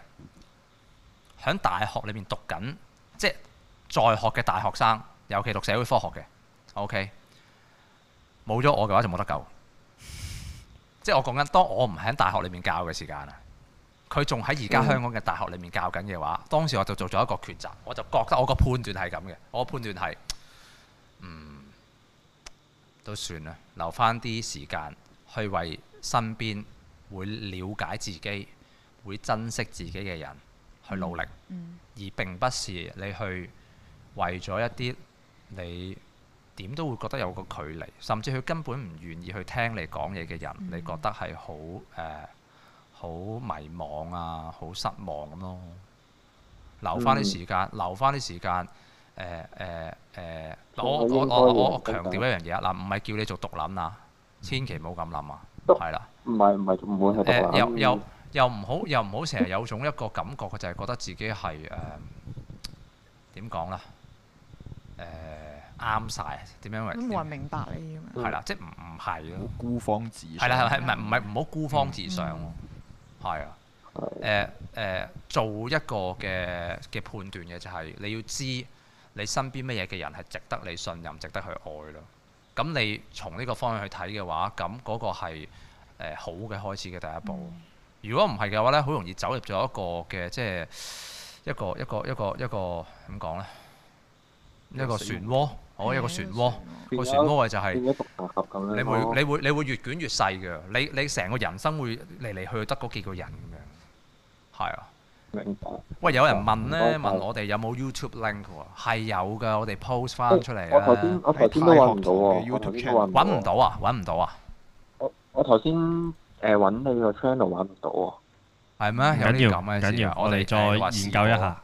喺大學裏面讀緊，即係在學嘅大學生，尤其讀社會科學嘅，OK，冇咗我嘅話就冇得救。即係我講緊，當我唔喺大學裏面教嘅時間啊，佢仲喺而家香港嘅大學裏面教緊嘅話，嗯、當時我就做咗一個抉擇，我就覺得我個判斷係咁嘅，我判斷係，嗯。都算啦，留翻啲時間去為身邊會了解自己、會珍惜自己嘅人去努力，嗯、而並不是你去為咗一啲你點都會覺得有個距離，甚至佢根本唔願意去聽你講嘢嘅人，嗯、你覺得係好誒好迷茫啊、好失望咁、啊、咯。留翻啲時間，嗯、留翻啲時間。誒誒誒，我我我我強調一樣嘢啊！嗱、嗯，唔係叫你做獨諗啊，千祈唔好咁諗啊，係啦。唔係唔係唔好。誒又又又唔好又唔好成日有種一個感覺，佢就係覺得自己係誒點講啦？誒啱晒，點樣為？都冇人明白你啊啦，即係唔唔係孤芳自。係啦係係唔係唔係唔好孤芳自賞喎。係啊。誒誒、嗯呃呃，做一個嘅嘅判斷嘅就係、係、你要知。你身邊乜嘢嘅人係值得你信任、值得去愛咯？咁你從呢個方向去睇嘅話，咁嗰個係好嘅開始嘅第一步。嗯、如果唔係嘅話呢，好容易走入咗一個嘅即係一個一個一個一個點講呢，一個漩渦，嗯、哦，一個漩渦，個漩渦就係、係、你會你會你會，你會越捲越細嘅。你你成個人生會嚟嚟去去得嗰幾個人咁樣，係啊。喂，有人問咧，問我哋有冇 YouTube link 啊？係有噶，我哋 post 翻出嚟。我頭先我頭先都搵唔到喎，搵唔到啊？搵唔到啊？我我頭先誒搵你個 channel 搵唔到喎。係咩？有啲咁嘅事啊？我哋再研究一下。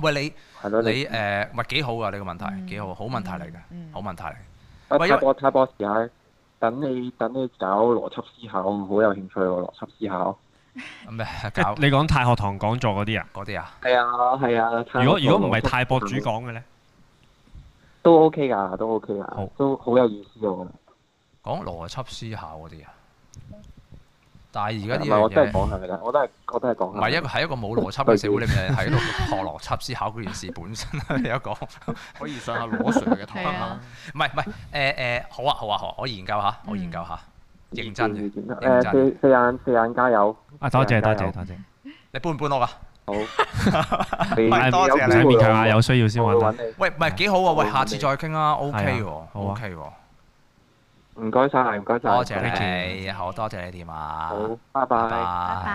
喂，你係咯你誒，咪幾好啊？你個問題幾好，好問題嚟嘅，好問題。啊，泰博泰博士啊，等你等你搞邏輯思考，我唔好有興趣喎，邏輯思考。咩？即係你講太學堂講座嗰啲啊？嗰啲啊？係啊係啊。如果如果唔係泰博主講嘅咧，都 OK 噶，都 OK 噶，都好有意思啊！講邏輯思考嗰啲啊？但係而家啲唔係我真係講下噶，我都係覺得係講下唔係一個係一個冇邏輯嘅社會，你咪喺度學邏輯思考嗰件事本身。你一講可以上下羅 Sir 嘅堂唔係唔係，誒誒，好啊好啊，我研究下，我研究下，認真嘅，認真四眼四眼加油。多謝多謝多謝，你搬唔搬屋啊？好，唔使勉強啊，有需要先揾你。喂，唔係幾好喎？喂，下次再傾啊。OK 喎，OK 唔該晒，唔該晒。多謝。好多謝你電話！好，拜拜，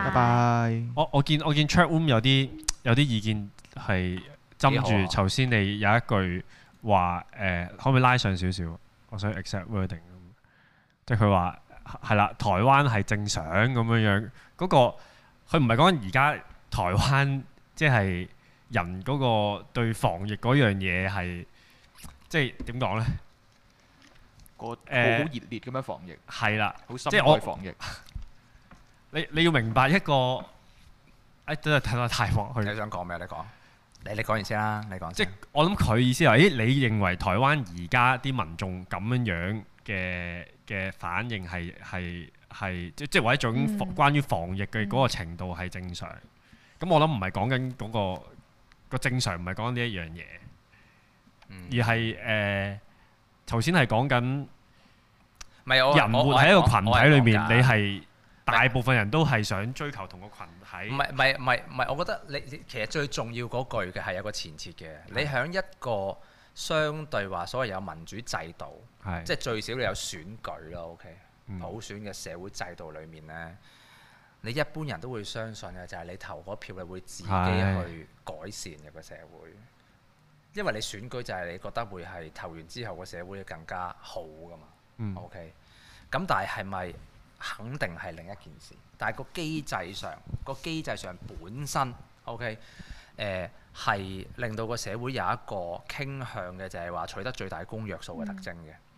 拜拜。我我見我見 Chat Room 有啲有啲意見係針住頭先你有一句話誒，可唔可以拉上少少？我想 exact wording 即係佢話係啦，台灣係正常咁樣樣。嗰個佢唔係講而家台灣即係人嗰個對防疫嗰樣嘢，係即係點講咧？個誒好熱烈咁樣防疫係啦，好心愛防疫。你你要明白一個誒，等等睇到泰國佢你想講咩啊？你講你你講完先啦，你講先。即係我諗佢意思係：咦，你認為台灣而家啲民眾咁樣樣嘅嘅反應係係？係即即係一種防關於防疫嘅嗰個程度係正常，咁、嗯、我諗唔係講緊嗰個正常，唔係講緊呢一樣嘢，而係誒頭先係講緊人活喺一個群體裏面，你係大部分人都係想追求同個群體。唔係唔係唔係唔係，我覺得你其實最重要嗰句嘅係有個前設嘅，你喺一個相對話所謂有民主制度，即係的最少你有選舉咯，OK。嗯、普選嘅社會制度裏面呢，你一般人都會相信嘅就係你投嗰票，你會自己去改善個社會，的因為你選舉就係你覺得會係投完之後個社會更加好㗎嘛。OK，咁但係係咪肯定係另一件事？但係個機制上，個機制上本身，OK，誒係令到個社會有一個傾向嘅，就係話取得最大公約數嘅特徵嘅。嗯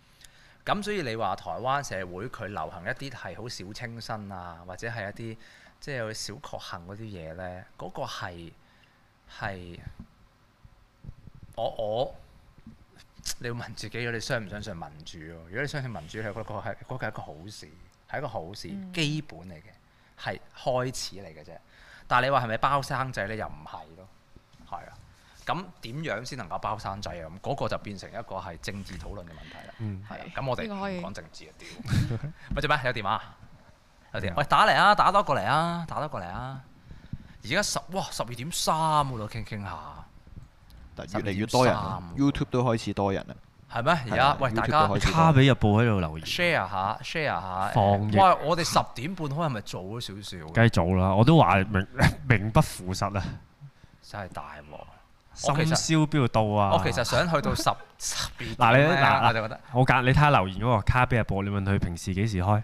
咁所以你話台灣社會佢流行一啲係好小清新啊，或者係一啲即係有小確幸嗰啲嘢呢？嗰、嗰個係係我我你要問自己，如果你相唔相信民主，如果你相信民主，你係覺得嗰個係嗰、嗰個係一個好事，係一個好事，嗯、基本嚟嘅係開始嚟嘅啫。但係你話係咪包生仔呢？又唔係咯。咁點樣先能夠包生仔啊？咁嗰個就變成一個係政治討論嘅問題啦。係啊，咁我哋講政治一啲。咪啫咩？有電話？有電話？喂，打嚟啊！打多過嚟啊！打多過嚟啊！而家十哇十二點三喎，度傾傾下。越嚟越多人，YouTube 都開始多人啦。係咩？而家喂大家卡俾日報喺度留言，share 下，share 下。放影。哇！我哋十點半開係咪早咗少少？梗係早啦，我都話名不符實啦，真係大喎。深宵飆到啊！我其實想去到十十二點咧。你啊、我就覺得，我隔你睇下留言嗰個咖啡啊播，你問佢平時幾時開？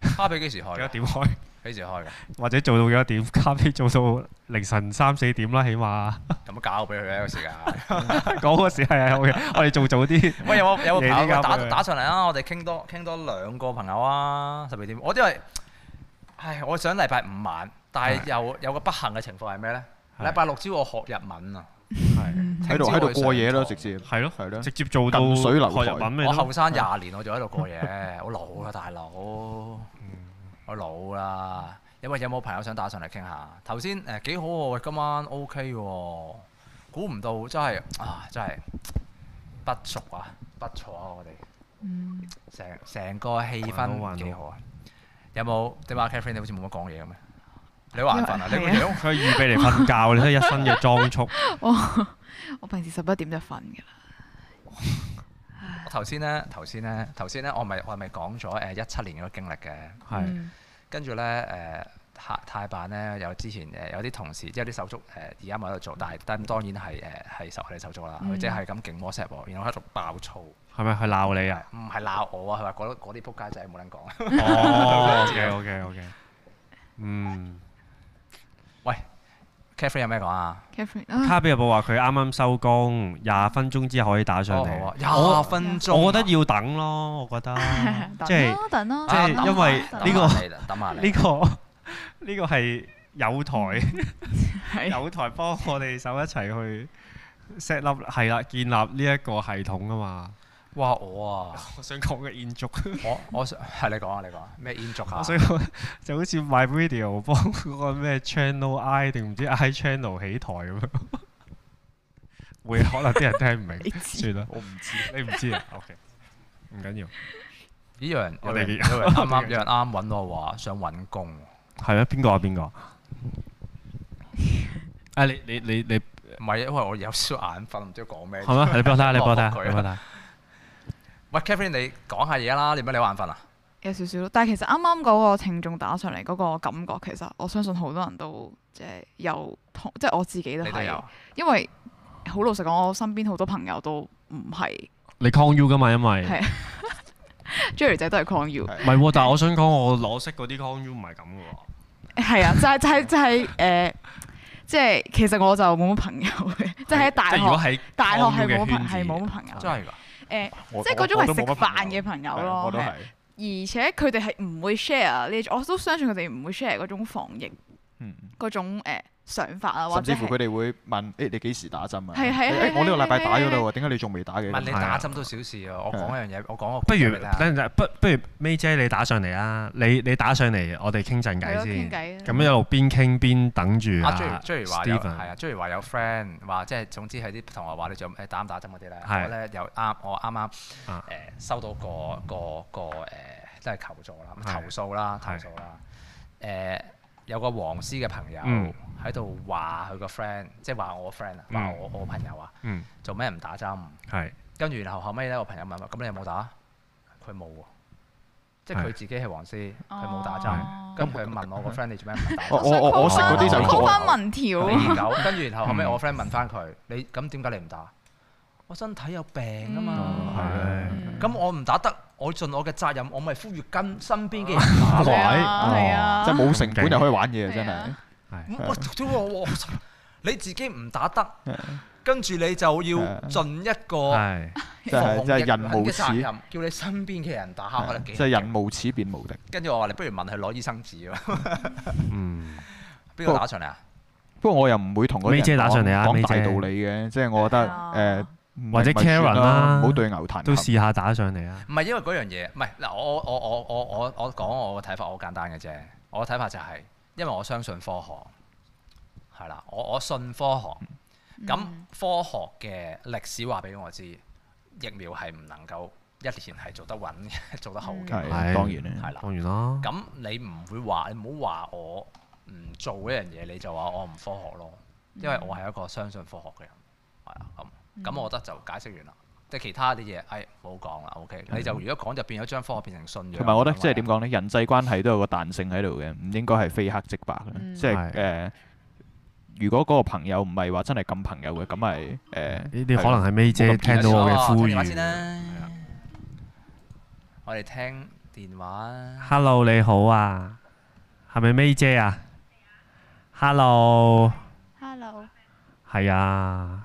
咖啡幾時開？幾多點開？幾時開嘅？ 或者做到幾多點？咖啡做到凌晨三四點啦，起碼。咁搞教俾佢咧個時間。講 嗰時係係好嘅，我哋做早啲。 喂，有冇有冇打打上嚟啊？我哋傾多傾多兩個朋友啊，十二點。我因為，唉，我想禮拜五晚，但係又有，有個不幸嘅情況係咩咧？禮拜六朝我學日文啊。係喺度喺度過夜咯，直接係咯係咯，直接做流水流。我後生廿年，我仲喺度過夜。我老啦大佬，我老啦。有冇有冇朋友想打上嚟傾下？頭先誒幾好喎，今晚 OK 喎，估唔到真係啊真係不熟啊，不錯啊我哋。成成個氣氛幾好啊！有冇即係話 Catherine 好似冇乜講嘢咁咩？你玩煩啦！你會點？佢預備嚟瞓覺，你睇一身嘅裝束。我我平時十一點就瞓㗎啦。頭先咧，頭先咧，頭先咧，我咪我咪講咗誒一七年嗰個經歷嘅，係跟住咧誒泰泰版咧有之前誒有啲同事，即係啲手足誒而家冇喺度做，但係但係當然係誒係手你手足啦，即係咁勁 WhatsApp 喎，然後喺度爆粗，係咪佢鬧你啊？唔係鬧我啊！佢話嗰嗰啲撲街仔冇得講啊！O K O K O K，嗯。Katherine 有咩講啊？卡比日報話佢啱啱收工，廿分鐘之後可以打上嚟。廿、哦啊、分鐘，我覺得要等咯，我覺得。 啊、即係即係，啊啊、因為呢、呢個呢、啊呢個呢、啊呢個係有、啊呢個呢個、台，有 台幫我哋手一齊去設立係啦，建立呢一個系統啊嘛。哇！我啊，我想講嘅延續，我我想係你講啊，你講咩延續啊？我想就好似買 video 幫嗰個咩 channel I 定唔知 I channel 起台咁樣，會可能啲人聽唔明，算啦，我唔知你唔知啊。O K，唔緊要。呢樣有人，我哋啱啱有人啱啱揾我話想揾工，係啊，邊個啊，邊個？啊你你你你唔係，因為我有少眼瞓，唔知講咩。係咩？你俾我睇啊！你俾我睇啊！你俾我睇。喂，Catherine，你講下嘢啦，點解你眼瞓啊？有少少咯，但係其實啱啱嗰個聽眾打上嚟嗰個感覺，其實我相信好多人都即係有即係我自己都係，因為好老實講，我身邊好多朋友都唔係。你 con u 噶嘛？因為係 Jerry 仔都係 con u。唔係喎，但係我想講，我攞識嗰啲 con u 唔係咁嘅喎。係啊，就係就係就係誒，即係其實我就冇乜朋友嘅，即係喺大喺大學係冇朋係冇乜朋友。真係誒，欸、我即係嗰種係食飯嘅朋友咯，而且佢哋係唔會 share，你我都相信佢哋唔會 share 嗰種防疫，嗰、嗯、種、欸想法啊，甚至乎佢哋會問：誒，你幾時打針啊？係係我呢個禮拜打咗啦喎，點解你仲未打嘅？問你打針都小事啊！我講一樣嘢，我講不如不不如 May 姐你打上嚟啊。你你打上嚟，我哋傾陣偈先。傾偈咁一路邊傾邊等住啊。如追如啊，如話有 friend 話，即係總之係啲同學話你仲打唔打針嗰啲咧。我咧又啱，我啱啱誒收到個個個誒，都係求助啦，投訴啦，投訴啦，誒。有個黃絲嘅朋友喺度話佢個 friend，即係話我 friend 啊，話我我朋友啊，做咩唔打針，係跟住然後後尾咧，我朋友問話：咁你有冇打？佢冇喎，即係佢自己係黃絲，佢冇打針。跟住問我個 friend：你做咩唔打？我我識啲就講翻文條。跟住然後後尾我 friend 問翻佢：你咁點解你唔打？我身體有病啊嘛。係。咁我唔打得。我盡我嘅責任，我咪呼籲跟身邊嘅人打，即係冇成本就可以玩嘢，真係。你自己唔打得，跟住你就要盡一個，即係即係人嘅責任，叫你身邊嘅人打下，我覺得幾。即係人無恥變無敵。跟住我話你不如問佢攞醫生紙喎。嗯，邊個打上嚟啊？不過我又唔會同嗰啲講大道理嘅，即係我覺得誒。或者 Kevin 啦、啊，好對牛彈，都試下打上嚟啊！唔係因為嗰樣嘢。唔係嗱，我我我我我我講我嘅睇法好簡單嘅啫。我嘅睇法就係因為我相信科學，係啦，我我信科學。咁科學嘅歷史話俾我知，疫苗係唔能夠一年係做得穩、做得好嘅。係的當然啦，係啦的，當然啦。咁你唔會話你唔好話我唔做嗰樣嘢，你就話我唔科學咯？因為我係一個相信科學嘅人，係啊咁。咁我覺得就解釋完啦，即係其他啲嘢，唔好講啦。O K，你就如果講就變咗將科學變成信仰。同埋我覺得即係點講呢？人際關係都有個彈性喺度嘅，唔應該係非黑即白。即係誒，如果嗰個朋友唔係話真係咁朋友嘅，咁係誒。呢啲可能係 May 姐聽到我嘅呼籲先啦。我哋聽電話。Hello，你好啊，係咪 May 姐啊？Hello。Hello。係啊。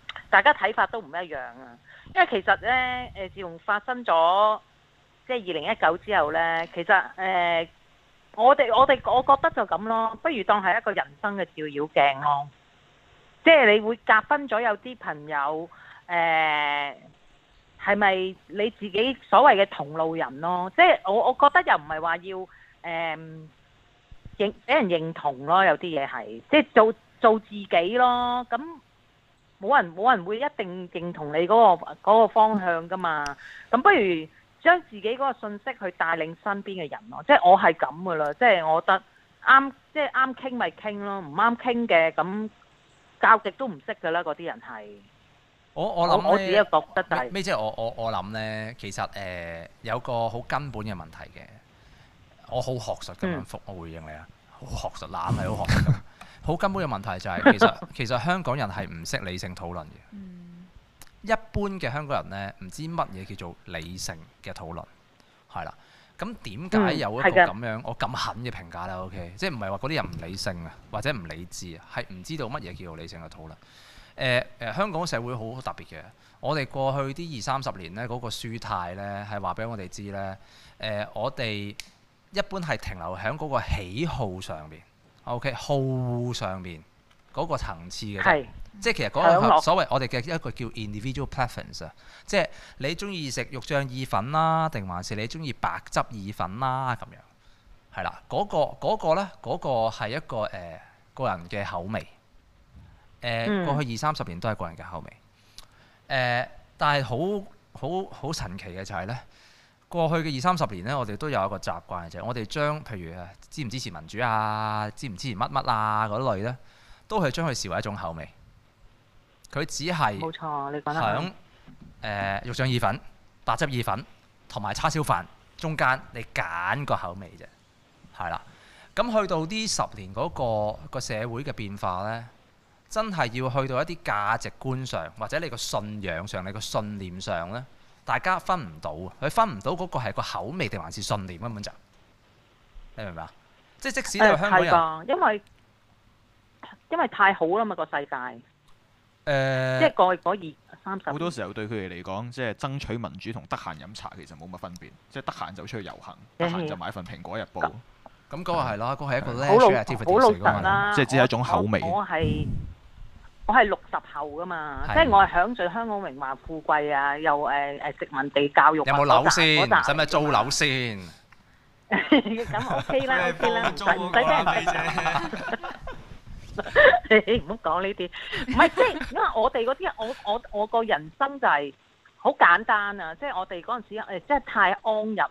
大家睇法都唔一樣啊，因為其實呢，誒自從發生咗即係二零一九之後呢，其實誒、呃、我哋我哋我覺得就咁咯，不如當係一個人生嘅照妖鏡咯，即係你會夾分咗有啲朋友誒，係、呃、咪你自己所謂嘅同路人咯？即係我我覺得又唔係話要誒、呃、認俾人認同咯，有啲嘢係即係做做自己咯，咁。冇人冇人會一定認同你嗰、嗰個嗰個方向噶嘛？咁不如將自己嗰個信息去帶領身邊嘅人咯、啊。即係我係咁噶啦。即係我覺得啱，即係啱傾咪傾咯。唔啱傾嘅咁，教極都唔識噶啦。嗰啲人係我我諗我，我自己覺得但係咩？即係我我我諗咧，其實誒、呃、有個好根本嘅問題嘅。我好學術咁樣復、嗯、我回應你啊！學術懶係好學術。 好根本嘅問題就係、係、其實其實香港人係唔識理性討論嘅。 一般嘅香港人呢，唔知乜嘢叫做理性嘅討論，係啦。咁點解有一個咁樣、嗯、我咁狠嘅評價咧？OK，即係唔係話嗰啲人唔理性啊，或者唔理智啊？係唔知道乜嘢叫做理性嘅討論？誒、呃、誒、呃，香港社會好特別嘅。我哋過去啲二三十年呢，嗰、嗰個書態咧係話俾我哋知呢，誒、我哋、呃、一般係停留喺嗰個喜好上面。OK，好，上面嗰個層次嘅，是即係其實嗰個所謂我哋嘅一個叫 individual preference 啊，即係你中意食肉醬意粉啦，定還是你中意白汁意粉啦咁樣，係啦，嗰、嗰個嗰個呢，嗰個咧，嗰個係一個誒、呃、個人嘅口味，誒、呃嗯、過去二三十年都係個人嘅口味，誒、呃、但係好好好神奇嘅就係、係、呢。過去嘅二三十年呢，我哋都有一個習慣就係，我哋將譬如誒支唔支持民主啊，支唔支持乜乜啊嗰類呢，都係將佢視為一種口味。佢只係響、呃、肉醬意粉、白汁意粉同埋叉燒飯中間，你揀個口味啫，係啦。咁去到呢十年嗰、嗰個個社會嘅變化呢，真係要去到一啲價值觀上，或者你個信仰上、你個信念上呢。大家分唔到啊！佢分唔到嗰個係個口味定還是信念，根本就，你明唔明？即係即使你係香港人，係係㗎，因為因為太好啦嘛個世界，誒，即係個嗰二三十。好多時候對佢哋嚟講，即係爭取民主同得閒飲茶其實冇乜分別，即係得閒就出去遊行，得閒就買份《蘋果日報》。咁嗰個係啦，嗰係一個好老實，好老實啦，即係只係一種口味。我係六十後噶嘛，即係我係享盡香港榮華富貴啊！又誒誒殖民地教育，有冇樓先？使唔使租樓先？咁 OK 啦，OK 啦，唔使唔使俾人計。唔好講呢啲，唔係即係因為我哋嗰啲，我我我個人生就係好簡單啊！即係我哋嗰陣時誒，即係太安逸啊，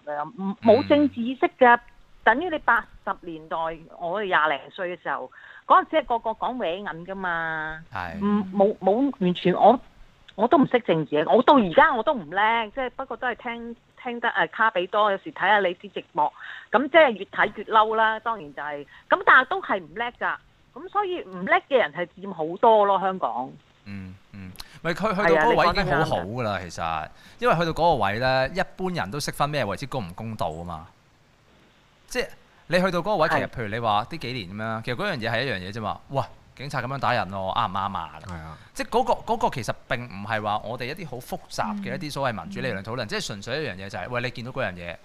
冇政治意識嘅，等於你八十年代我哋廿零歲嘅時候。嗰陣時，個個講歪銀噶嘛，唔冇冇完全，我我都唔識政治，我到而家我都唔叻，即係不過都係聽聽得誒卡比多，有時睇下你啲直播，咁即係越睇越嬲啦。當然就係，咁但係都係唔叻㗎，咁所以唔叻嘅人係佔好多咯，香港。嗯嗯，咪佢去到嗰位已經好好噶啦，其實，因為去到嗰個位咧，一般人都識分咩為之公唔公道啊嘛，即係。你去到嗰個位是的，其實譬如你話呢幾年咁樣，其實嗰樣嘢係一樣嘢啫嘛。喂，警察咁樣打人咯，啱唔啱啊？是的 即係、嗰、嗰個嗰、嗰個其實並唔係話我哋一啲好複雜嘅一啲所謂民主理論討論，嗯嗯、即係純粹一樣嘢就係、是，喂，你見到嗰樣嘢，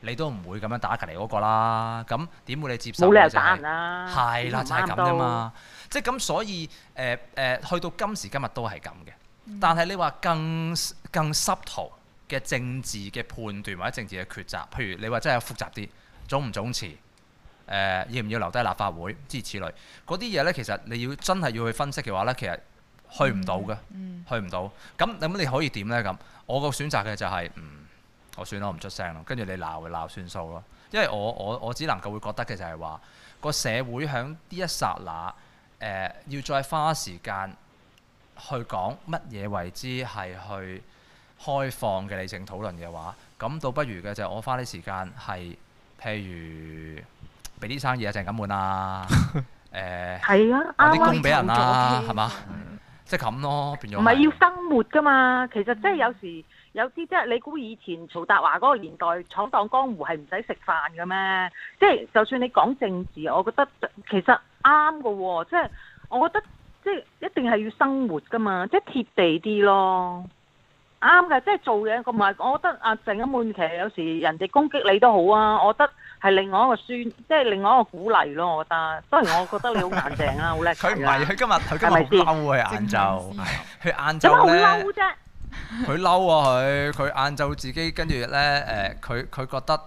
你都唔會咁樣打隔離嗰個啦。咁點會你接受？冇理由打人啦。係啦、就是，就係咁啫嘛。即係咁，所以誒誒、呃呃，去到今時今日都係咁嘅。嗯、但係你話更更濕途嘅政治嘅判斷或者政治嘅抉擇，譬如你話真係複雜啲。總唔總辭？呃、要唔要留低立法會？諸如此類嗰啲嘢呢？其實你要真係要去分析嘅話呢，其實去唔到嘅，嗯、去唔到。咁咁，你可以點呢？咁我個選擇嘅就係、是、嗯，我算我唔出聲咯。跟住你鬧就鬧，算數咯。因為我我我只能夠會覺得嘅就係話個社會喺呢一剎那、呃、要再花時間去講乜嘢為之係去開放嘅理性討論嘅話，咁倒不如嘅就係、我花啲時間係。譬如俾啲生意、 呃、啊，成咁滿啊，誒，攞啲啱俾人啊。係嘛、嗯？即係咁咯，變咗。唔係要生活㗎嘛？其實即係有時有啲即係你估以前曹達華嗰個年代闖蕩江湖係唔使食飯㗎咩？即係就算你講政治，我覺得其實啱㗎喎。即係我覺得即係一定係要生活㗎嘛，即係貼地啲咯。啱嘅，即係做嘢，同埋我覺得啊，成日換劇，其實有時人哋攻擊你都好啊，我覺得係另外一個宣，即係另外一個鼓勵咯。我覺得，當然我覺得你好硬淨啦，好叻嘅。佢唔係，佢今日佢今日好嬲啊，晏晝，佢晏晝咧。點解好嬲啫？佢嬲啊！佢佢晏晝自己跟住咧誒，佢佢覺得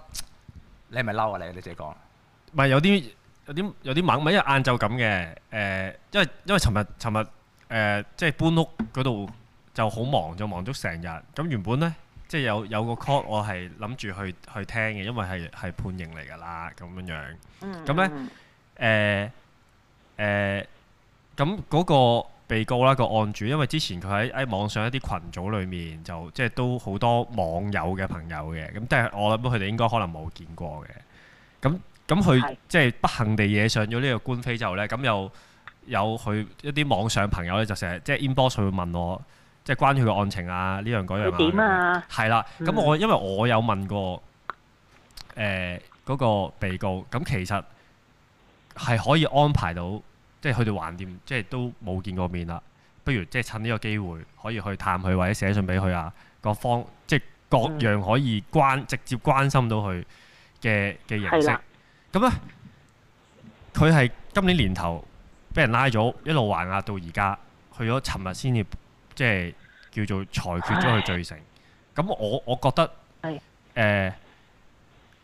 你咪嬲啊！你你自己講，咪有啲有啲有啲猛咪，因為晏晝咁嘅誒，因為因為尋日尋日誒，即係搬屋嗰度。就好忙，就忙足成日。咁原本呢，即係有有個 call，我係諗住去去聽嘅，因為係係判刑嚟㗎啦，咁樣樣。咁咧、嗯，誒誒，咁、呃、嗰、呃、個被告啦，個案主，因為之前佢喺喺網上一啲群組裏面，就即係都好多網友嘅朋友嘅，咁但係我諗佢哋應該可能冇見過嘅。咁咁佢即係不幸地惹上咗呢個官非之後咧，咁又有佢一啲網上朋友呢，就成日即係 inbox 會問我。即係關於佢個案情啊！呢樣嗰樣，樣樣點啊？係啦了，咁、嗯、我因為我有問過誒嗰、呃那個被告，咁其實係可以安排到，即係佢哋橫掂，即係都冇見過面啦。不如即係趁呢個機會可以去探佢，或者寫信俾佢啊。各方即係各樣可以關、嗯、直接關心到佢嘅嘅形式。咁咧的，佢係今年年頭俾人拉咗，一路還押到而家，去咗尋日先至。即係叫做裁決咗佢罪成，咁唉我我覺得，誒唉、呃，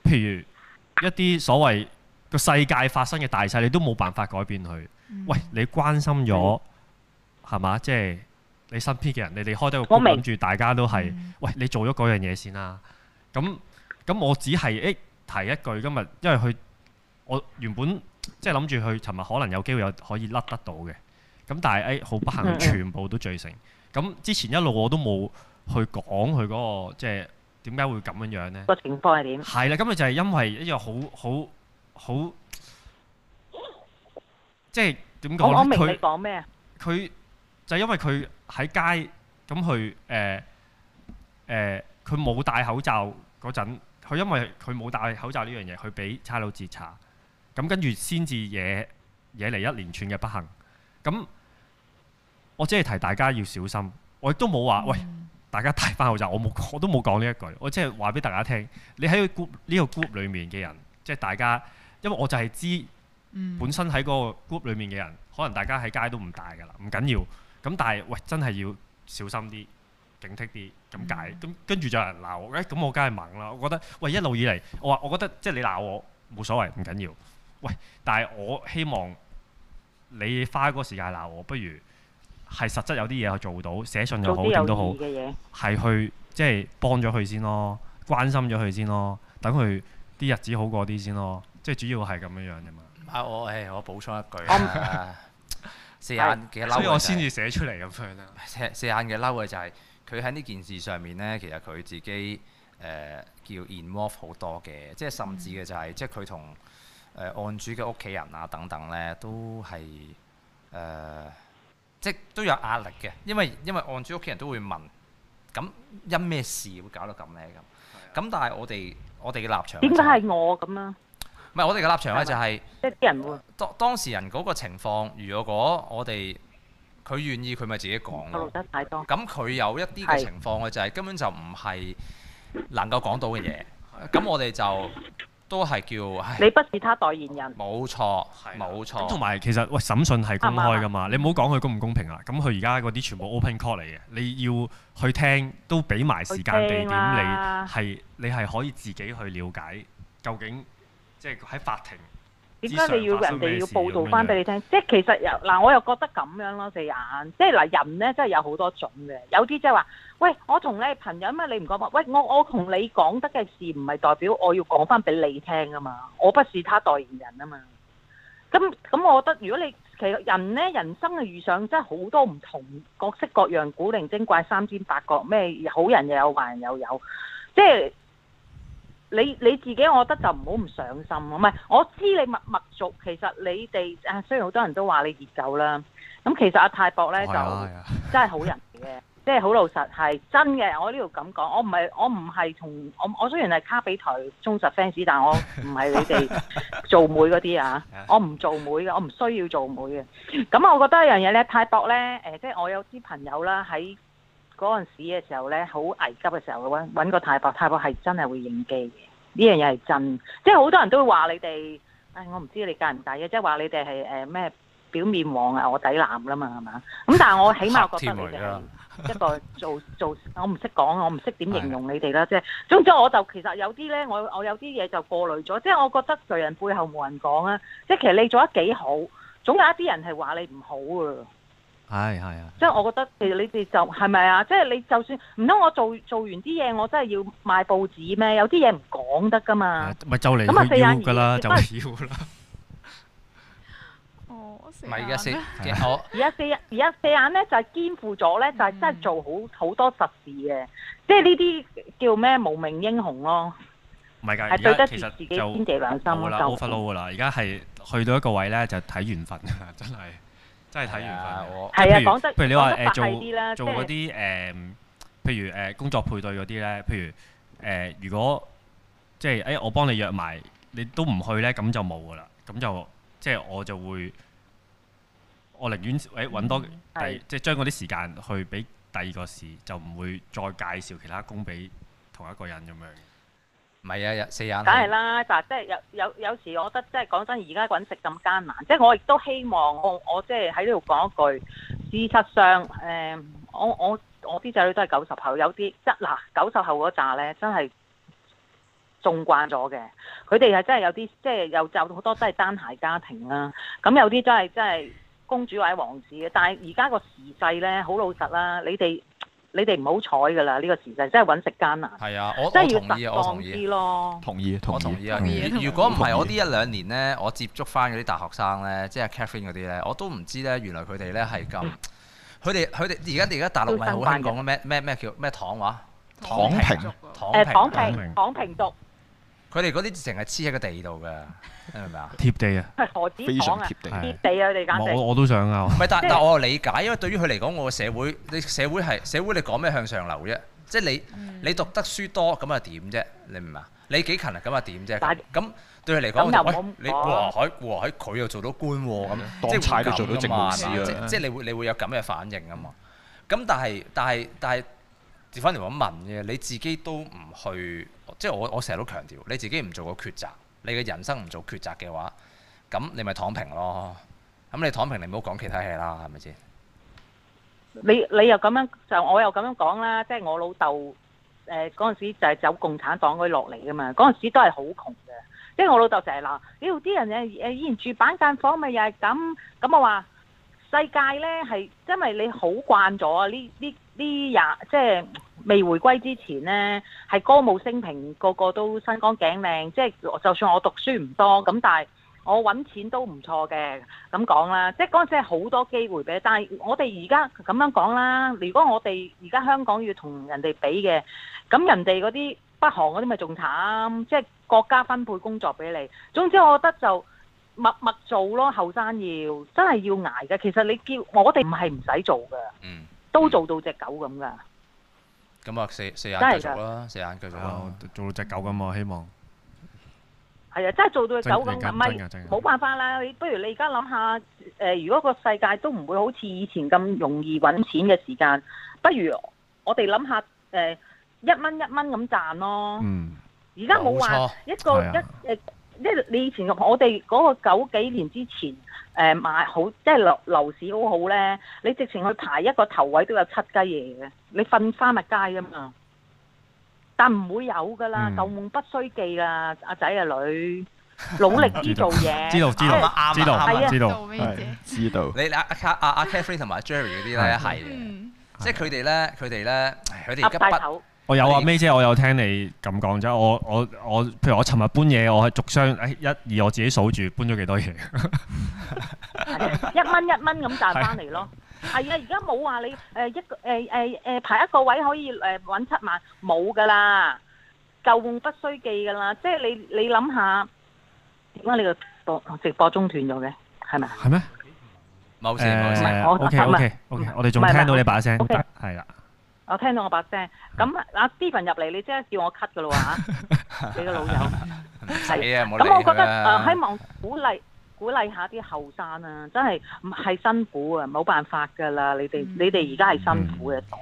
譬如一啲所謂個世界發生嘅大勢，你都冇辦法改變佢。嗯、喂，你關心咗係嘛？即係、嗯就是、你身邊嘅人，你哋開得個會，諗住大家都係。喂，你做咗嗰樣嘢先啦。咁、嗯、咁，我只係誒、欸、提一句，今日因為佢，我原本即係諗住佢尋日可能有機會有可以甩得到嘅。咁但係誒，好、哎、不幸，全部都罪成咁。嗯嗯之前一路我都冇去講佢嗰個，即係點解會咁樣樣咧？個情況係點？係啦，咁咪就係、係、因為一樣好好好，即係點講咧？我我明你講咩啊？佢就係、因為佢喺街咁佢，誒誒，佢、呃、冇、呃、戴口罩嗰陣，佢因為佢冇戴口罩呢樣嘢，佢俾差佬截查，咁跟住先至惹惹嚟一連串嘅不幸。咁我只係提大家要小心，我亦都冇話、嗯、喂大家大翻好就，我冇我都冇講呢一句，我即係話俾大家聽，你喺呢個 group 裏面嘅人，即係大家，因為我就係知、嗯、本身喺嗰個 group 裏面嘅人，可能大家喺街都唔大噶啦，唔緊要。咁但係喂，真係要小心啲，警惕啲，咁解。咁跟住就有人鬧我，誒、欸、咁我梗係猛啦，我覺得喂一路以嚟，我話我覺得即係你鬧我冇所謂，唔緊要。喂，但係我希望。你花嗰個時間鬧我，不如係實質有啲嘢去做到，寫信又好，點都好，係去即係幫咗佢先咯，關心咗佢先咯，等佢啲日子好過啲先咯，即係主要係咁樣樣啫嘛。唔、啊、我誒、欸，我補充一句 四眼嘅嬲、就係，所以我先至寫出嚟咁樣啊。四眼嘅嬲嘅就係佢喺呢件事上面呢，其實佢自己誒、呃、叫 involve 好多嘅，即係甚至嘅就係即係佢同。嗯誒、呃、案主嘅屋企人啊等等咧，都係誒、呃，即係都有壓力嘅，因為因為案主屋企人都會問，咁因咩事會搞到咁咧咁。咁 但係我哋我哋嘅立場點解係我咁啊？唔係我哋嘅立場咧、就係，就係即啲人會當當事人嗰個情況，如果嗰我哋佢願意，佢咪自己講得太多。咁佢有一啲嘅情況咧，就係根本就唔係能夠講到嘅嘢。咁的我哋就。都係叫，你不是他代言人。冇錯，冇的錯。咁同埋其實喂，審訊係公開㗎嘛，的你唔好講佢公唔公平啊。咁佢而家嗰啲全部 open call 嚟嘅，你要去聽都俾埋時間地點你，係你係可以自己去了解究竟即係喺法庭。點解你要人哋要報道翻俾你聽？即係人其實又嗱，我又覺得咁樣咯，四眼，即係嗱人咧，人真係有好多種嘅，有啲即係話。喂，我同你係朋友嘛？你唔講嘛？喂，我我同你講得嘅事唔係代表我要講翻俾你聽啊嘛！我不是他代言人啊嘛。咁咁，我覺得如果你其實人咧，人生嘅遇上真係好多唔同各式各樣，古靈精怪三尖八角，咩好人又有壞人又有。即係，你你自己，我覺得就唔好唔上心。唔係，我知你密密族，其實你哋啊，雖然好多人都話你熱狗啦，咁其實阿泰博咧、哎、呀就、哎、呀真係好人嚟嘅。即係好老實，係真嘅。我呢度咁講，我唔係我唔係同我我雖然係卡比台忠實 fans，但係我唔係你哋做妹嗰啲啊！我唔做妹嘅，我唔需要做妹嘅。咁我覺得一樣嘢咧，泰博咧，誒、呃，即係我有啲朋友啦，喺嗰陣時嘅時候咧，好危急嘅時候嘅話，揾個泰博，泰博係真係會應機嘅。呢樣嘢係真，即係好多人都會話你哋，唉，我唔知你介唔介意，即係話你哋係誒咩表面黃啊，我底藍啦嘛，係嘛？咁但係我起碼我覺得 而你哋、就是。 一個做做，我唔識講，我唔識點形容你哋啦，即係的總之我就其實有啲咧，我我有啲嘢就過濾咗，即係我覺得誰人背後冇人講啊，即係其實你做得幾好，總有一啲人係話你唔好啊，係係的啊，即係我覺得其實你哋就係咪啊？即係你就算唔通我做做完啲嘢，我真係要賣報紙咩？有啲嘢唔講得噶嘛，咪就嚟咁啊四啦，就要啦。 唔係而家四而家四眼，而家四眼咧就係肩負咗咧，就係真係做好好多實事嘅，即係呢啲叫咩無名英雄咯。唔係㗎，係對得住自己啫，天地良心啦，offload 噶啦，而家係去到一個位咧，就睇緣分啊！真係真係睇緣分。對啊、我係啊，講得白啲啦，即係、呃、譬如你話做嗰啲、誒、呃、工作配對嗰啲咧，譬如誒、呃、如果即係誒、欸、我幫你約埋，你都唔去咧，咁就冇噶啦，咁就即係我就會。我寧願喂揾多第，嗯、即係將嗰啲時間去俾第二個事，是的 就唔會再介紹其他工俾同一個人咁樣。唔係啊，四眼。梗係啦，但即係有有有時，我覺得即係講真，而家揾食咁艱難。即係我亦都希望我我即係喺呢度講一句，事實上誒，我我我啲仔女都係九十後，有啲一嗱九十後嗰扎咧，真係縱慣咗嘅。佢哋係真係有啲即係又就好多真係單孩家庭啦。咁有啲都係真係。公主或者王子嘅，但係而家個時勢咧，好老實啦。你哋你哋唔好彩噶啦，呢個時勢真係揾食艱難。係啊，我我同意，意我同意啲咯。同意，我同意啊。如果唔係我呢一兩年咧，我接觸翻嗰啲大學生咧，即係 Catherine 嗰啲咧，我都唔知咧，原來佢哋咧係咁。佢哋佢哋而家而家大陸咪好興講咩咩咩叫咩躺話躺平躺平躺平平讀。佢哋嗰啲成日黐喺個地度㗎，你明唔明啊？貼地啊，何止非常貼地啊，貼地啊，地價地。我我都想啊。唔係，但但我理解，因為對於佢嚟講，我個社會，你社會係社會，你講咩向上流啫？即係你你讀得書多，咁又點啫？你唔明啊？你幾勤力咁又點啫？咁對佢嚟講，你和海和海，佢又做到官喎，咁即係差做到政務事啊！即即係你會你會有咁嘅反應啊嘛？咁但係但係但係，調返嚟講問嘅，你自己都唔去。即係我我成日都強調，你自己唔做個抉擇，你嘅人生唔做抉擇嘅話，咁你咪躺平咯。咁你躺平你是是你，你唔好講其他嘢啦，係咪先？你你又咁樣就我又咁樣講啦，即係我老豆誒嗰陣時就係走共產黨嗰落嚟噶嘛，嗰陣時都係好窮嘅。即係我老豆成日鬧呢度啲人誒誒以前住板間房咪又係咁，咁我話世界咧係，因為你好慣咗啊呢呢。呢廿即係未回歸之前呢，係歌舞升平，個個都身光頸靚。即係就算我讀書唔多，咁但係我揾錢都唔錯嘅，咁講啦。即係嗰陣時係好多機會俾，但係我哋而家咁樣講啦。如果我哋而家香港要同人哋比嘅，咁人哋嗰啲北韓嗰啲咪仲慘？即係國家分配工作俾你。總之我覺得就默默做咯，後生要真係要捱嘅。其實你叫我哋唔係唔使做嘅。嗯。都做到隻狗咁噶，咁啊四四眼繼續啦，四眼繼續啦，做到隻狗咁啊我希望。係啊，真係做到隻狗咁嘅咪，冇辦法啦。不如你而家諗下，誒如果個世界都唔會好似以前咁容易揾錢嘅時間，不如我哋諗下誒一蚊一蚊咁賺咯。嗯，而家冇話一個一誒。即係你以前我哋嗰個九幾年之前，誒、嗯、買好即係樓樓市好好咧，你直情去排一個頭位都有七雞爺嘅，你瞓花蜜街啊嘛！但唔會有噶啦，舊夢不須記啦，阿仔阿女努力啲做嘢，知道知道知道，知道，知道。你阿阿阿 Catherine 同埋 Jerry 嗰啲咧係，即係佢哋咧，佢哋咧，佢、啊、哋我有啊，May 姐，我有聽你咁講啫。我我我，譬如我尋日搬嘢，我係逐箱誒一二，我自己數住搬咗幾多嘢。一蚊一蚊咁賺翻嚟咯。係啊，而家冇話你誒一個誒誒誒排一個位可以誒揾七萬，冇㗎啦。舊夢不須記㗎啦。即係你你諗下點解你個播直播中斷咗嘅係咪？係咩？冇事冇事。O K O K O K，我哋仲聽到你把聲。係啦。我聽到我把聲，咁阿 Steven 入嚟，你即刻叫我 cut 噶啦，你個老友。係啊，咁我覺得誒，希望鼓勵鼓勵下啲後生啊，真係唔係辛苦啊，冇辦法㗎啦。你哋你哋而家係辛苦嘅代。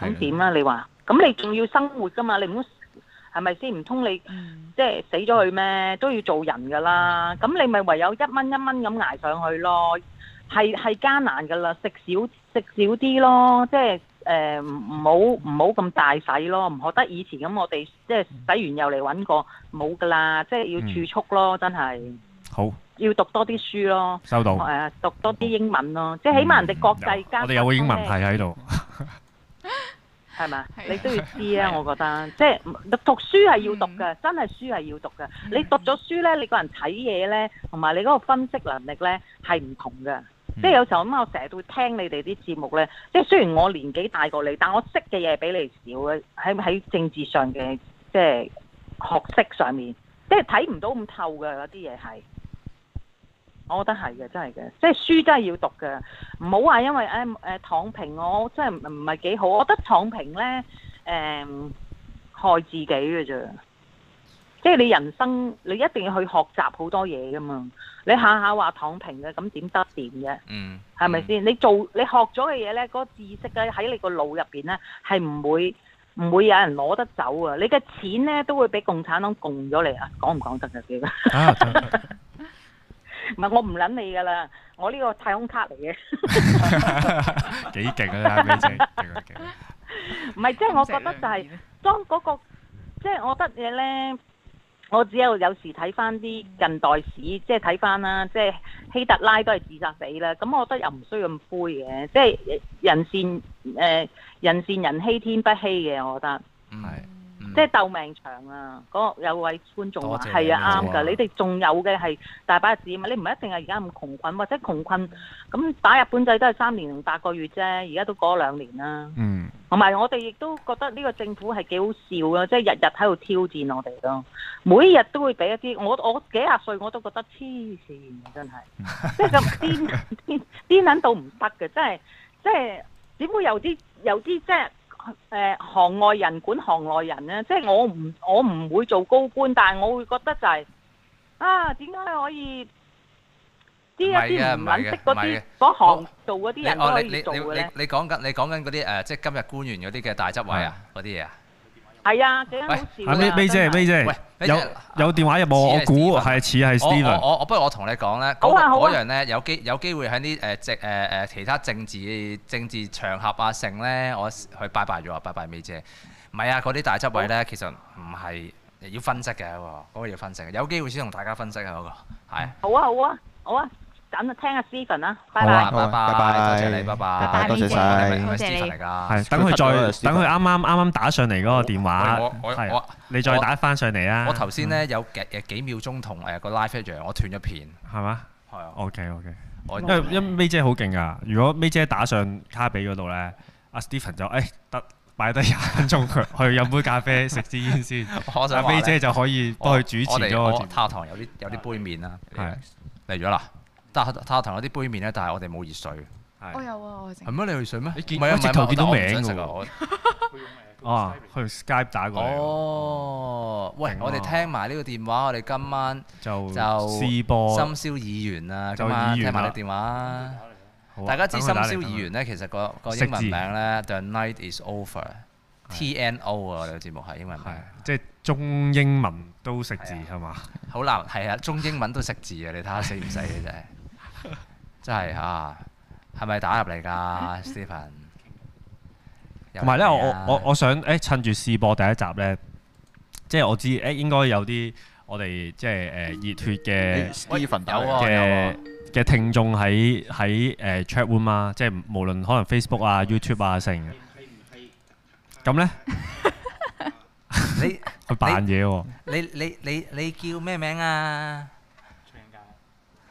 係。咁點啊？你話，咁你仲要生活㗎嘛？你唔好，係咪先？唔通你即係死咗佢咩？都要做人㗎啦。咁你咪唯有一蚊一蚊咁捱上去咯，係係艱難㗎啦，食少食少啲咯，即係。誒唔好唔好咁大使咯，唔學得以前咁我哋即係使完又嚟揾過冇噶啦，即係要儲蓄咯，嗯、真係。好。要讀多啲書咯。收到。係啊，讀多啲英文咯，嗯、即係起碼人哋國際間、嗯。我哋有個英文題喺度。係咪？你都要知啊！我覺得即係讀書係要讀嘅，嗯、真係書係要讀嘅、嗯。你讀咗書呢，你個人睇嘢呢，同埋你嗰個分析能力呢，係唔同嘅。嗯、即係有時候咁，我成日都會聽你哋啲節目咧。即係雖然我年紀大過你，但我識嘅嘢比你少嘅。喺喺政治上嘅即係學識上面，即係睇唔到咁透嘅嗰啲嘢係。我覺得係嘅，真係嘅。即係書真係要讀嘅，唔好話因為誒誒、哎哎啊、躺平我，我真係唔唔係幾好。我覺得躺平咧誒、哎、害自己嘅啫。即係你人生，你一定要去學習好多嘢噶嘛！你下下話躺平嘅，咁點得掂嘅、嗯？嗯，係咪先？你做你學咗嘅嘢咧，嗰個知識咧喺你個腦入邊咧，係唔會唔會有人攞得走講講啊？你嘅錢咧都會俾共產黨共咗你啊！講唔講得啊？幾個？唔係我唔捻你噶啦，我呢個太空卡嚟嘅。幾勁啊！唔係， 即係我覺得就係、是、當嗰個，即係我覺得嘢咧。我只有有時睇翻啲近代史，即係睇翻啦，即係希特拉都係自殺死啦。咁我覺得又唔需要咁灰嘅，即係人善誒、呃、人善人欺天不欺嘅，我覺得。係。即係鬥命長啊！嗰、那個、有位觀眾話：係啊，啱㗎！你哋仲有嘅係大把日子嘛？你唔係一定係而家咁窮困，或者窮困咁打日本仔都係三年零八個月啫，而家都過咗兩年啦、啊。嗯。同埋我哋亦都覺得呢個政府係幾好笑啊！即係日日喺度挑戰我哋咯，每一日都會俾一啲我我幾廿歲我都覺得黐線，真係即係咁癲 癲癲，癲，癲到唔得嘅，即係即係點會有啲有啲即係。行外人管行內人咧，即係我唔我唔會做高官，但係我會覺得就係、是、啊，點解可以？啲一啲唔識嗰啲，嗰行做啲人可以做嘅咧？你講緊你講緊嗰啲誒，即係今日官員嗰啲嘅大執位啊，嗰啲、嗯、嘢啊？係啊，幾緊好笑啊！阿 May May 姐，May 姐，喂，有有電話入冇？我估係似係 Steven。我我我不如我同你講咧，嗰個嗰樣咧有機有機會喺啲誒政誒誒其他政治政治場合啊，剩咧，我去拜拜咗啊！拜拜，May 姐。唔係啊，嗰啲大執位咧，其實唔係要分析嘅喎，嗰個要分析，有機會先同大家分析啊嗰個係啊。好啊好啊好啊！等啊，聽下 Steven 啦，拜拜，拜拜，多謝你，拜拜，多謝晒，多謝你啊，等佢再等佢啱啱啱啱打上嚟嗰個電話我我我，你再打返上嚟啊！我頭先咧有嘅幾秒鐘同誒個 live 一樣，我斷咗片，係嘛？係啊，OK OK，因為因 May 姐好勁啊！如果 May 姐打上卡比嗰度咧，阿、啊、Steven 就誒得擺低廿分鐘佢去飲杯咖啡，食支煙先。我 May 姐就可以幫佢主持咗個他堂，有啲有啲杯面啦，係嚟咗啦。但係塔糖嗰啲杯麵咧，但係我哋冇熱水。我有啊，我係整。係咩？你熱水咩？你見我直頭見到名㗎喎。啊，Skype 打過嚟。哦，喂，我哋聽埋呢個電話，我哋今晚就就試播深宵議員啊，今晚聽埋你電話。大家知深宵議員咧，其實個個英文名咧，The Night Is Over，T N O 啊，我哋個節目係英文名。即係中英文都識字係嘛？好難係啊！中英文都識字啊，你睇下識唔識嘅真係。真係啊，係咪打入嚟噶 Stephen 同埋咧，我我我想誒、欸，趁住試播第一集咧，即係我知誒、欸，應該有啲我哋即係誒熱血嘅嘅嘅聽眾喺喺誒 chat room 啊，即係無論可能 Facebook 啊、YouTube 啊成。咁咧？你扮嘢喎！你你你你叫咩名啊？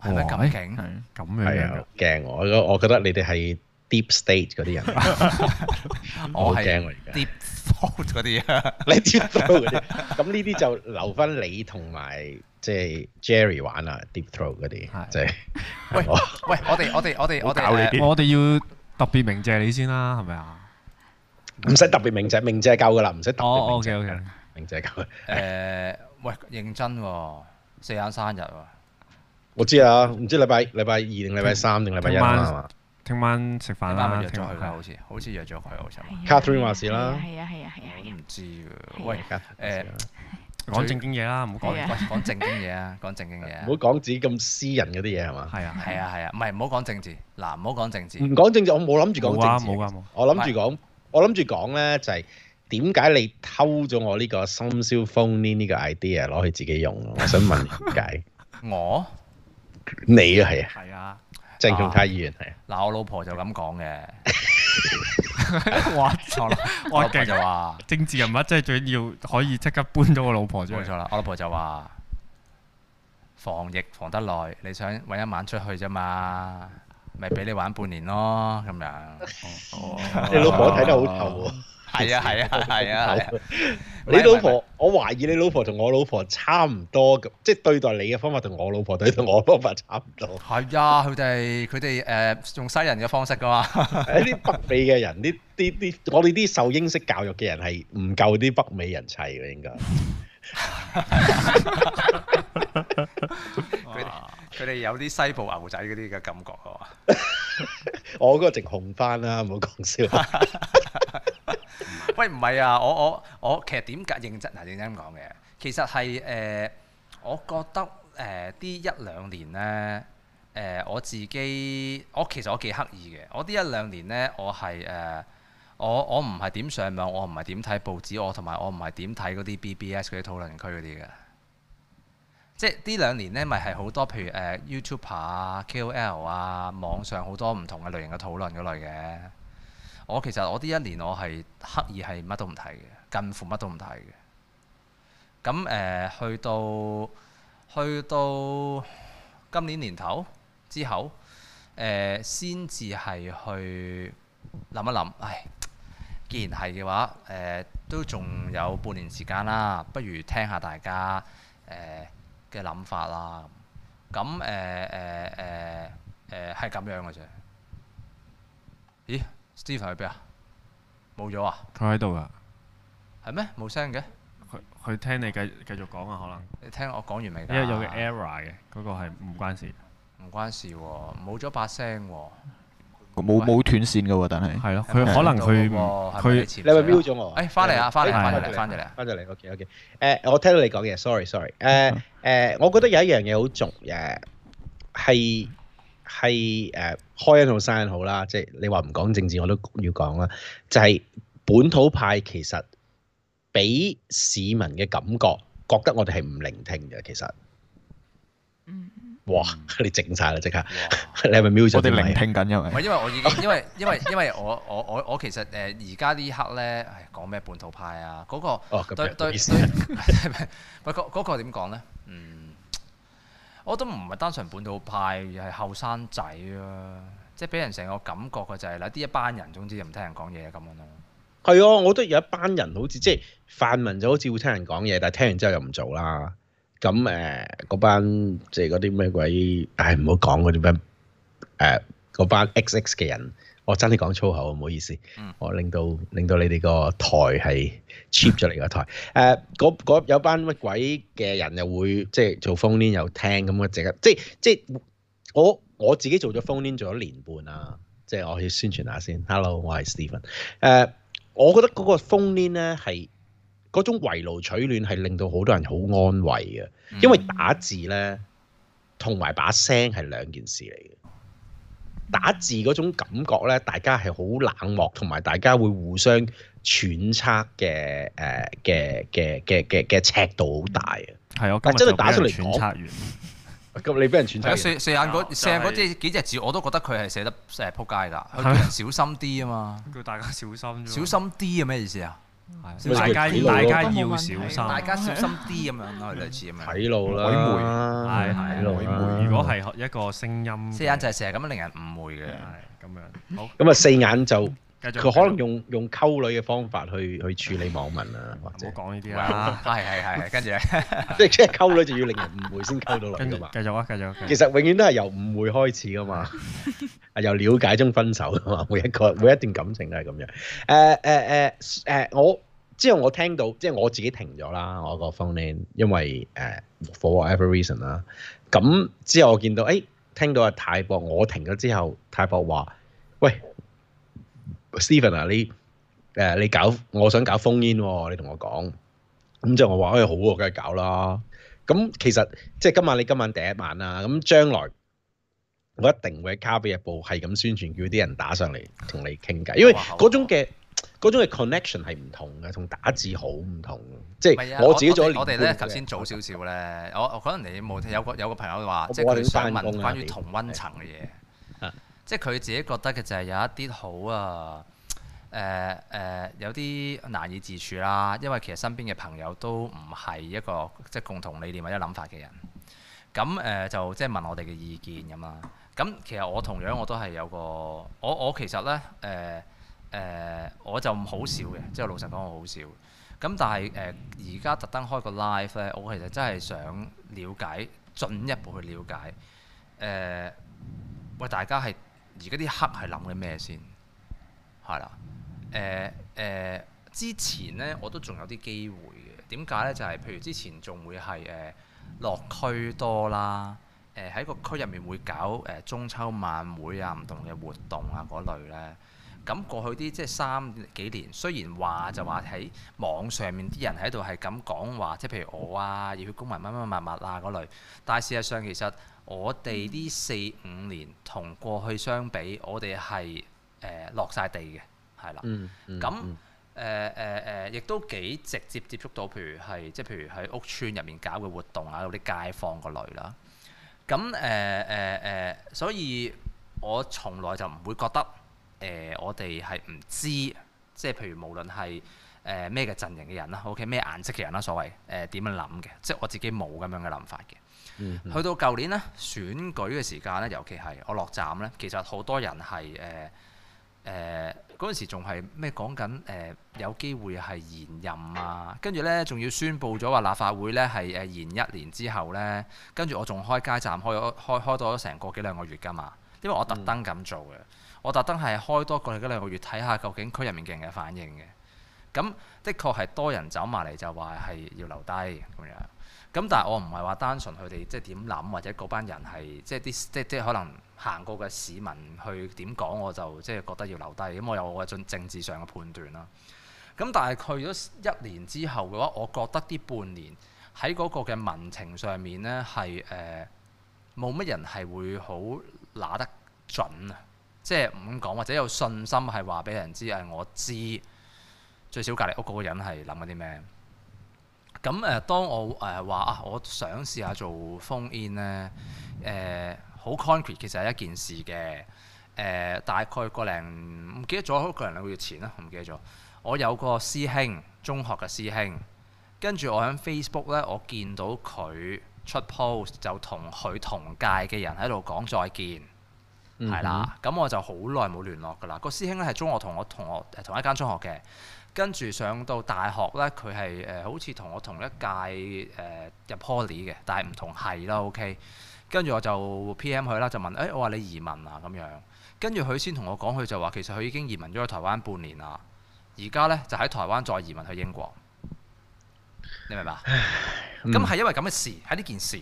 係咪咁勁？咁樣嘅。驚我，我我覺得你哋係 deep state 嗰啲人。我驚我而家。deep throat 嗰啲啊，你 deep throat 嗰啲。咁呢啲就留翻你同埋即係 Jerry 玩啊，deep throat 嗰啲。即係。喂喂，我哋我哋我哋我哋我哋要特別鳴謝你先啦，係咪啊？唔使特別鳴謝，鳴謝夠噶啦，唔使特別鳴謝。O K O K。鳴謝夠。誒，喂，認真四眼生日。我知啊，唔知禮拜禮拜二定禮拜三定禮拜一啊？嘛，聽晚食飯啦，聽晚約咗佢，好似好似約咗佢好似。Carry 話事啦，係啊係啊係啊，我唔知喎。喂，誒，講正經嘢啦，唔好講，喂，講正經嘢啊，講正經嘢，唔好講自己咁私人嗰啲嘢係嘛？係啊係啊係啊，唔係唔好講政治，嗱，唔好講政治，唔講政治，我冇諗住講，冇啊冇啊我諗住講，我諗住講咧就係點解你偷咗我呢個深宵 phone-in 呢個 idea 攞去自己用？我想問點解我。你啊，係啊，係啊，真係深宵議員嗱，我老婆就咁講嘅，我錯啦、就是，我嘅就話 政治人物真係最要可以即刻搬咗我老婆啫。冇錯啦，我老婆就話、是、 防疫防得耐，你想搵一晚出去啫嘛，咪俾你玩半年咯，咁樣。哦哦哦、 你老婆睇得好透啊！係啊，係啊，係啊！啊。啊啊你老婆，我懷疑你老婆同我老婆差唔多，即係對待你嘅方法同我老婆對待我嘅方法差唔多。係啊，佢哋佢哋誒用西人嘅方式噶嘛？啲 北美嘅人，啲啲啲，我哋啲受英式教育嘅人係唔夠啲北美人砌嘅，應該。佢 哋 有啲西部牛仔嗰啲嘅感覺啊！ 我嗰個淨紅番啦，唔好講笑。 喂，唔係啊！我我我其實點解認真係認真講嘅，其實係誒、呃，我覺得誒呢、呃、一兩年呢，誒、呃，我自己我其實我幾刻意嘅，我呢一兩年呢，我係誒、呃，我我唔係點上網，我唔係點睇報紙，我同埋我唔係點睇嗰啲 BBS 嗰啲討論區嗰啲嘅，即係呢兩年呢，咪係好多譬如誒、呃、YouTuber 啊、KOL 啊、網上好多唔同嘅類型嘅討論嗰類嘅。我其實我呢一年我係刻意係乜都唔睇嘅，近乎乜都唔睇嘅。咁誒、呃、去到去到今年年頭之後，誒先至係去諗一諗，誒既然係嘅話，誒、呃、都仲有半年時間啦，不如聽下大家誒嘅諗法啦。咁誒誒誒誒係咁樣嘅啫。咦？Stephen 係邊啊？冇咗啊？佢喺度噶。係咩？冇聲嘅。佢佢聽你繼繼續講啊，可能。你聽我講完未？因為有個 error 嘅，嗰個係唔關事。唔關事，冇咗把聲。冇冇斷線噶，但係。係咯，佢可能佢佢你咪 mute 咗我。誒，翻嚟啊，翻嚟，翻咗嚟，翻咗嚟，翻咗嚟，OK，OK。誒，我聽到你講嘢，sorry，sorry。誒誒，我覺得有一樣嘢好重要，係。係誒、呃，開一套刪好啦。即係你話唔講政治，我都要講啦。就係、是、本土派其實畀市民嘅感覺覺得我哋係唔聆聽嘅，其實。嗯。靜哇！ 你靜晒啦，即刻！你係咪瞄咗啲聆聽緊？因為因為我已經因為 因為因為，因為我我我我其實誒而家呢刻咧，講咩本土派啊嗰、那個哦對對對係咪？唔係嗰嗰個點講咧？嗯。我都唔係單純本土派，而係後生仔啊！即係俾人成個感覺嘅就係啦，啲一班人總之就唔聽人講嘢咁樣咯。係啊，我覺得有一班人好似即係泛民就好似會聽人講嘢，但係聽完之後又唔做啦。咁誒，嗰班即係嗰啲咩鬼？唉，唔好講嗰啲咩誒，嗰班 X X 嘅人。我爭啲講粗口，唔好意思，嗯、我令到令到你哋個台係 cheap 咗你個台。誒、 呃，有班乜鬼嘅人又會即係做 phone in 又聽咁嘅嘢，即即，即我我自己做咗 phone in 做咗年半啊，即係我要宣傳下先。 Hello，我係 Stephen。誒、呃，我覺得嗰個 phone in 咧係嗰種圍爐取暖係令到好多人好安慰嘅，因為打字咧同埋把聲係兩件事嚟嘅。打字嗰種感覺咧，大家係好冷漠，同埋大家會互相揣測嘅誒嘅嘅嘅嘅嘅尺度好大啊！係啊， 但真係打出嚟揣測完，咁你俾人揣測四四眼嗰寫嗰啲幾隻字，我都覺得佢係寫得成日撲街㗎，小心啲啊嘛， 叫大家小心。小心啲係咩意思啊？大家大家要小心，大家小心啲咁樣咯，類似咁樣。睇路啦，鬼梅係係如果係一個聲音，四眼就係成日咁樣令人誤會嘅，係咁、啊、樣。好咁啊，四眼就。佢可能用用溝女嘅方法去去處理網民啊，或者唔好講、 啊、呢啲啦。係係係，跟住即即係溝女就要令人誤會先溝到落。跟住繼續啊，繼續。繼續繼續，其實永遠都係由誤會開始噶嘛， 由了解中分手噶嘛，每一個每一段感情都係咁樣。誒誒誒誒，我之後我聽到即係我自己停咗啦，我個 phone name，因為誒、uh, for whatever reason 啦、啊。咁之後我見到誒、哎、聽到阿泰博，我停咗之後，泰博話：喂。喂 Stephen 啊，Steven, 你誒你搞，我想搞封煙喎、哦，你同我講，咁就我話可以好喎，梗係搞啦。咁其實即係今晚你今晚第一晚啦，咁將來我一定會喺《卡比日報》係咁宣傳，叫啲人打上嚟同你傾偈，因為嗰種嘅嗰種嘅 connection 係唔同嘅，同打字好唔同。即係我自己做，我哋咧頭先早少少咧，我我可能你冇有個有個朋友話，即係佢想問關於同温層嘅嘢。即係佢自己覺得嘅就係有一啲好啊誒誒、呃呃、有啲難以自處啦、啊，因為其實身邊嘅朋友都唔係一個即係共同理念或者諗法嘅人。咁誒、呃、就即係問我哋嘅意見咁啦。咁其實我同樣我都係有個我我其實呢，誒、呃、誒、呃、我就好少嘅，即係老實講我好少。咁但係誒而家特登開個 live 呢，我其實真係想了解進一步去了解誒、呃，喂大家係。而家啲黑係諗緊咩先？係啦，誒、呃、誒、呃，之前呢我都仲有啲機會嘅。點解呢？就係、是、譬如之前仲會係誒落區多啦，喺、呃、個區入面會搞誒、呃、中秋晚會啊、唔同嘅活動啊嗰類咧。咁過去啲即係三幾年，雖然話就話喺網上面啲人喺度係咁講話，即係譬如我啊，要去公民乜乜物物啊嗰類，但係事實上其實。我哋呢四五年同過去相比，我哋係誒落晒地嘅，係啦。咁誒誒誒，亦都幾直接接觸到，譬如係即係譬如喺屋村入面搞嘅活動啊，嗰啲街坊個類啦。咁誒誒誒，所以我從來就唔會覺得誒、呃、我哋係唔知，即係譬如無論係誒咩嘅陣營嘅人啦，OK 咩顏色嘅人啦，所謂誒點樣諗嘅，即係我自己冇咁樣嘅諗法嘅。去到舊年咧，選舉嘅時間呢，尤其係我落站呢，其實好多人係誒誒嗰時仲係咩講緊誒有機會係延任啊，跟住呢，仲、呃、要、呃呃、宣佈咗話立法會呢係延一年之後呢。跟住我仲開街站開開開多咗成個幾兩個月噶嘛，因為我特登咁做嘅，我特登係開多個幾兩個月睇下究竟區入面嘅人嘅反應嘅，咁的確係多人走埋嚟就話係要留低咁樣。咁但係我唔係話單純佢哋即係點諗，或者嗰班人係即係啲即係即係可能行過嘅市民去點講，我就即係覺得要留低。咁我有我一種政治上嘅判斷啦。咁但係去咗一年之後嘅話，我覺得呢半年喺嗰個嘅民情上面呢，係誒冇乜人係會好拿得準啊！即係唔講或者有信心係話俾人知係、哎、我知最少隔離屋嗰個人係諗緊啲咩？咁誒，當我誒話啊，我想試下做 phone in 咧、呃，誒好 concrete 其實係一件事嘅，誒、呃、大概個零唔記得咗個零兩個月前啦，我唔記得咗。我有個師兄，中學嘅師兄，跟住我喺 Facebook 咧，我見到佢出 post 就同佢同屆嘅人喺度講再見，係啦、嗯哼。咁我就好耐冇聯絡㗎啦。個師兄咧係中學同我同學同，同一間中學嘅。跟住上到大學呢，佢係誒好似同我同一屆、呃、入 Poly 嘅，但係唔同係啦。O.K.，跟住我就 P.M. 佢啦，就問誒、哎、我話你移民啊咁樣。跟住佢先同我講，佢就話其實佢已經移民咗去台灣半年啦，而家呢，就喺台灣再移民去英國。你明白嘛？咁係唉因為咁嘅事喺呢、嗯、件事，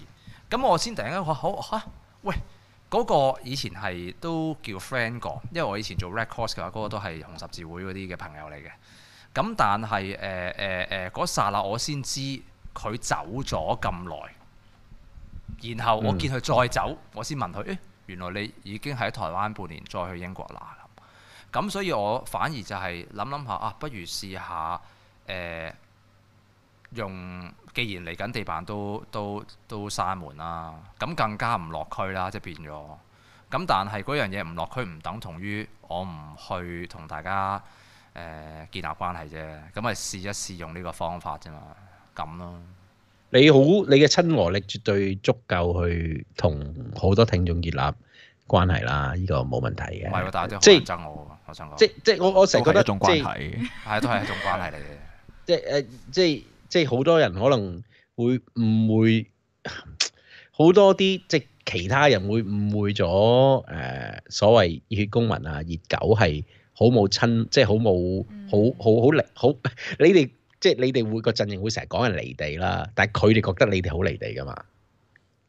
咁我先突然間話好、啊、喂嗰、那個以前係都叫 friend 過，因為我以前做 Red Cross 嘅話，嗰、那個都係紅十字會嗰啲嘅朋友嚟嘅。咁但係誒誒誒嗰剎那，我先知佢走咗咁耐，然後我見佢再走，嗯、我先問佢：原來你已經喺台灣半年，再去英國啦。咁、嗯、所以，我反而就係諗諗下啊，不如試下誒、呃、用。既然嚟緊地板都都都閂門啦，咁更加唔落區啦，即係變咗。咁但係嗰樣嘢唔落區，唔等同於我唔去同大家。誒，建立關係啫，咁咪試一試用呢個方法啫嘛，咁咯。你好，你嘅親和力絕對足夠去同好多聽眾建立關係啦，呢個冇問題嘅。即係我我憎我。即我即係我我成日覺得即係係都係一種關係嚟嘅。即係誒，即係即係好多人可能會誤會，好多啲即係其他人會誤會咗誒、呃，所謂熱血公民啊，熱狗係。好冇親，即係好冇好好好力好，你哋即係你哋會個陣營會成日講人離地啦，但係佢哋覺得你哋好離地噶嘛？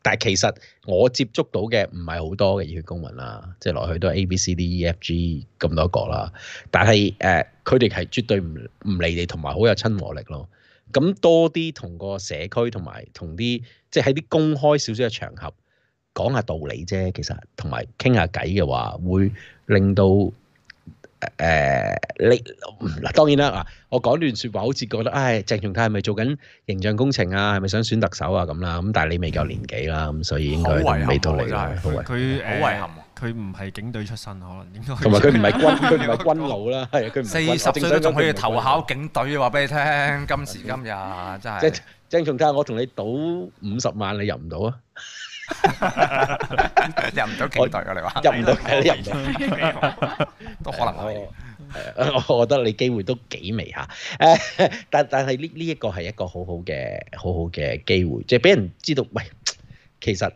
但係其實我接觸到嘅唔係好多嘅熱血公民啦，即係來去都係 A、B、C、D、E、F、G 咁多個啦。但係誒，佢哋係絕對唔唔離地，同埋好有親和力咯。咁多啲同個社區同埋同啲即係喺啲公開少少嘅場合講下道理啫，其實同埋傾下偈嘅話，會令到。誒，你嗱、uh, 當然啦，我講段説話 好似覺得，唉、哎，鄭松泰係咪做緊形象工程啊？係咪想選特首啊？咁啦，咁但係你未夠年紀啦，咁、嗯、所以應該未到你啦。佢好換遺憾，佢佢唔係警隊出身，可能同埋佢唔係軍，佢唔係軍佬啦，係佢四十歲仲可以投考警隊，話俾你聽， 今時今日真係。鄭松泰，我同你賭五十萬，你入唔到啊？ 入唔到幾隊啊！我你話說入唔到， 入唔到，都可能可、uh, 我我覺得你機會都幾微吓，誒、uh,，但但係呢呢一個係一個好好嘅好好嘅機會，即係俾人知道，喂，其實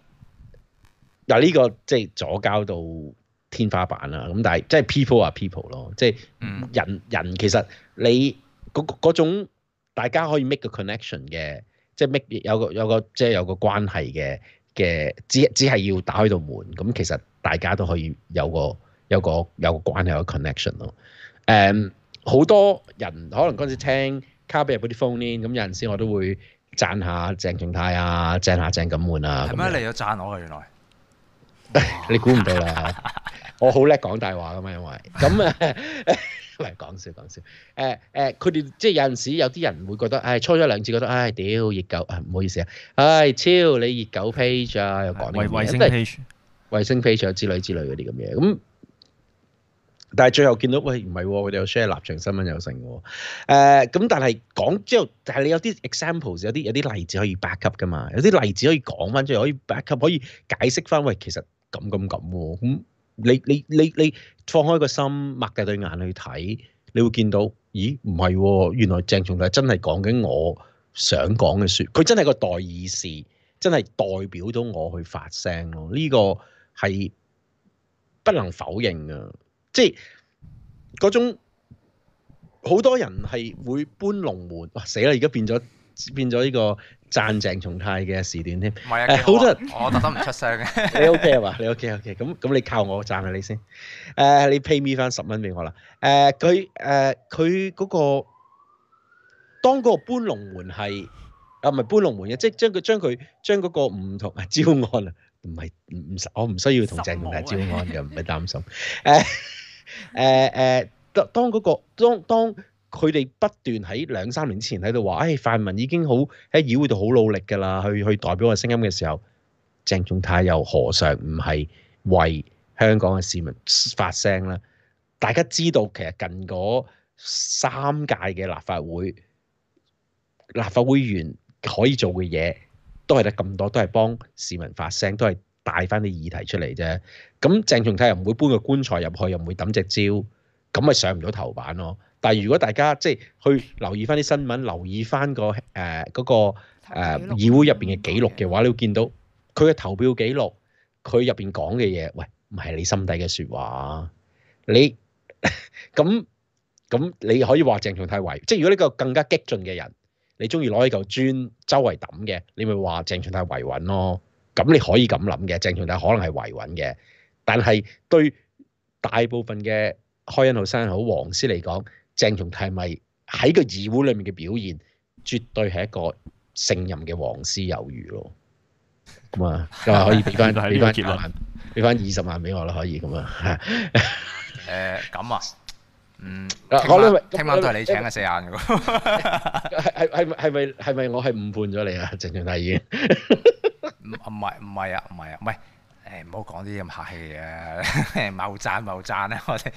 嗱呢、這個即係、就是、左膠到天花板啦。咁但係即係 people 啊 people 咯，即係、嗯、人人其實你嗰嗰種大家可以 make 個 connection 嘅，即、就、係、是、make 有個有個即係有個關係嘅。嘅只只係要打開到門，咁其實大家都可以有個有個有個關係有個 connection 咯。誒，好多人可能嗰陣時聽卡俾入嗰啲 phone in，咁有陣時我都會贊下鄭敬泰啊，贊下鄭錦滿啊。咁咩嗎？樣你又贊我啊？原來 你估唔到啦。 我好叻講大話噶嘛，因為咁啊，嚟係講笑講笑。誒誒，佢、嗯、哋、嗯、即係有陣時有啲人會覺得，唉、哎，錯咗兩次，覺得唉、哎、屌熱狗唔好意思啊，唉、哎、超你熱狗 page 啊，又講啲咁嘅，衛星 page、衛之類之類嗰啲咁嘢。咁、嗯、但係最後見到，喂唔係，佢哋、哦、有 share 立場新聞有成喎、哦。咁、呃，但係講之後，但係你有啲 examples，有啲有啲例子可以 back up 噶嘛，有啲例子可以講翻出嚟，可以 back up 可以解釋翻。喂，其實咁咁咁喎咁。你你你你放開個心，擘大對眼去睇，你會見到，咦？唔係喎，原來鄭仲大真係講緊我想講嘅說，佢真係個代議士，真係代表到我去發聲咯。呢個係不能否認啊，即係嗰種好多人係會搬龍門，哇！死啦，而家變咗變咗呢個。讚鄭松泰嘅時段添，唔係啊，好多人我特登唔出聲嘅。 你 OK 啊嘛？你 OK OK，咁咁你靠我讚下你先。誒、uh,，你 pay me 翻十蚊俾我啦。誒、uh,，佢誒佢嗰個當嗰個搬龍門係啊，唔係搬龍門嘅，即係將佢將佢將嗰個唔同啊招安啊，唔係唔唔，我唔需要同鄭松泰招安嘅，唔係擔心。誒誒誒，當當嗰個當。當佢哋不斷喺兩三年前喺度話，誒、哎，泛民已經好喺議會度好努力㗎啦，去去代表個聲音嘅時候，鄭松泰又何嘗唔係為香港嘅市民發聲咧？大家知道其實近嗰三屆嘅立法會立法會員可以做嘅嘢，都係得咁多，都係幫市民發聲，都係帶翻啲議題出嚟啫。咁鄭松泰又唔會搬個棺材入去，又唔會抌隻蕉，咁咪上唔到頭版咯。但係如果大家即係去留意翻啲新聞，留意翻、個誒嗰、呃嗰個誒議會入邊嘅記錄嘅話，你會見到佢嘅投票記錄，佢入邊講嘅嘢，喂唔係你心底嘅説話。你咁咁 你可以話鄭松泰維，即係如果呢個更加激進嘅人，你中意攞起嚿磚周圍揼嘅，你咪話鄭松泰維穩咯。咁你可以咁諗嘅，鄭松泰可能係維穩嘅，但係對大部分嘅開恩後生好黃絲嚟講。鄭仲泰咪喺個議會裏面嘅表現，絕對係一個勝任嘅黃絲有餘咯。咁啊，咁啊，可以俾翻俾翻二十萬俾翻二十萬俾我啦，可以咁啊 。誒、呃，咁啊，嗯，聽晚聽晚都係你請啊，四眼嘅。係係係咪係咪我係誤 判咗你啊？鄭仲泰議員。唔係唔係啊，唔係啊，唔係。誒唔好講啲咁客氣嘅，謬 讚謬讚啦！我哋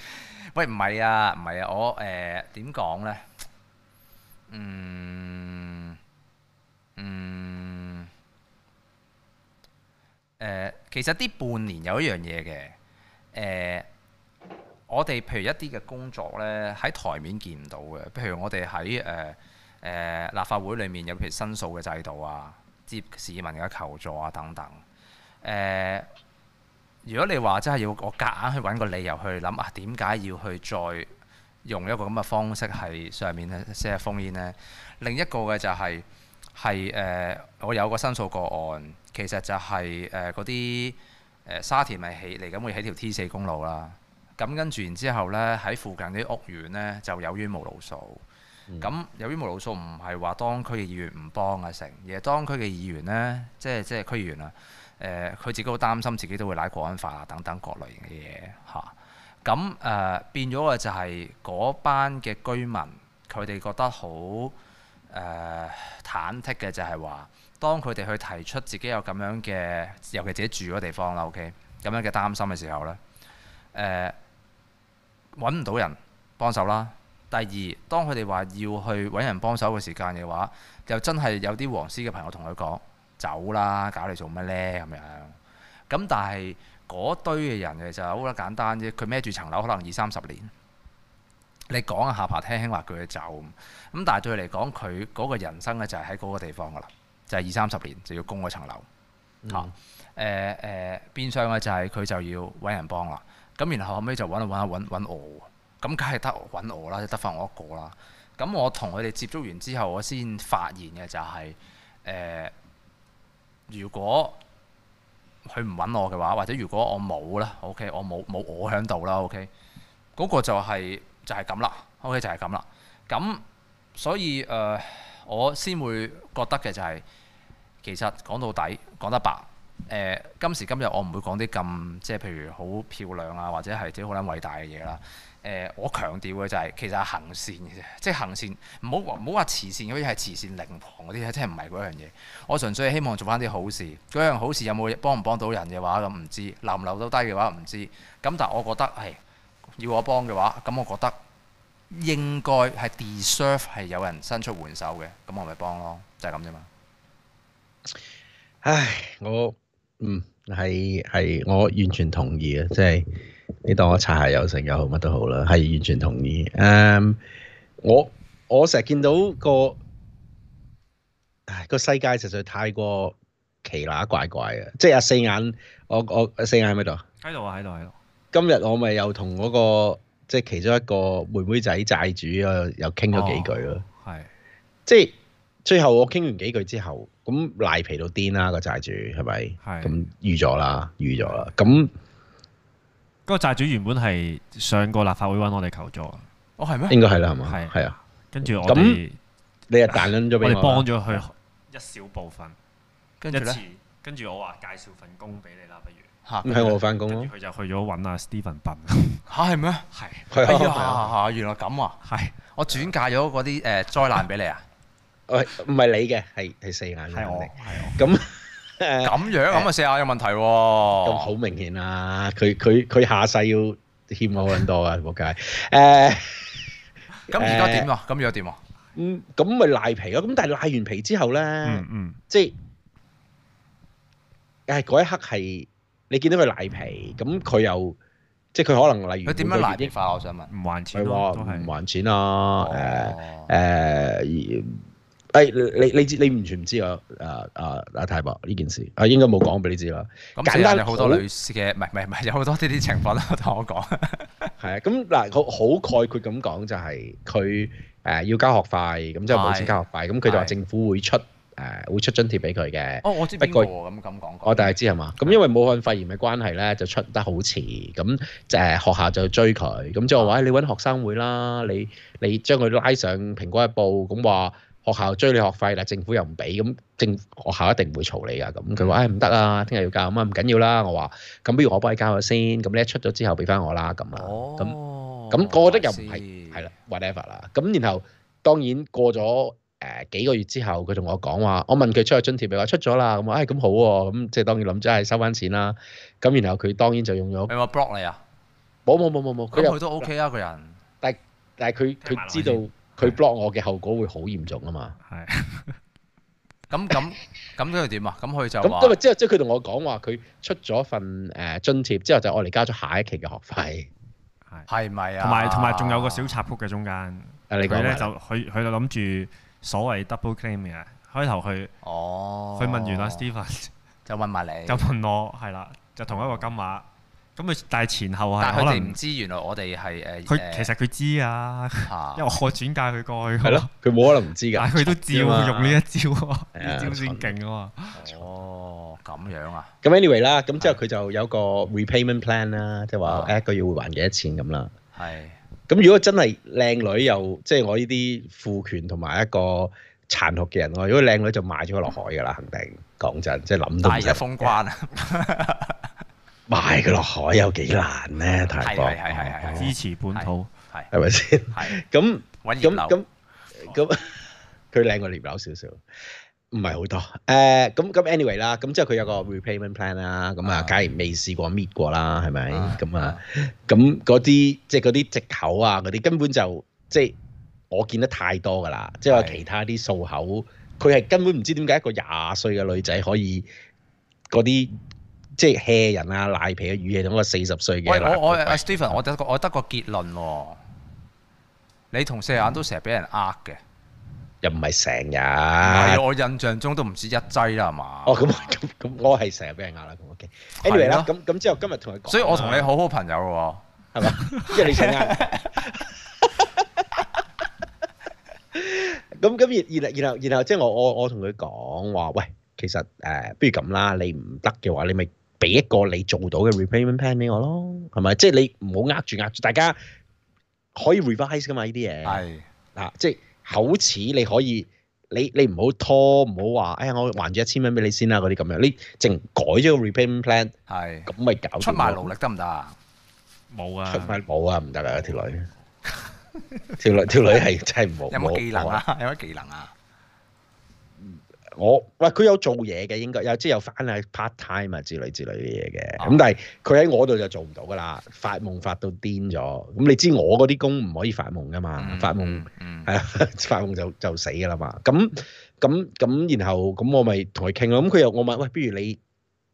喂唔係啊，唔係啊，我誒點講呢？嗯嗯、呃、其實呢半年有一樣嘢嘅誒，我哋譬如一啲嘅工作呢，喺台面見唔到嘅，譬如我哋喺誒誒立法會裏面有譬如申訴嘅制度啊，接市民嘅求助啊等等。誒、呃，如果你話真係要我夾硬去揾個理由去諗啊，點解要去再用一個咁嘅方式喺上面咧？即係封煙呢？另一個嘅就係係誒，我有個申訴個案，其實就係誒嗰啲沙田咪起嚟緊，會起條 T 四公路啦。咁、啊、跟住然之後呢，喺附近啲屋苑呢，就有冤無路訴。咁、嗯、有冤無路訴唔係話當區嘅議員唔幫啊成，而係當區嘅議員呢，即係即係區議員啊。誒，佢、呃、自己好擔心，自己都會拉過安法啊，等等各類型嘅嘢嚇。咁、啊、誒、呃、變咗嘅就係、是、嗰班嘅居民，佢哋覺得好誒、呃、忐忑嘅就係話，當佢哋去提出自己有咁樣嘅，尤其自己住嗰地方啦，OK，咁樣嘅擔心嘅時候咧，誒揾唔到人幫手啦。第二，當佢哋話要去揾人幫手嘅時間嘅話，又真係有啲黃絲嘅朋友同佢講。走啦，搞嚟做乜呢？咁樣咁，但係嗰堆嘅人其實好簡單啫。佢孭住層樓，可能二三十年。你講下下爬輕輕話佢走咁，咁但係對佢嚟講，佢嗰個人生咧就係喺嗰個地方噶啦，就係、是、二三十年就要供嗰層樓嚇。誒誒、嗯，啊呃、變相嘅就係佢就要揾人幫啦。咁然後後尾就揾下揾下揾揾我，咁梗係得揾我啦，得、就、翻、是、我一個啦。咁我同佢哋接觸完之後，我先發現嘅就係、是、誒。呃如果佢唔揾我嘅話，或者如果我冇啦 OK 我冇冇我喺度啦，OK，嗰個就係、是、就係咁啦，OK 就係咁啦。咁所以誒、呃，我先會覺得嘅就係、是、其實講到底講得白、呃、今時今日我唔會講啲咁即係譬如好漂亮啊，或者係自己好撚偉大嘅嘢啦。誒、呃，我強調嘅就係、是、其實行善嘅啫，即係行善，唔好唔好話慈善好似係慈善靈堂嗰啲，即係真係唔係嗰樣嘢。我純粹係希望做翻啲好事。嗰樣好事有冇幫唔幫到人嘅話，咁唔知留唔留到低嘅話唔知。咁但係我覺得係要我幫嘅話，咁我覺得應該係 deserve 係有人伸出援手嘅，咁我咪幫咯，就係咁啫嘛。唉，我嗯係係我完全同意嘅，即係。你當我查下有成又好，乜都好啦，係完全同意。誒、um，我我成日見到個，個世界實在太過奇乸怪怪嘅，即係阿四眼，我我阿四眼喺唔喺度？喺度啊，喺度喺度。今日我咪又同嗰、那個即係其中一個妹妹仔債主啊，又傾咗幾句咯。係、哦，即係最後我傾完幾句之後，咁賴皮到癲啦個債主係咪？係。咁是預咗啦，預咗啦。咁。嗰個債主原本係上個立法會揾我哋求助啊！哦，係咩？應該係啦，係嘛？係啊，跟住我哋，你又彈緊咗俾我，我幫咗佢一小部分，跟住咧，跟住我話介紹份工俾你啦，不如嚇？唔係我翻工咯，佢就去咗揾阿 Steven 笨嚇，係咩？係，係啊，係啊，原來咁啊！係，我轉嫁咗嗰啲誒災難俾你啊！喂，唔係你嘅，係係四眼，係我，係我咁。咁樣，咁啊四下有問題喎、啊，好、嗯、明顯啦、啊，佢佢佢下世要欠我好多啊，冇計。 誒、嗯，咁而家點啊？咁而家點啊？嗯，咁咪賴皮咯。咁但係賴完皮之後咧，嗯即係，誒嗰一刻係你見到佢賴皮，咁佢又即係佢可能例如點樣賴啲法？我想問，唔還錢咯、啊，吧都唔係還錢啦。誒誒。誒你你你知你完全唔知個誒誒阿太伯呢件事，啊應該冇講俾你知啦。咁簡單好多類似嘅，唔係唔係唔係有好多呢啲情況啊，同我講。係 啊，咁嗱，好好概括咁講就係佢誒要交學費，咁即係冇錢交學費，咁佢對、嗯、就話政府會出誒的、uh, 會出津貼俾佢嘅。哦，我知邊個咁咁講。我大係知係嘛？咁 因為武漢肺炎嘅關係咧，就出得好遲，咁誒學校就追佢，咁即係話你揾學生會啦，你你將佢拉上蘋果日報，咁話。學校追你學費啦，政府又唔俾，咁政府學校一定唔會嘈你噶。咁佢話，唉唔得啊，聽日要交啊，唔緊要啦。我話，咁不如我幫你交咗先，咁咧出咗之後俾翻我啦。咁啊，咁咁我覺得又唔係，係啦，whatever 啦。咁然後當然過咗誒、呃、幾個月之後，佢同我講話，我問佢出去津貼，佢話出咗啦。咁啊，唉、哎、咁好喎，咁即係當然諗住係收翻錢啦。咁然後佢當然就用咗。有冇 block 你啊？冇冇冇冇冇，佢都 OK 啊，個人。但但係佢佢知道。佢 block 我嘅後果會好嚴重啊嘛，係， 咁咁咁跟住點啊？咁佢就咁，今日之後即係佢同我講話，佢出咗份誒津貼之後，就我嚟交咗下一期嘅學費，係係咪啊？同埋同埋仲有，還有個小插曲嘅中間，佢咧、啊、就佢佢就諗住所謂 double claim 啊，開頭去哦，佢問完啦 Steven 就問埋你， 就問我係啦，就同一個金額。哦咁佢但係前後係，可能唔知原來我哋係誒。佢其實佢知啊，因為我轉介佢過去。係咯，佢冇可能唔知㗎。但佢都照用呢一招啊，呢招先勁啊嘛。哦，咁樣啊。咁 anyway 啦，咁之後佢就有個 repayment plan 啦，即係話一個月會還幾多錢咁啦。係。咁如果真係靚女又即係我呢啲負權同埋一個殘酷嘅人，我如果靚女就賣咗佢落海㗎啦，肯定。講真，即係諗到。唔係封關啊。賣佢落海有幾難咧？太多、哦、支持本土係係係係係，係咪先？咁咁咁咁，佢靚過廉樓少少，唔係好多。誒咁咁，anyway 啦，咁之後佢有個 repayment plan 啦。咁啊，假如未試過搣過啦，係咪？咁啊，咁嗰啲即係嗰啲藉口啊，嗰啲根本就即係、就係、我見得太多㗎啦。即係話其他啲數口，佢係根本唔知點解一個廿歲嘅女仔可以嗰啲。即係 hea 人啊，賴皮嘅語氣，同一個四十歲嘅。喂，我我 Steven，我得個我得個結論喎。你同四眼都成日俾人呃嘅？又唔係成日。唔係，我印象中都唔止一劑啦，係嘛？哦，咁咁咁，我係成日俾人呃啦。O K，Anyway 啦，咁咁之後今日同佢講。所以我同你好好朋友喎，係嘛？即係你請啊。咁咁然然然後然後即係我我我同佢講話，喂，其實誒，不如咁啦，你唔得嘅話，你咪。俾一個你做到嘅 repayment plan 俾我咯，係咪？即係你唔好呃住呃住，大家可以 revise 噶嘛，呢啲嘢。係嗱的，即係好似你可以，你你唔好拖，唔好話，哎呀，我還住一千蚊俾你先啦，嗰啲咁樣，你淨改咗個 repayment plan 的。係咁咪搞出賣努力得唔得啊？冇啊，出賣冇啊，唔得啊！條女， 條女條女係真係冇。 有冇技能啊？有冇技能啊？我喂佢有做嘢嘅應該有，應該有即係有翻嚟 part time 啊之類之類嘅嘢嘅，咁、啊、但係佢喺我度就做唔到噶啦，發夢發到癲咗。咁你知我嗰啲工唔可以發夢噶嘛？發夢係啊，嗯嗯嗯、發夢就就死㗎啦嘛。咁咁咁然後咁我咪同佢傾咯。咁佢又我問喂，不如你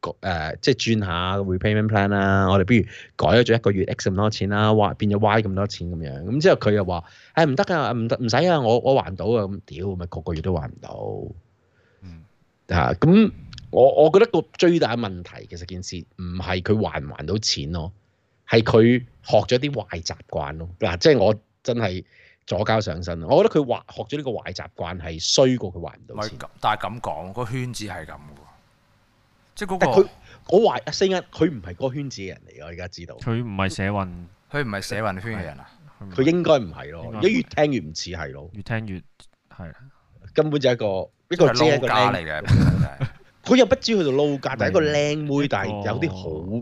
誒、呃、即係轉下 repayment plan 啦、啊？我哋不如改咗做一個月 x 咁多錢啦、啊、y 變咗 y 咁多錢咁、啊哎、樣。咁之後佢又話誒唔得㗎，唔得唔使啊，我我還到啊。咁屌咪個個月都還唔到。咁、啊、我我覺得個最大嘅問題其實件事唔係佢還唔還到錢咯、啊，係佢學咗啲壞習慣咯、啊。嗱、啊，即係我真係左膠上身我覺得佢學學咗呢個壞習慣係衰過佢還唔到錢、啊。但係咁講，個圈子係咁嘅喎。即係嗰、嗰個，我懷啊聲音，佢唔係嗰個圈子嘅人嚟嘅。我而家知道，佢唔係社運，佢唔係社運圈嘅人啊。佢應該唔係咯，一越聽越唔似係咯，越聽越係，根本就係一個，一個撈家嚟嘅，佢又不知佢度撈家， 對但係一個靚妹，但係有啲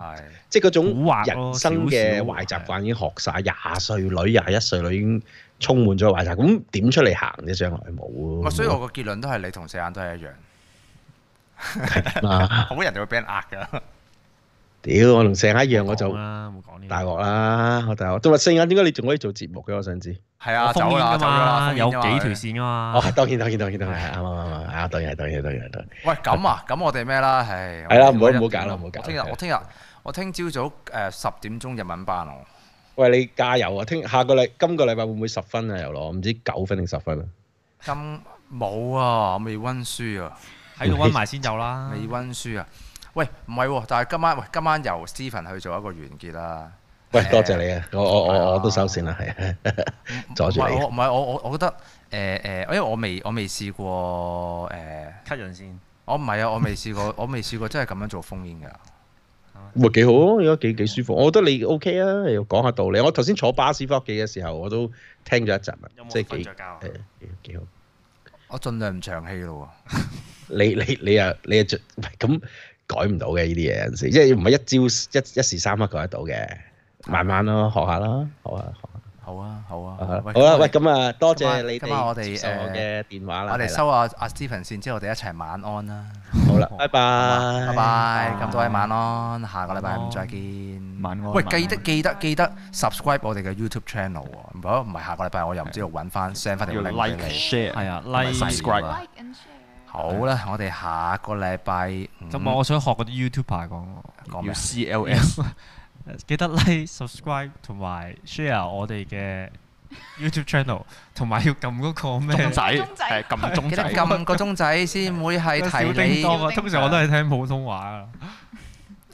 好，即係嗰種人生嘅壞習慣已經學晒，廿歲的女，廿一歲女已經充滿咗壞習慣，咁點的出嚟行啫？將來冇啊！所以我個結論都係你同四眼都係一樣， 好多人就會俾人呃噶。屌，我同成一樣，我做大學啦，我大學。同埋四眼，點解你仲可以做節目嘅？我想知。係啊，走啦走啦嘛，有幾條線噶嘛。哦，當然當然當然當然係啱啊啱啊，當然係當然係當然。喂，咁啊，咁我哋咩啦？係。係啦，唔好唔好講啦，唔好講。聽日我聽日我聽朝早誒十點鐘日文班喎。喂，你加油啊！聽下個禮今個禮拜會唔會十分啊？又攞唔知九分定十分啊？今冇啊，未溫書啊，喺度溫埋先走啦。未溫書啊？喂，唔係喎，但係今晚喂，今晚由 Stephen 去做一個完結啦。喂，多謝、謝你啊，我 我我我都收線啦，係。阻住你。唔係我唔係我我我覺得誒誒、呃，因為我未我未試過誒。吸氧先。我唔係啊，我未試過，我未試過真係咁樣做封面㗎。喂、啊 哎，幾好啊，而家幾幾舒服，我覺得你 OK 啊，又講下道理。我頭先坐巴士翻屋企嘅時候，我都聽咗一陣啊，即係幾、呃、幾好。我盡量唔長氣咯喎。你你你啊，你啊咁。改唔到嘅呢啲嘢，有陣時，即係唔係一朝一一時三刻改得到嘅，慢慢咯，學下啦，好啊，好啊，好啊，好啊，好啦，喂，咁啊，多謝你哋，今晚我哋誒嘅電話啦，我哋收下阿 Stephen 先，之後我哋一齊晚安啦。好啦，拜拜，拜拜，咁多位晚安，下個禮拜五再見，晚安。喂，記得記得記得 subscribe 我哋嘅 YouTube channel 喎，如果唔係下個禮拜我又唔知道揾翻 send 翻嚟，like share 係啊，like subscribe。好啦，我哋下個禮拜。咁我我想學嗰啲 YouTuber 講。講咩？要 CLS。記得 like、subscribe 同埋 share 我哋嘅 YouTube channel，同埋要撳嗰個咩鐘仔？係撳鐘仔。記得撳個鐘仔先會係提你。叮噹，通常我都係聽普通話啊。